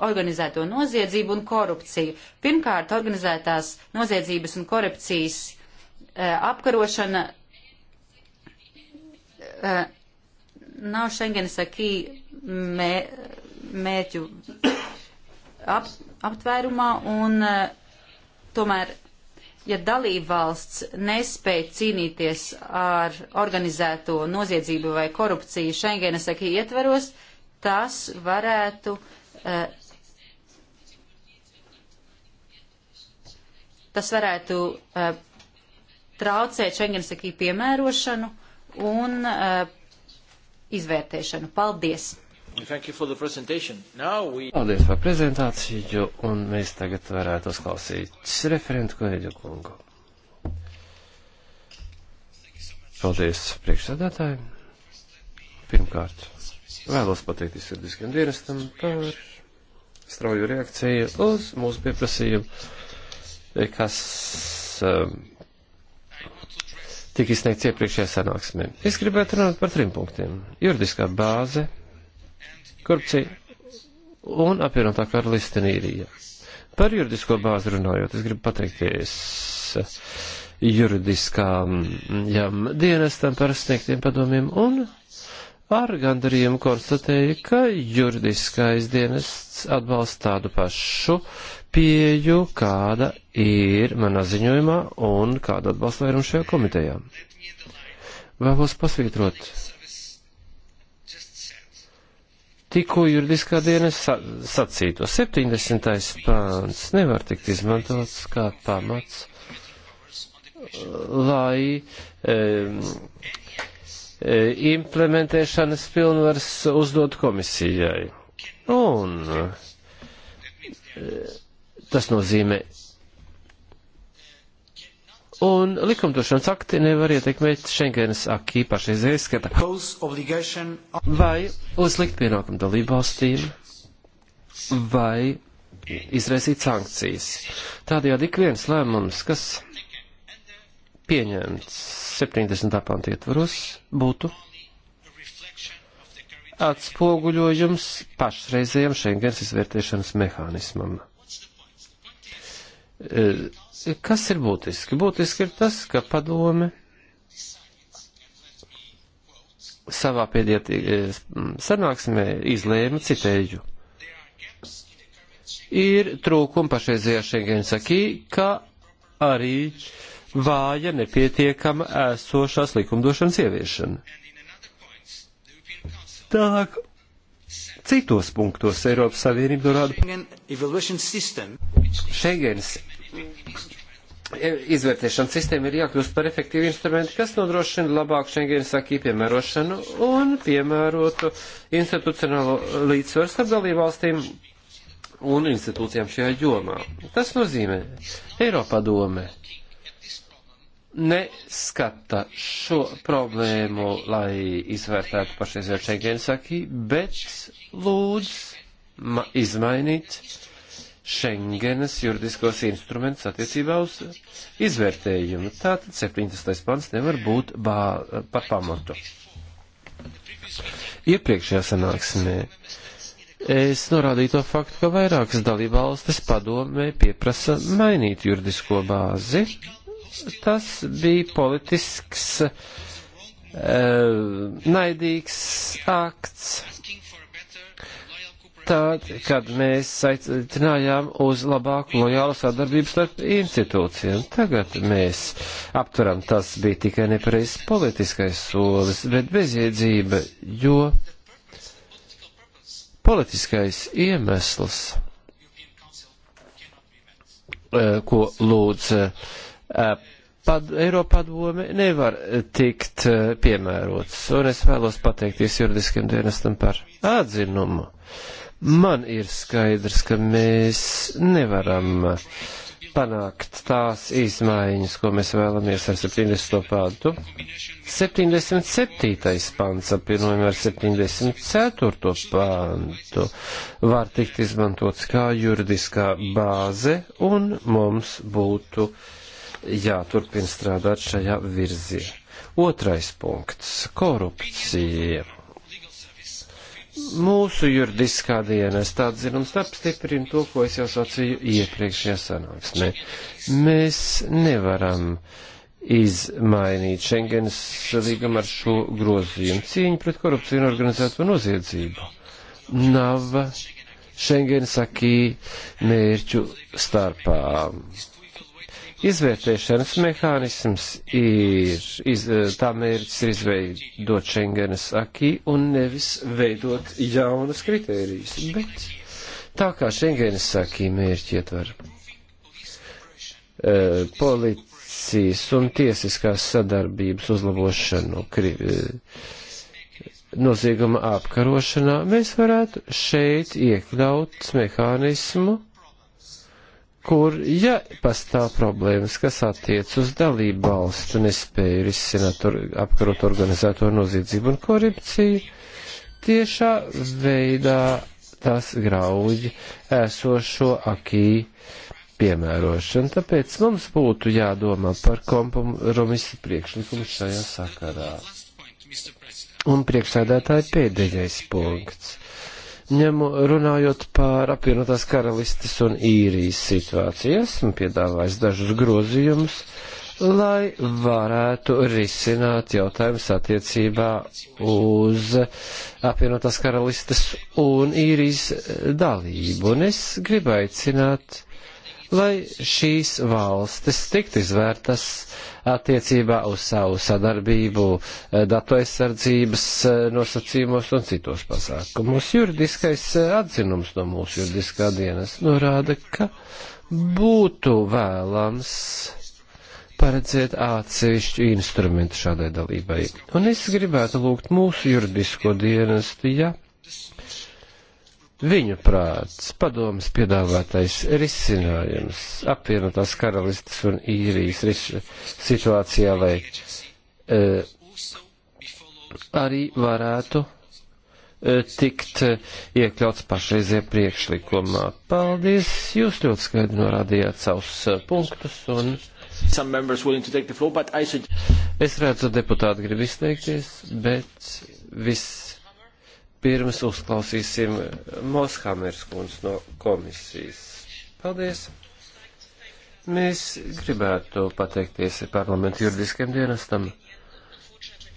organizēto noziedzību un korupciju. Pirmkārt, organizētās noziedzības un korupcijas e, apkarošana e, nav Schengenas akī mē, mērķu ap, aptvērumā un e, tomēr, ja dalībvalsts nespēja cīnīties ar organizēto noziedzību vai korupciju Schengenas akī ietveros, tas varētu. E, tas varētu uh, traucēt Schengens akī piemērošanu un uh, izvērtēšanu. Paldies! We... Paldies par prezentāciju, un mēs tagad varētu uzklausīt referentu kolēģu kungu. Paldies priekšsādātājiem. Pirmkārt, vēlos pateikties juridiskiem dienestam par strauju reakciju uz mūsu pieprasījumu, kas um, tika izsniegts iepriekšējā sanāksmē. Es gribētu runāt par trim punktiem. Juridiskā bāze korupcija un apvienotā karaliste Nīrija. Par juridisko bāzi runājot, es gribu pateikties eh, juridiskām mm, jām dienestam par sniegtiem padomiem un ar gandarījumu konstatēju, ka juridiskais dienests atbalsta tādu pašu pieju, kāda ir manā ziņojumā un kāda atbalsta vairums šajā komitejā. Vēlos pasvītrot tikko juridiskā dienas sacīto. 70. pāns nevar tikt izmantots kā pamats, uh, lai e, implementēšanas pilnvars uzdot komisijai. Un e, tas nozīmē un likumdošanas akti nevar ietekmēt Schengenas akī pašreiz izskata. Vai uzlikt pienākumu dalību valstīm, vai izraisīt sankcijas. Tādējādi ik viens lēmums, kas pieņemts 70. pantu ietvaros, būtu atspoguļojums pašreizējam Schengens izvērtēšanas mehānismam. E, Kas ir būtiski? Būtiski ir tas, ka padome savā pēdējā e, sanāksmē izlēma citēju. Ir trūkumi pašreizajā Schengen sakī, ka arī vāja nepietiekama esošās likumdošanas ieviešana. Tālāk citos punktos Eiropas Savienība norāda. Schengens izvērtēšanas sistēma ir jākļūst par efektīvu instrumentu, kas nodrošina labāku Schengenas akī piemērošanu un piemērotu institucionālo līdzsvaru starp dalībvalstīm un institūcijām šajā jomā. Tas nozīmē, Eiropā dome neskata šo problēmu, lai izvērtētu pašreizējo Schengenas akī, bet lūdz izmainīt Šengenes juridiskos instrumentus attiecībā uz izvērtējumu. Tātad 17. pants nevar būt bā, par pamatu. Iepriekšējā sanāksmē es norādīju to faktu, ka vairākas dalībvalstis padomē pieprasa mainīt juridisko bāzi. Tas bija politisks, eh, naidīgs akts tad, kad mēs aicinājām uz labāku lojālu sadarbību starp institūcijiem. Tagad mēs aptveram, tas bija tikai nepareizs politiskais solis, bet bezjēdzība, jo politiskais iemesls, eh, ko lūdz eh, pad, Eiropadome nevar tikt eh, piemērots. Un es vēlos pateikties juridiskiem dienestam par atzinumu. Uh, Man ir skaidrs, ka mēs nevaram panākt tās izmaiņas, ko mēs vēlamies ar 70. pāntu. 77. pants apvienojumā ar 74. pāntu var tikt izmantots kā juridiskā bāze un mums būtu jāturpina strādāt šajā virzienā. Otrais punkts - korupcija. Mūsu juridiskā dienesta atzinums apstiprina to, ko es jau sacīju iepriekšējā sanāksmē. Mēs nevaram izmainīt Schengenas līgumu ar šo grozījumu. Cīņa pret korupciju un organizēto noziedzību nav Schengenas akī mērķu starpā. Izvērtēšanas mehānisms ir, iz, eh, tā mērķis ir izveidot Schengenas akī un nevis veidot jaunas kritērijas, bet tā kā Schengenas akī mērķi ietver uh, policijas un tiesiskās sadarbības uzlabošanu kri, uh, nozieguma apkarošanā, mēs varētu šeit iekļaut mehānismu, kur, ja pastāv problēmas, kas attiec uz dalību valstu nespēju risināt or, apkarot organizēto noziedzību un korupciju, tiešā veidā tas grauj esošo akī piemērošanu. Tāpēc mums būtu jādomā par kompromisu priekšlikumu šajā sakarā. Un priekšsēdētāji pēdējais punkts ņemu, runājot par apvienotās karalistes un īrijas situāciju, esmu piedāvājis dažus grozījumus, lai varētu risināt jautājumus attiecībā uz apvienotās karalistes un īrijas dalību. Un es gribu aicināt, lai šīs valstis tiktu izvērtas uh, attiecībā uz savu sadarbību eh, datu aizsardzības eh, nosacījumos un citos pasākumos. Juridiskais eh, atzinums no mūsu juridiskā dienas norāda, ka būtu vēlams paredzēt atsevišķu instrumentu šādai dalībai. Un es gribētu lūgt mūsu juridisko dienestu, ja Viņu prāts, padomas piedāvātais risinājums apvienotās karalistas un īrijas ris, situācijā, lai e, arī varētu e, tikt e, iekļauts pašreizie priekšlikumā. Paldies, jūs ļoti skaidri norādījāt savus e, punktus un. Floor, should... Es redzu, deputāti grib izteikties, bet viss Pirms uzklausīsim Moshamers kundz no komisijas. Paldies! Mēs gribētu pateikties parlamentu juridiskajam dienestam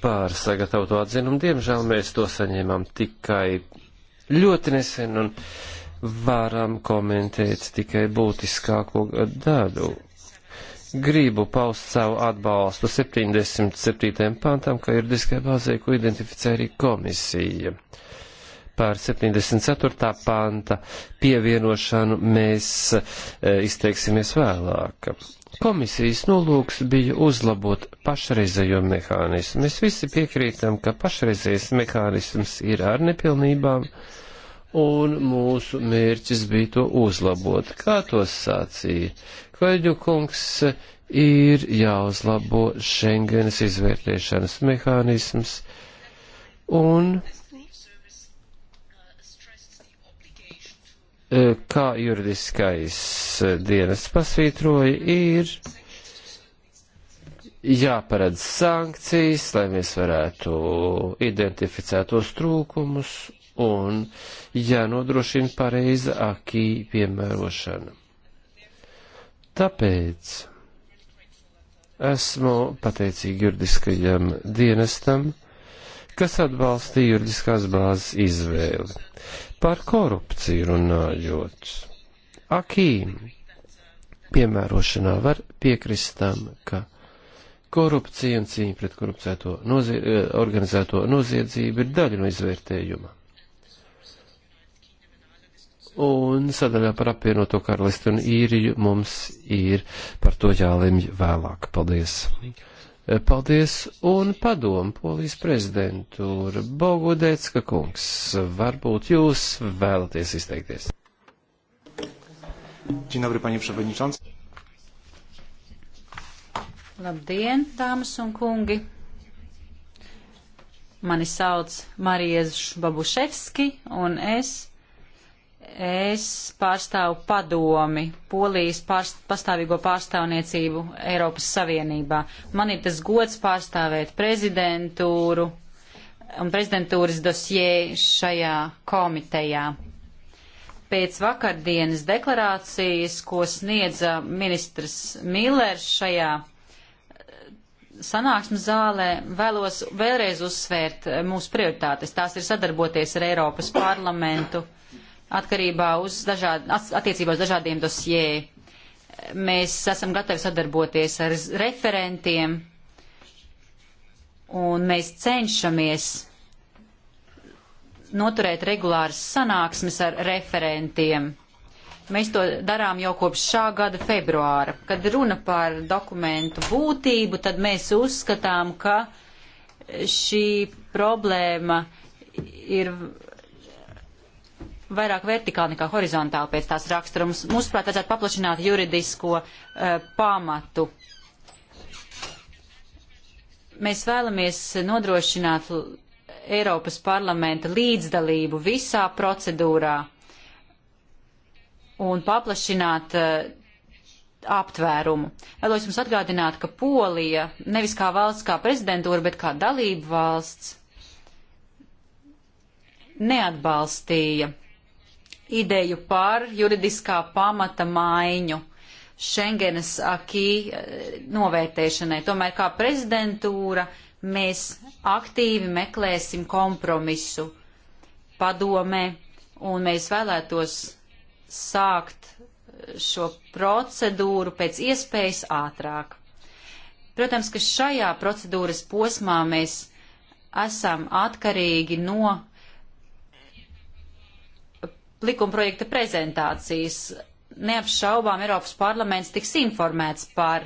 par sagatavotu atzinumu. Diemžēl mēs to saņēmām tikai ļoti nesen un varam komentēt tikai būtiskāko daļu gribu paust savu atbalstu 77. pantam, ka ir diskrepācija, ko identificē arī komisija. Par 74. panta pievienošanu mēs e, izteiksimies vēlāk. Komisijas nolūks bija uzlabot pašreizējo mehānismu. Mēs visi piekrītam, ka pašreizējais mehānisms ir ar nepilnībām. E, un mūsu mērķis bija to uzlabot. Kā to sacīja? Kvaļģu kungs ir jāuzlabo Schengenes izvērtēšanas mehānisms un e, kā juridiskais dienas pasvītroja, ir jāparedz sankcijas, lai mēs varētu identificēt tos trūkumus un jānodrošina pareiza akī piemērošana. Tāpēc esmu pateicīgi juridiskajam dienestam, kas atbalstīja juridiskās bāzes izvēli. Par korupciju runājot, akīm piemērošanā var piekrist tam, ka korupcija un cīņa pret korupcēto nozie eh, organizēto noziedzību ir daļa no izvērtējuma un sadaļā par apvienoto karalisti un īriju mums ir par to jālemj vēlāk. Paldies! Paldies un padomu polijas prezidentūra Bogudēcka kungs. Varbūt jūs vēlaties izteikties. Dzień dobry, panie przewodniczący. Labdien, dāmas un kungi! Mani sauc Marijas Babuševski, un es Es pārstāvu padomi, Polijas pārst, pastāvīgo pārstāvniecību Eiropas Savienībā. Man ir tas gods pārstāvēt prezidentūru un prezidentūras dosie šajā komitejā. Pēc vakardienas deklarācijas, ko sniedza ministrs Millers šajā eh, sanāksmes zālē, vēlos vēlreiz uzsvērt eh, mūsu prioritātes. Tās ir sadarboties ar Eiropas parlamentu atkarībā uz dažād, attiecībā uz dažādiem dosjē. Mēs esam gatavi sadarboties ar referentiem un mēs cenšamies noturēt regulāras sanāksmes ar referentiem. Mēs to darām jau kopš šā gada februāra. Kad runa par dokumentu būtību, tad mēs uzskatām, ka šī problēma ir vairāk vertikāli nekā horizontāli pēc tās raksturumus. Mūsuprāt, vajadzētu paplašināt juridisko uh, pamatu. Mēs vēlamies nodrošināt Eiropas parlamenta līdzdalību visā procedūrā un paplašināt uh, aptvērumu. Vēlos jums atgādināt, ka Polija nevis kā valsts, kā prezidentūra, bet kā dalību valsts neatbalstīja ideju par juridiskā pamata maiņu Schengenas akī eh, novērtēšanai. Tomēr kā prezidentūra mēs aktīvi meklēsim kompromisu padomē un mēs vēlētos sākt eh, šo procedūru pēc iespējas ātrāk. Protams, ka šajā procedūras posmā mēs esam atkarīgi no likumprojekta prezentācijas. Neapšaubām Eiropas parlaments tiks informēts par,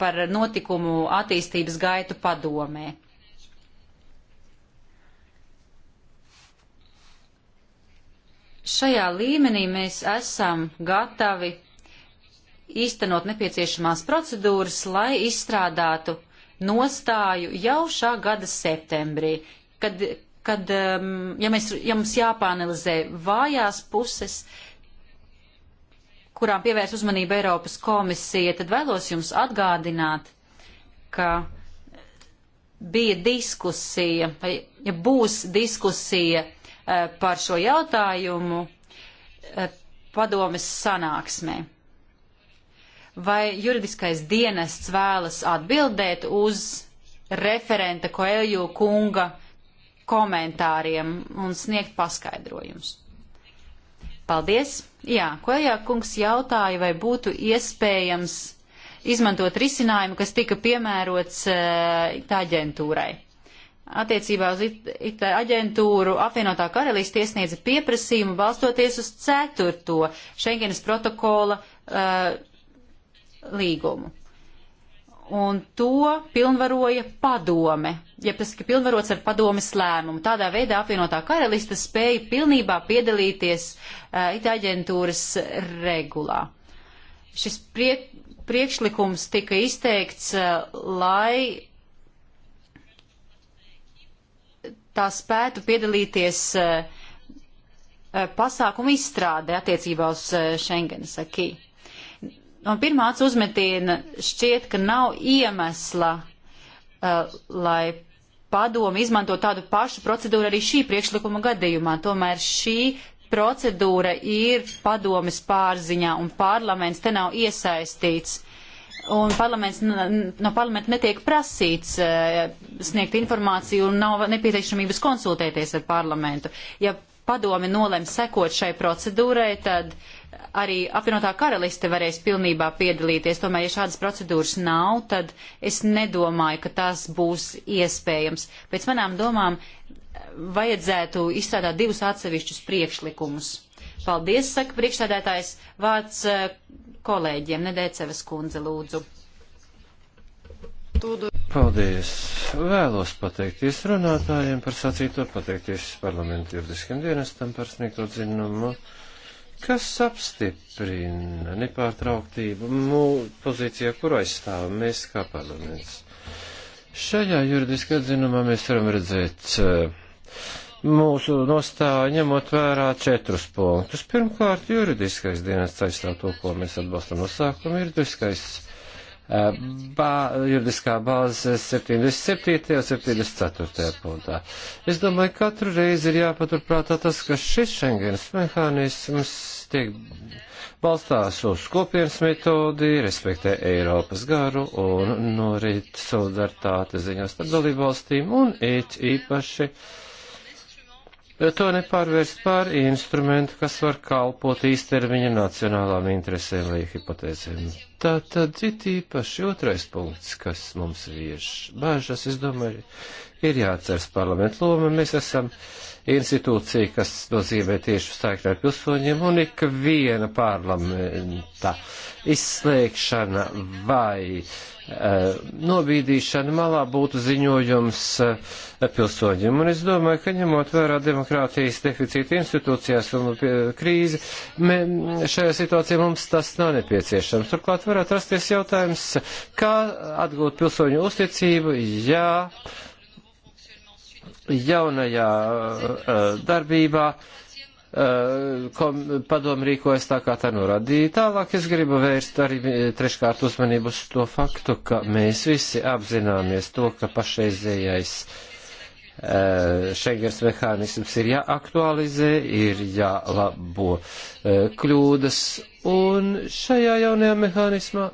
par notikumu attīstības gaitu padomē. Šajā līmenī mēs esam gatavi īstenot nepieciešamās procedūras, lai izstrādātu nostāju jau šā gada septembrī, kad kad, ja, mēs, ja mums jāpāanalizē vājās puses, kurām pievērs uzmanību Eiropas komisija, tad vēlos jums atgādināt, ka bija diskusija, vai ja būs diskusija eh, par šo jautājumu eh, padomes sanāksmē. Vai juridiskais dienests vēlas atbildēt uz referenta Koelju kunga uh, komentāriem un sniegt paskaidrojumus. Paldies! Jā, Kojā kungs jautāja, vai būtu iespējams izmantot risinājumu, kas tika piemērots e, tā aģentūrai. Attiecībā uz IT aģentūru apvienotā karalīste iesniedza pieprasījumu balstoties uz ceturto Schengenas protokola uh, līgumu. Un to pilnvaroja padome jeb tas, ka pilnvarots ar padomes lēmumu. Tādā veidā apvienotā karalista spēja pilnībā piedalīties uh, it aģentūras regulā. Šis priek, priekšlikums tika izteikts, uh, lai tā spētu piedalīties uh, pasākumu izstrādē attiecībā uz uh, Schengenas akī. No pirmā uzmetiena šķiet, ka nav iemesla, uh, lai padomi izmanto tādu pašu procedūru arī šī priekšlikuma gadījumā. Tomēr šī procedūra ir padomis pārziņā un parlaments te nav iesaistīts. Un parlaments, no parlamenta netiek prasīts e, sniegt informāciju un nav nepieciešamības konsultēties ar parlamentu. Ja padomi nolem sekot šai procedūrai, tad uh, arī apvienotā karaliste varēs pilnībā piedalīties. Tomēr, ja šādas procedūras nav, tad es nedomāju, ka tas būs iespējams. Pēc manām domām vajadzētu izstrādāt divus atsevišķus priekšlikumus. Paldies, saka priekšsēdētājs, vārds eh, kolēģiem, Nedēcevas kundze, lūdzu. Paldies! Vēlos pateikties runātājiem par sacīto, pateikties parlamentu juridiskiem dienestam par sniegto dzinumu. No kas apstiprina nepārtrauktību mū, pozīcijā, kur aizstāvam mēs kā parlaments. Šajā juridiskā atzinumā mēs varam redzēt eh, mūsu nostāju, ņemot vērā četrus punktus. Pirmkārt, juridiskais dienas aizstāv to, ko mēs atbalstam no sākuma, juridiskais bā, juridiskā bāze 77. un 74. punktā. Es domāju, katru reizi ir jāpaturprātā tas, ka šis Schengens mehānisms tiek balstās uz kopienas metodi, respektē Eiropas garu un norit solidaritāte ziņā starp dalībvalstīm un it īpaši. Uh, to nepārvērst par instrumentu, kas var kalpot īstermiņa nacionālām interesēm vai hipotēzēm. Tā tad ir īpaši otrais punkts, kas mums vieš bažas, es domāju, ir jāatceras parlamentu loma. Mēs esam institūcija, kas nozīmē tieši saikni ar pilsoņiem, un ik viena parlamenta izslēgšana vai uh, nobīdīšana malā būtu ziņojums uh, pilsoņiem. Un es domāju, ka ņemot vērā demokrātijas deficītu institūcijās un uh, krīzi, mē, šajā situācijā mums tas nav nepieciešams. Turklāt varētu rasties jautājums, kā atgūt pilsoņu uzticību, ja uh, jaunajā darbībā kom, padomu rīkojas tā, kā tā norādīja. Tālāk es gribu vērst arī treškārt uzmanību uz to faktu, ka mēs visi apzināmies to, ka pašreizējais Šengers mehānisms ir jāaktualizē, ir jālabo kļūdas, un šajā jaunajā mehānismā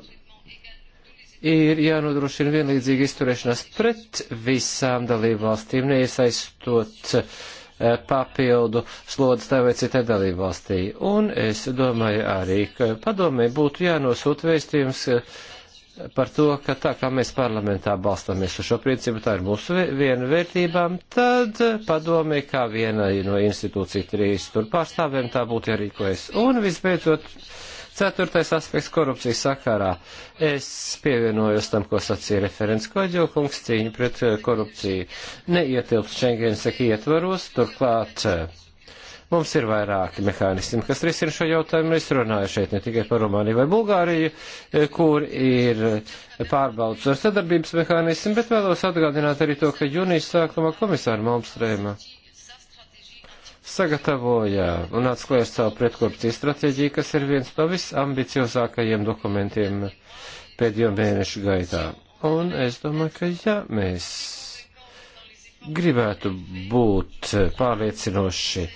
ir jānodrošina vienlīdzīga izturēšanās pret visām dalībvalstīm, neiesaistot eh, papildu slodas tā vai citai dalībvalstī. Un es domāju arī, ka padomē būtu jānosūt vēstījums eh, par to, ka tā kā mēs parlamentā balstāmies uz šo principu, tā ir mūsu viena vērtībām, tad padomē kā viena no institūciju trīs tur pārstāvēm tā būtu jārīkojas. Un visbeidzot. Ceturtais aspekts - korupcija sakarā. Es pievienojos tam, ko sacīja referents Koģokungs, cīņa pret eh, korupciju neietilpst Schengens saka ietvaros, turklāt eh, mums ir vairāki mehānismi, kas risina šo jautājumu. Es runāju šeit ne tikai par Rumāniju vai Bulgāriju, eh, kur ir pārbaudas ar sadarbības mehānismu, bet vēlos atgādināt arī to, ka jūnijas sākumā komisāra Malmstrēma sagatavoja un atklāja savu pretkorupcijas stratēģiju, kas ir viens no visambiciozākajiem dokumentiem pēdējo mēnešu gaitā. Un es domāju, ka ja mēs gribētu būt pārliecinoši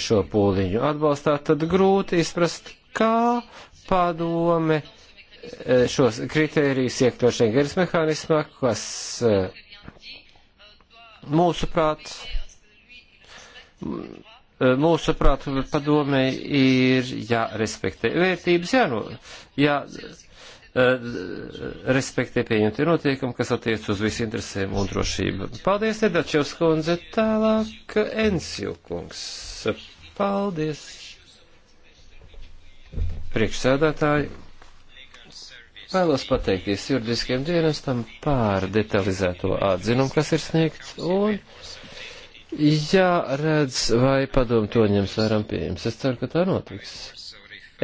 šo pūliņu atbalstāt, tad grūti izprast, kā padome šos kritērijus iekļaut Schengeris mehānismā, kas mūsuprāt Eh, mūsu prātu padomē ir jārespektē vērtības, jā, no, jā, respektē pieņemtie notiekumi, kas attiec uz visu interesēm un drošību. Paldies, Nedačevs kundze, tālāk Ensju kungs. Paldies. Priekšsēdētāji, vēlos pateikties juridiskiem dienestam pār detalizēto atzinumu, kas ir sniegts, un jāredz, vai padomu to ņems varam pieņems. Es ceru, ka tā notiks.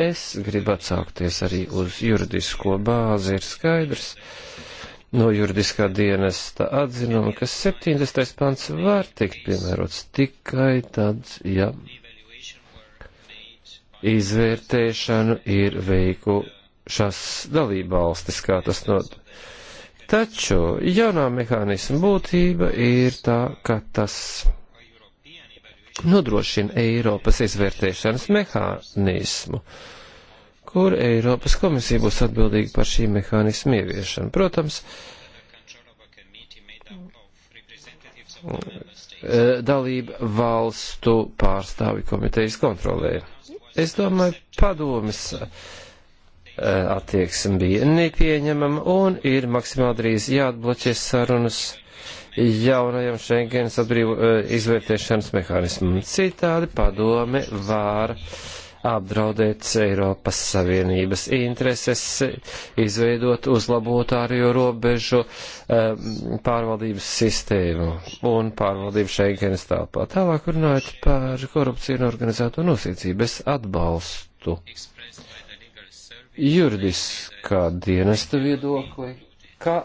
Es gribu atsaukties arī uz juridisko bāzi, ir skaidrs. No juridiskā dienesta atzinuma, ka 70. pants var tikt piemērots tikai tad, ja izvērtēšanu ir veikušas dalībvalstis, kā tas notiek Taču jaunā mehānisma būtība ir tā, ka tas nodrošina Eiropas izvērtēšanas mehānismu, kur Eiropas komisija būs atbildīga par šī mehānisma ieviešanu. Protams, dalība valstu pārstāvi komitejas kontrolē. Es domāju, padomis Eh, attieksme bija nepieņemama un ir maksimāli drīz jāatbloķē sarunas jaunajam Schengens atbrīvo eh, izvērtēšanas mehānismam. Citādi padome var apdraudēt Eiropas Savienības intereses, izveidot uzlabotu ārējo robežu eh, pārvaldības sistēmu un pārvaldību Schengenas telpā. Tālāk runājot par korupciju un organizēto nosacību, es atbalstu. Thanks juridiskā dienesta viedokli, ka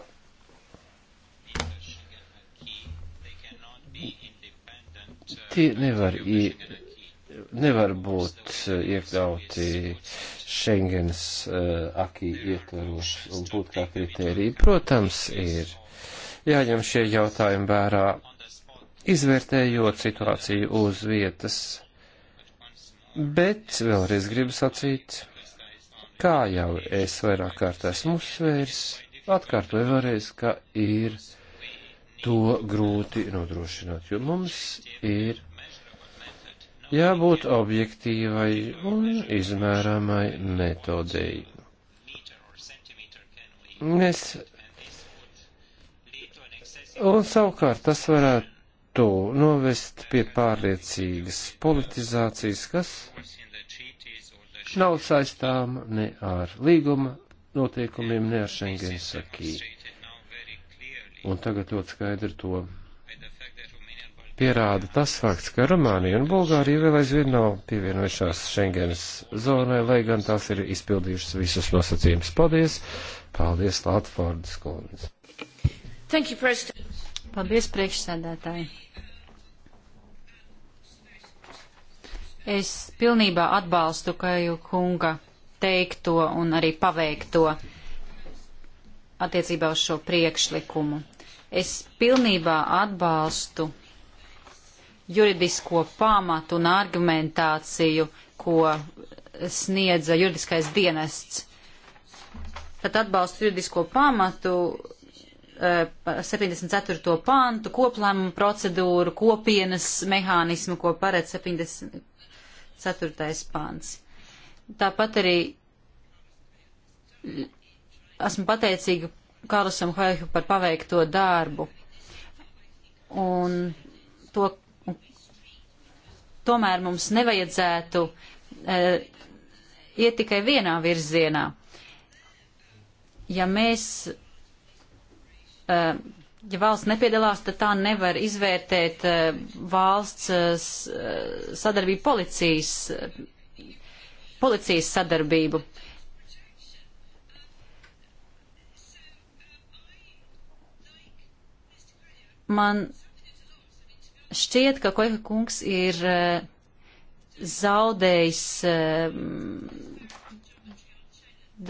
tie nevar, i, nevar būt iekļauti Schengens uh, eh, akī ietvaros un būt kā kritērija. Protams, ir jāņem šie jautājumi vērā, izvērtējot situāciju uz vietas, bet vēlreiz gribu sacīt, Kā jau es vairāk kārt esmu uzsvērs, atkārtoju vēlreiz, ka ir to grūti nodrošināt, jo mums ir jābūt objektīvai un izmērāmai metodēji. Mēs un savukārt tas varētu novest pie pārliecīgas politizācijas, kas kurš nav saistām ne ar līguma noteikumiem, ne ar Schengens akī. Un tagad ļoti skaidri to pierāda tas fakts, ka Rumānija un Bulgārija vēl aizvien nav pievienojušās Schengens zonai, lai gan tās ir izpildījušas visus nosacījumus. Paldies! Paldies, Latvārdas kundze! Paldies, priekšsēdētāji! Es pilnībā atbalstu Kaju kunga teikto un arī paveikto attiecībā uz šo priekšlikumu. Es pilnībā atbalstu juridisko pamatu un argumentāciju, ko sniedza juridiskais dienests. Pat atbalstu juridisko pamatu 74. Eh, pantu, koplēmumu procedūru, kopienas mehānismu, ko paredz 70, 4. pants. Tāpat arī esmu pateicīga Karlsam Hoehu par paveikto darbu un to, tomēr mums nevajadzētu e, iet tikai vienā virzienā. Ja mēs e, ja valsts nepiedalās, tad tā nevar izvērtēt eh, valsts eh, eh, sadarbību policijas, policijas sadarbību. Man šķiet, ka Koika kungs ir zaudējis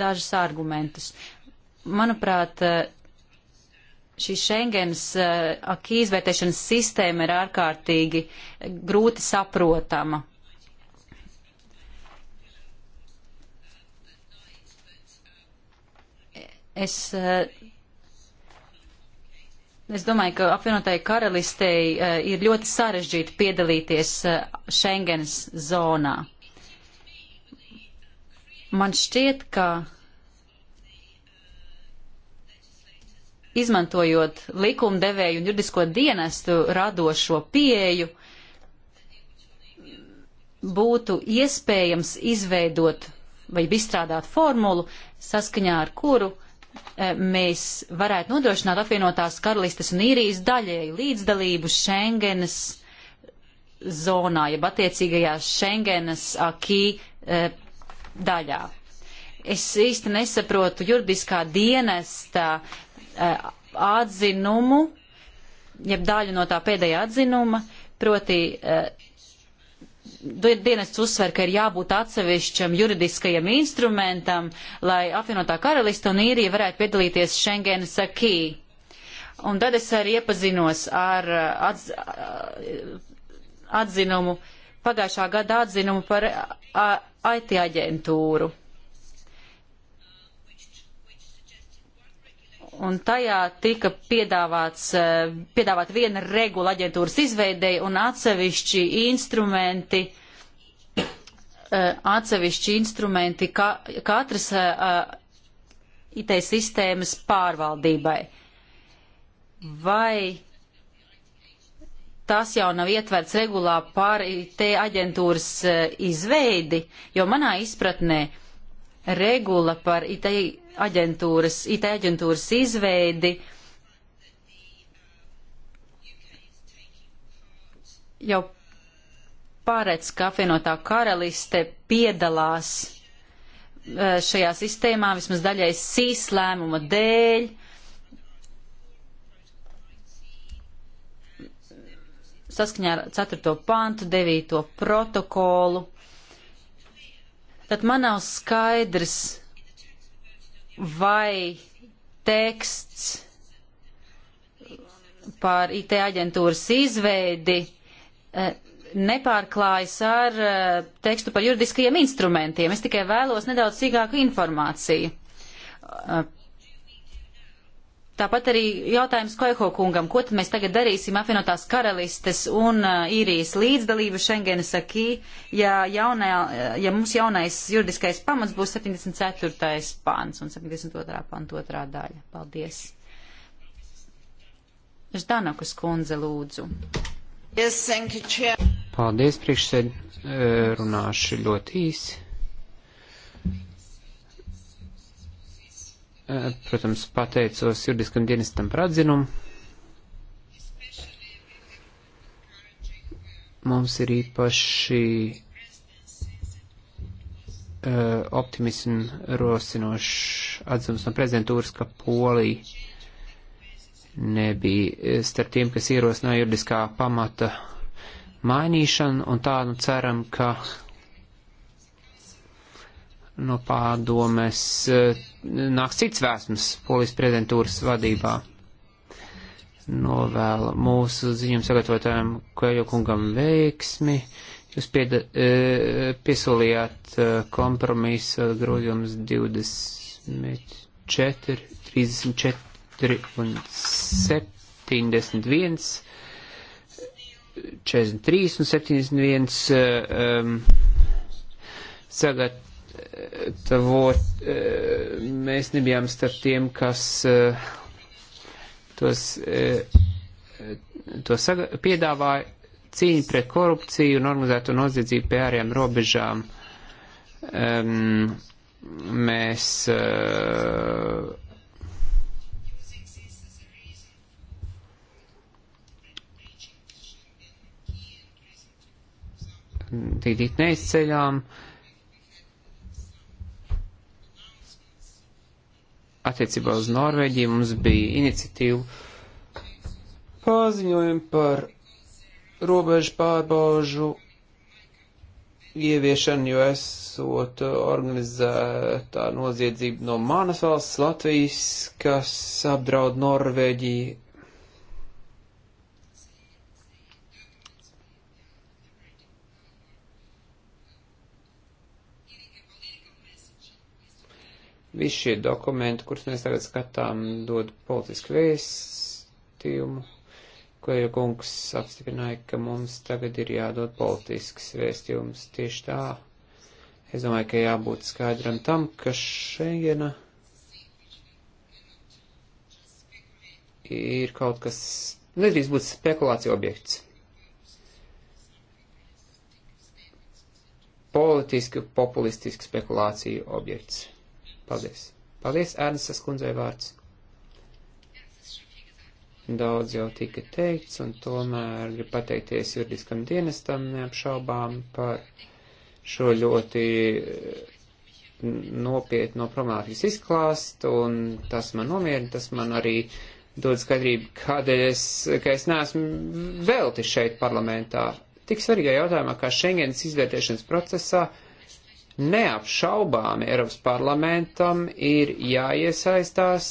dažas argumentus. Manuprāt, šī Schengens eh, akī izvērtēšanas sistēma ir ārkārtīgi grūti saprotama. Es, eh, es domāju, ka apvienotāji karalistei eh, ir ļoti sarežģīti piedalīties Schengens zonā. Man šķiet, ka izmantojot likumdevēju un juridisko dienestu radošo pieeju, būtu iespējams izveidot vai izstrādāt formulu, saskaņā ar kuru e, mēs varētu nodrošināt apvienotās karalistes un īrijas daļēju līdzdalību Schengenas zonā, jeb attiecīgajā Schengenas akī e, daļā. Es īsti nesaprotu juridiskā dienesta E, atzinumu, jeb daļu no tā pēdējā atzinuma, proti e, dienests uzsver, ka ir jābūt atsevišķam juridiskajam instrumentam, lai apvienotā karalista un īrija varētu piedalīties Schengenas akī. Un tad es arī iepazinos ar e, atz, atzinumu, pagājušā gada atzinumu par IT aģentūru. un tajā tika piedāvāts, eh, piedāvāt viena regula aģentūras izveidēja un atsevišķi instrumenti, eh, atsevišķi instrumenti ka, katras eh, IT sistēmas pārvaldībai. Vai tas jau nav ietverts regulā par IT aģentūras izveidi, jo manā izpratnē regula par IT aģentūras, IT aģentūras izveidi jau paredz, ka apvienotā karaliste piedalās e, šajā sistēmā vismaz daļai SIS lēmuma dēļ. Saskaņā ar 4. pantu, 9. protokolu. Tad man nav skaidrs, vai teksts par IT aģentūras izveidi eh, nepārklājas ar eh, tekstu par juridiskajiem instrumentiem. Es tikai vēlos nedaudz sīkāku informāciju eh, Tāpat arī jautājums Koiho kungam, ko tad mēs tagad darīsim apvienotās karalistes un uh, īrijas līdzdalību Schengenas akī, ja, jaunā, ja mums jaunais juridiskais pamats būs 74. pāns un 72. pāns otrā daļa. Paldies. Ždanokas kundze lūdzu. Yes, you, Paldies, priekšsēd, runāšu ļoti īsi. Eh, protams, pateicos juridiskam dienestam par atzinumu. Mums ir īpaši eh, optimismu rosinošs atzums no prezidentūras, ka Polija nebija eh, starp tiem, kas ierosināja juridiskā pamata mainīšanu, un tā nu ceram, ka no pārdomes eh, nāk cits vēsmas polijas prezidentūras vadībā. Novēl mūsu ziņām sagatavotājiem Kveļo kungam veiksmi. Jūs pieda, eh, piesolījāt eh, kompromisu grozījums 24, 34 un 71, 43 un 71. Um, sagat, tavot, eh, mēs nebijām starp tiem, kas eh, tos, eh, to piedāvāja cīņu pret korupciju un organizēto noziedzību pie ārējām robežām. Um, mēs uh, tik neizceļām. Uh, attiecībā uz Norvēģiju mums bija iniciatīva paziņojumi par robežu pārbaužu ieviešanu, jo esot organizētā noziedzība no manas valsts Latvijas, kas apdraud Norvēģiju Visi šie dokumenti, kurus mēs tagad skatām, dod politisku vēstījumu, ko jau kungs apstiprināja, ka mums tagad ir jādod politisks vēstījums tieši tā. Es domāju, ka jābūt skaidram tam, ka Schengena ir kaut kas, nedrīkst būt spekulācija objekts. Politiski, populistiski spekulācija objekts. Paldies. Paldies, Ernstas kundzei vārds. Daudz jau tika teikts, un tomēr gribu pateikties juridiskam dienestam neapšaubām par šo ļoti eh, nopietno problemātikas izklāstu, un tas man nomierina, tas man arī dod skaidrību, kādēļ es, ka es neesmu velti šeit parlamentā. Tik svarīgā jautājumā, kā Schengens izvērtēšanas procesā, Neapšaubāmi Eiropas parlamentam ir jāiesaistās.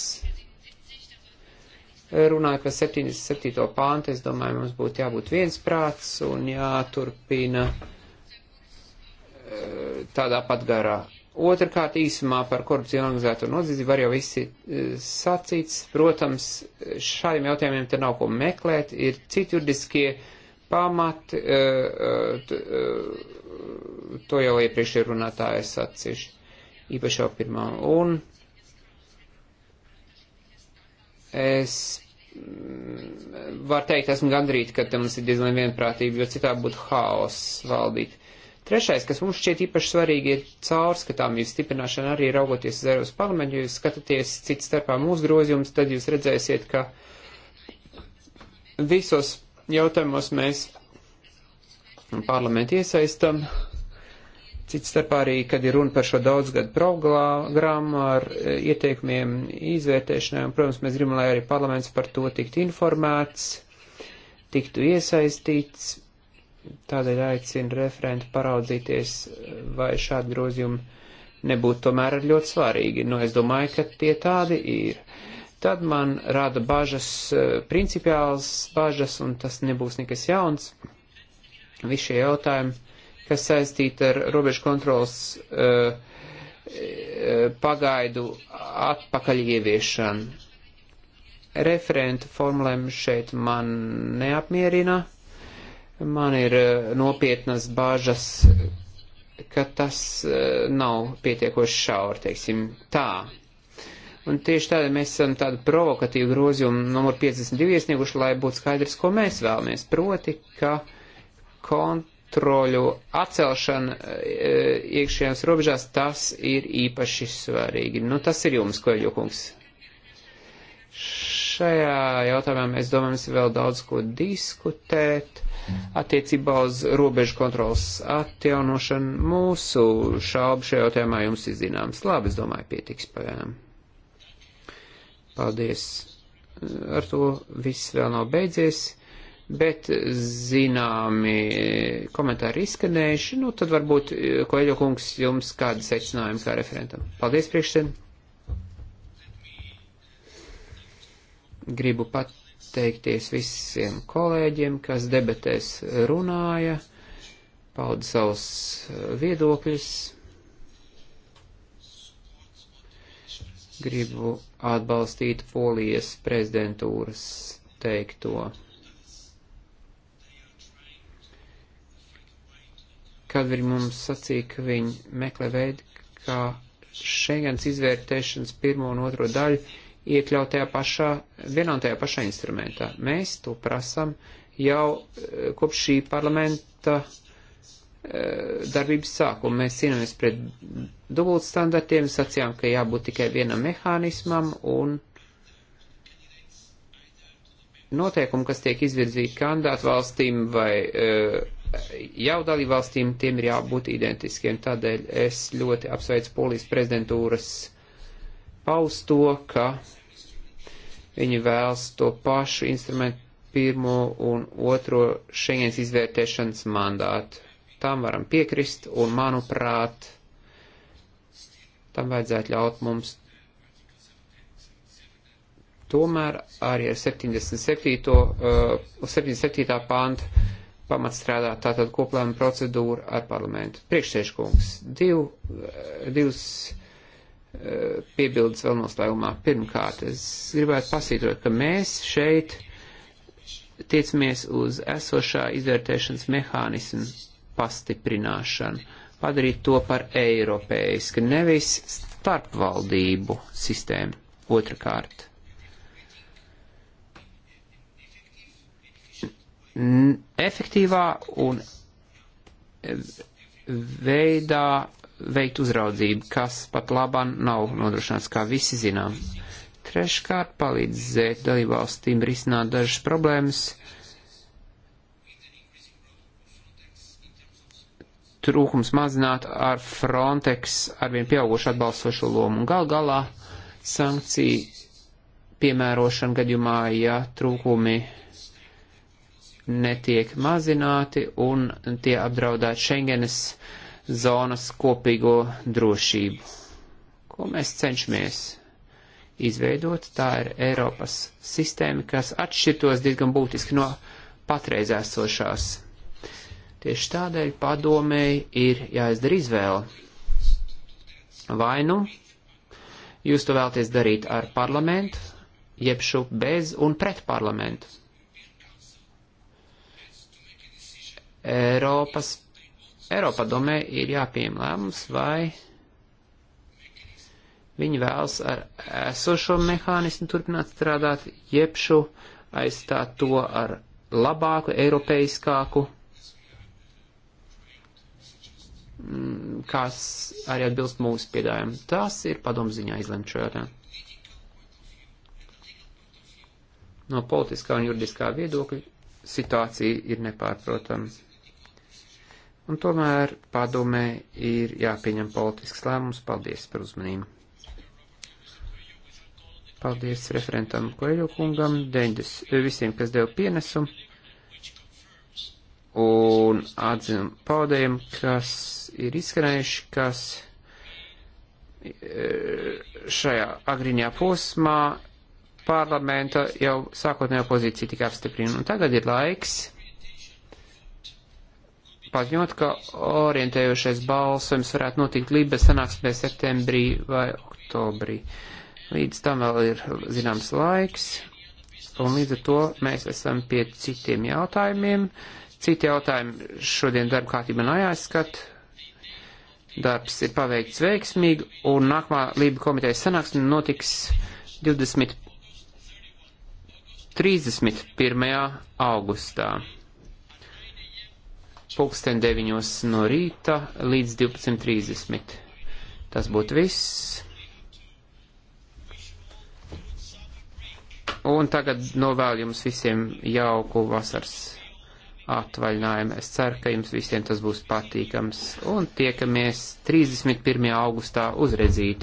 Runājot par 77. pāntu, es domāju, mums būtu jābūt viensprāts un jāturpina eh, tādā pat garā. Otrakārt, īsumā par korupciju organizēto noziedzību var jau visi eh, sacīts. Protams, šādiem jautājumiem te nav ko meklēt, ir citi juridiskie pamati. Uh, uh, uh, to jau iepriekš ir runātājs atsevišķi, īpaši jau pirmā. Un es mm, var teikt, esmu gandrīt, ka mums ir diezgan vienprātība, jo citā būtu haoss valdīt. Trešais, kas mums šķiet īpaši svarīgi, ir caurskatāmības stiprināšana arī raugoties uz Eiropas parlamentu. Ja jūs skatāties cits starpā mūsu grozījumus, tad jūs redzēsiet, ka visos jautājumos mēs parlamentu iesaistam. Cits starpā arī, kad ir runa par šo daudzgadu programmu ar e, ieteikumiem, izvērtēšanām, protams, mēs gribam, lai arī parlaments par to tiktu informēts, tiktu iesaistīts. Tādēļ aicinu referentu paraudzīties, vai šādi grozījumi nebūtu tomēr ļoti svarīgi. Nu, es domāju, ka tie tādi ir. Tad man rada bažas, e, principiāls bažas, un tas nebūs nekas jauns. Visi šie jautājumi, kas saistīti ar robežu kontrols uh, eh, eh, pagaidu atpakaļ ieviešanu. Referentu formulēm šeit man neapmierina. Man ir eh, nopietnas bāžas, ka tas nav pietiekoši šauri, teiksim, tā. Un tieši tādēļ mēs esam tādu provokatīvu grozījumu numur 52 iesnieguši, lai būtu skaidrs, ko mēs vēlamies. Proti, ka uh, kontroļu atcelšana e, iekšējās robežās, tas ir īpaši svarīgi. Nu, tas ir jums, ko jau kungs. Šajā jautājumā mēs domājam, mēs vēl daudz ko diskutēt attiecībā uz robežu kontrolas atjaunošanu. Mūsu šaubu šajā jautājumā jums ir zināms. Labi, es domāju, pietiks pagājām. Paldies. Ar to viss vēl nav beidzies bet zināmi komentāri izskanējuši, nu tad varbūt, eh, Koeļo kungs, jums kādi secinājumi kā referentam. Paldies priekšsēd. Gribu pateikties visiem kolēģiem, kas debatēs runāja, pauda savus eh, viedokļus. Gribu atbalstīt polijas prezidentūras teikto. kad viņi mums sacīja, ka viņi meklē veidu, kā Schengens izvērtēšanas pirmo un otro daļu iekļaut tajā pašā, vienā un tajā pašā instrumentā. Mēs to prasam jau eh, kopš šī parlamenta eh, darbības sākuma. Mēs cīnāmies pret dubultstandartiem, sacījām, ka jābūt tikai vienam mehānismam un noteikumi, kas tiek izvirzīti kandidātu valstīm vai uh, jau dalībvalstīm tiem ir jābūt identiskiem. Tādēļ es ļoti apsveicu Polijas prezidentūras pausto, ka viņi vēlas to pašu instrumentu pirmo un otro šengens izvērtēšanas mandātu. Tam varam piekrist un, manuprāt, tam vajadzētu ļaut mums tomēr arī ar 77. Uh, 77. pāntu pamats strādāt tātad koplēma procedūra ar parlamentu. Priekšsēžkungs, div, eh, divas eh, piebildes vēl noslēgumā. Pirmkārt, es gribētu pasītrot, ka mēs šeit tiecamies uz esošā izvērtēšanas mehānismu pastiprināšanu, padarīt to par eiropeisku, nevis starpvaldību sistēmu. Otrakārt, efektīvā un veidā veikt uzraudzību, kas pat labam nav nodrošināts, kā visi zinām. Treškārt, palīdzēt dalībvalstīm risināt dažas problēmas, trūkums mazināt ar Frontex arvien pieaugušu atbalstošo lomu. Un gal galā sankciju piemērošana gadījumā, ja trūkumi netiek mazināti un tie apdraudētu Schengenes zonas kopīgo drošību. Ko mēs cenšamies izveidot? Tā ir Eiropas sistēma, kas atšķirtos diezgan būtiski no patreizēsošās. Tieši tādēļ padomēji ir jāizdara izvēle. Vai nu jūs to vēlties darīt ar parlamentu, jeb šup bez un pret parlamentu. Eiropas, Eiropa domē ir jāpieņem lēmums, vai viņi vēlas ar esošo mehānismu turpināt strādāt, jeb šo aizstāt to ar labāku, eiropeiskāku, mm, kas arī atbilst mūsu piedājumu. Tas ir padomziņā izlemt šo jautājumu. No politiskā un juridiskā viedokļa situācija ir nepārprotama. Un tomēr padomē ir jāpieņem politisks lēmums. Paldies par uzmanību. Paldies referentam Koeļu kungam, deņģis visiem, kas deva pienesumu un atzinam paudējumu, kas ir izskanējuši, kas e, šajā agrīnajā posmā parlamenta jau sākotnējā pozīcija tika apstiprina. Un tagad ir laiks paziņot, ka orientējošais balsojums varētu notikt Lībe sanāksmē septembrī vai oktobrī. Līdz tam vēl ir zināms laiks, un līdz ar to mēs esam pie citiem jautājumiem. Citi jautājumi šodien darba kārtība nav jāizskata. Darbs ir paveikts veiksmīgi, un nākamā Lība komitejas sanāksme notiks 20. 31. augustā pulksten 9 no rīta līdz 12.30. Tas būtu viss. Un tagad novēlu jums visiem jauku vasaras atvaļinājumu. Es ceru, ka jums visiem tas būs patīkams. Un tiekamies 31. augustā uzredzīti.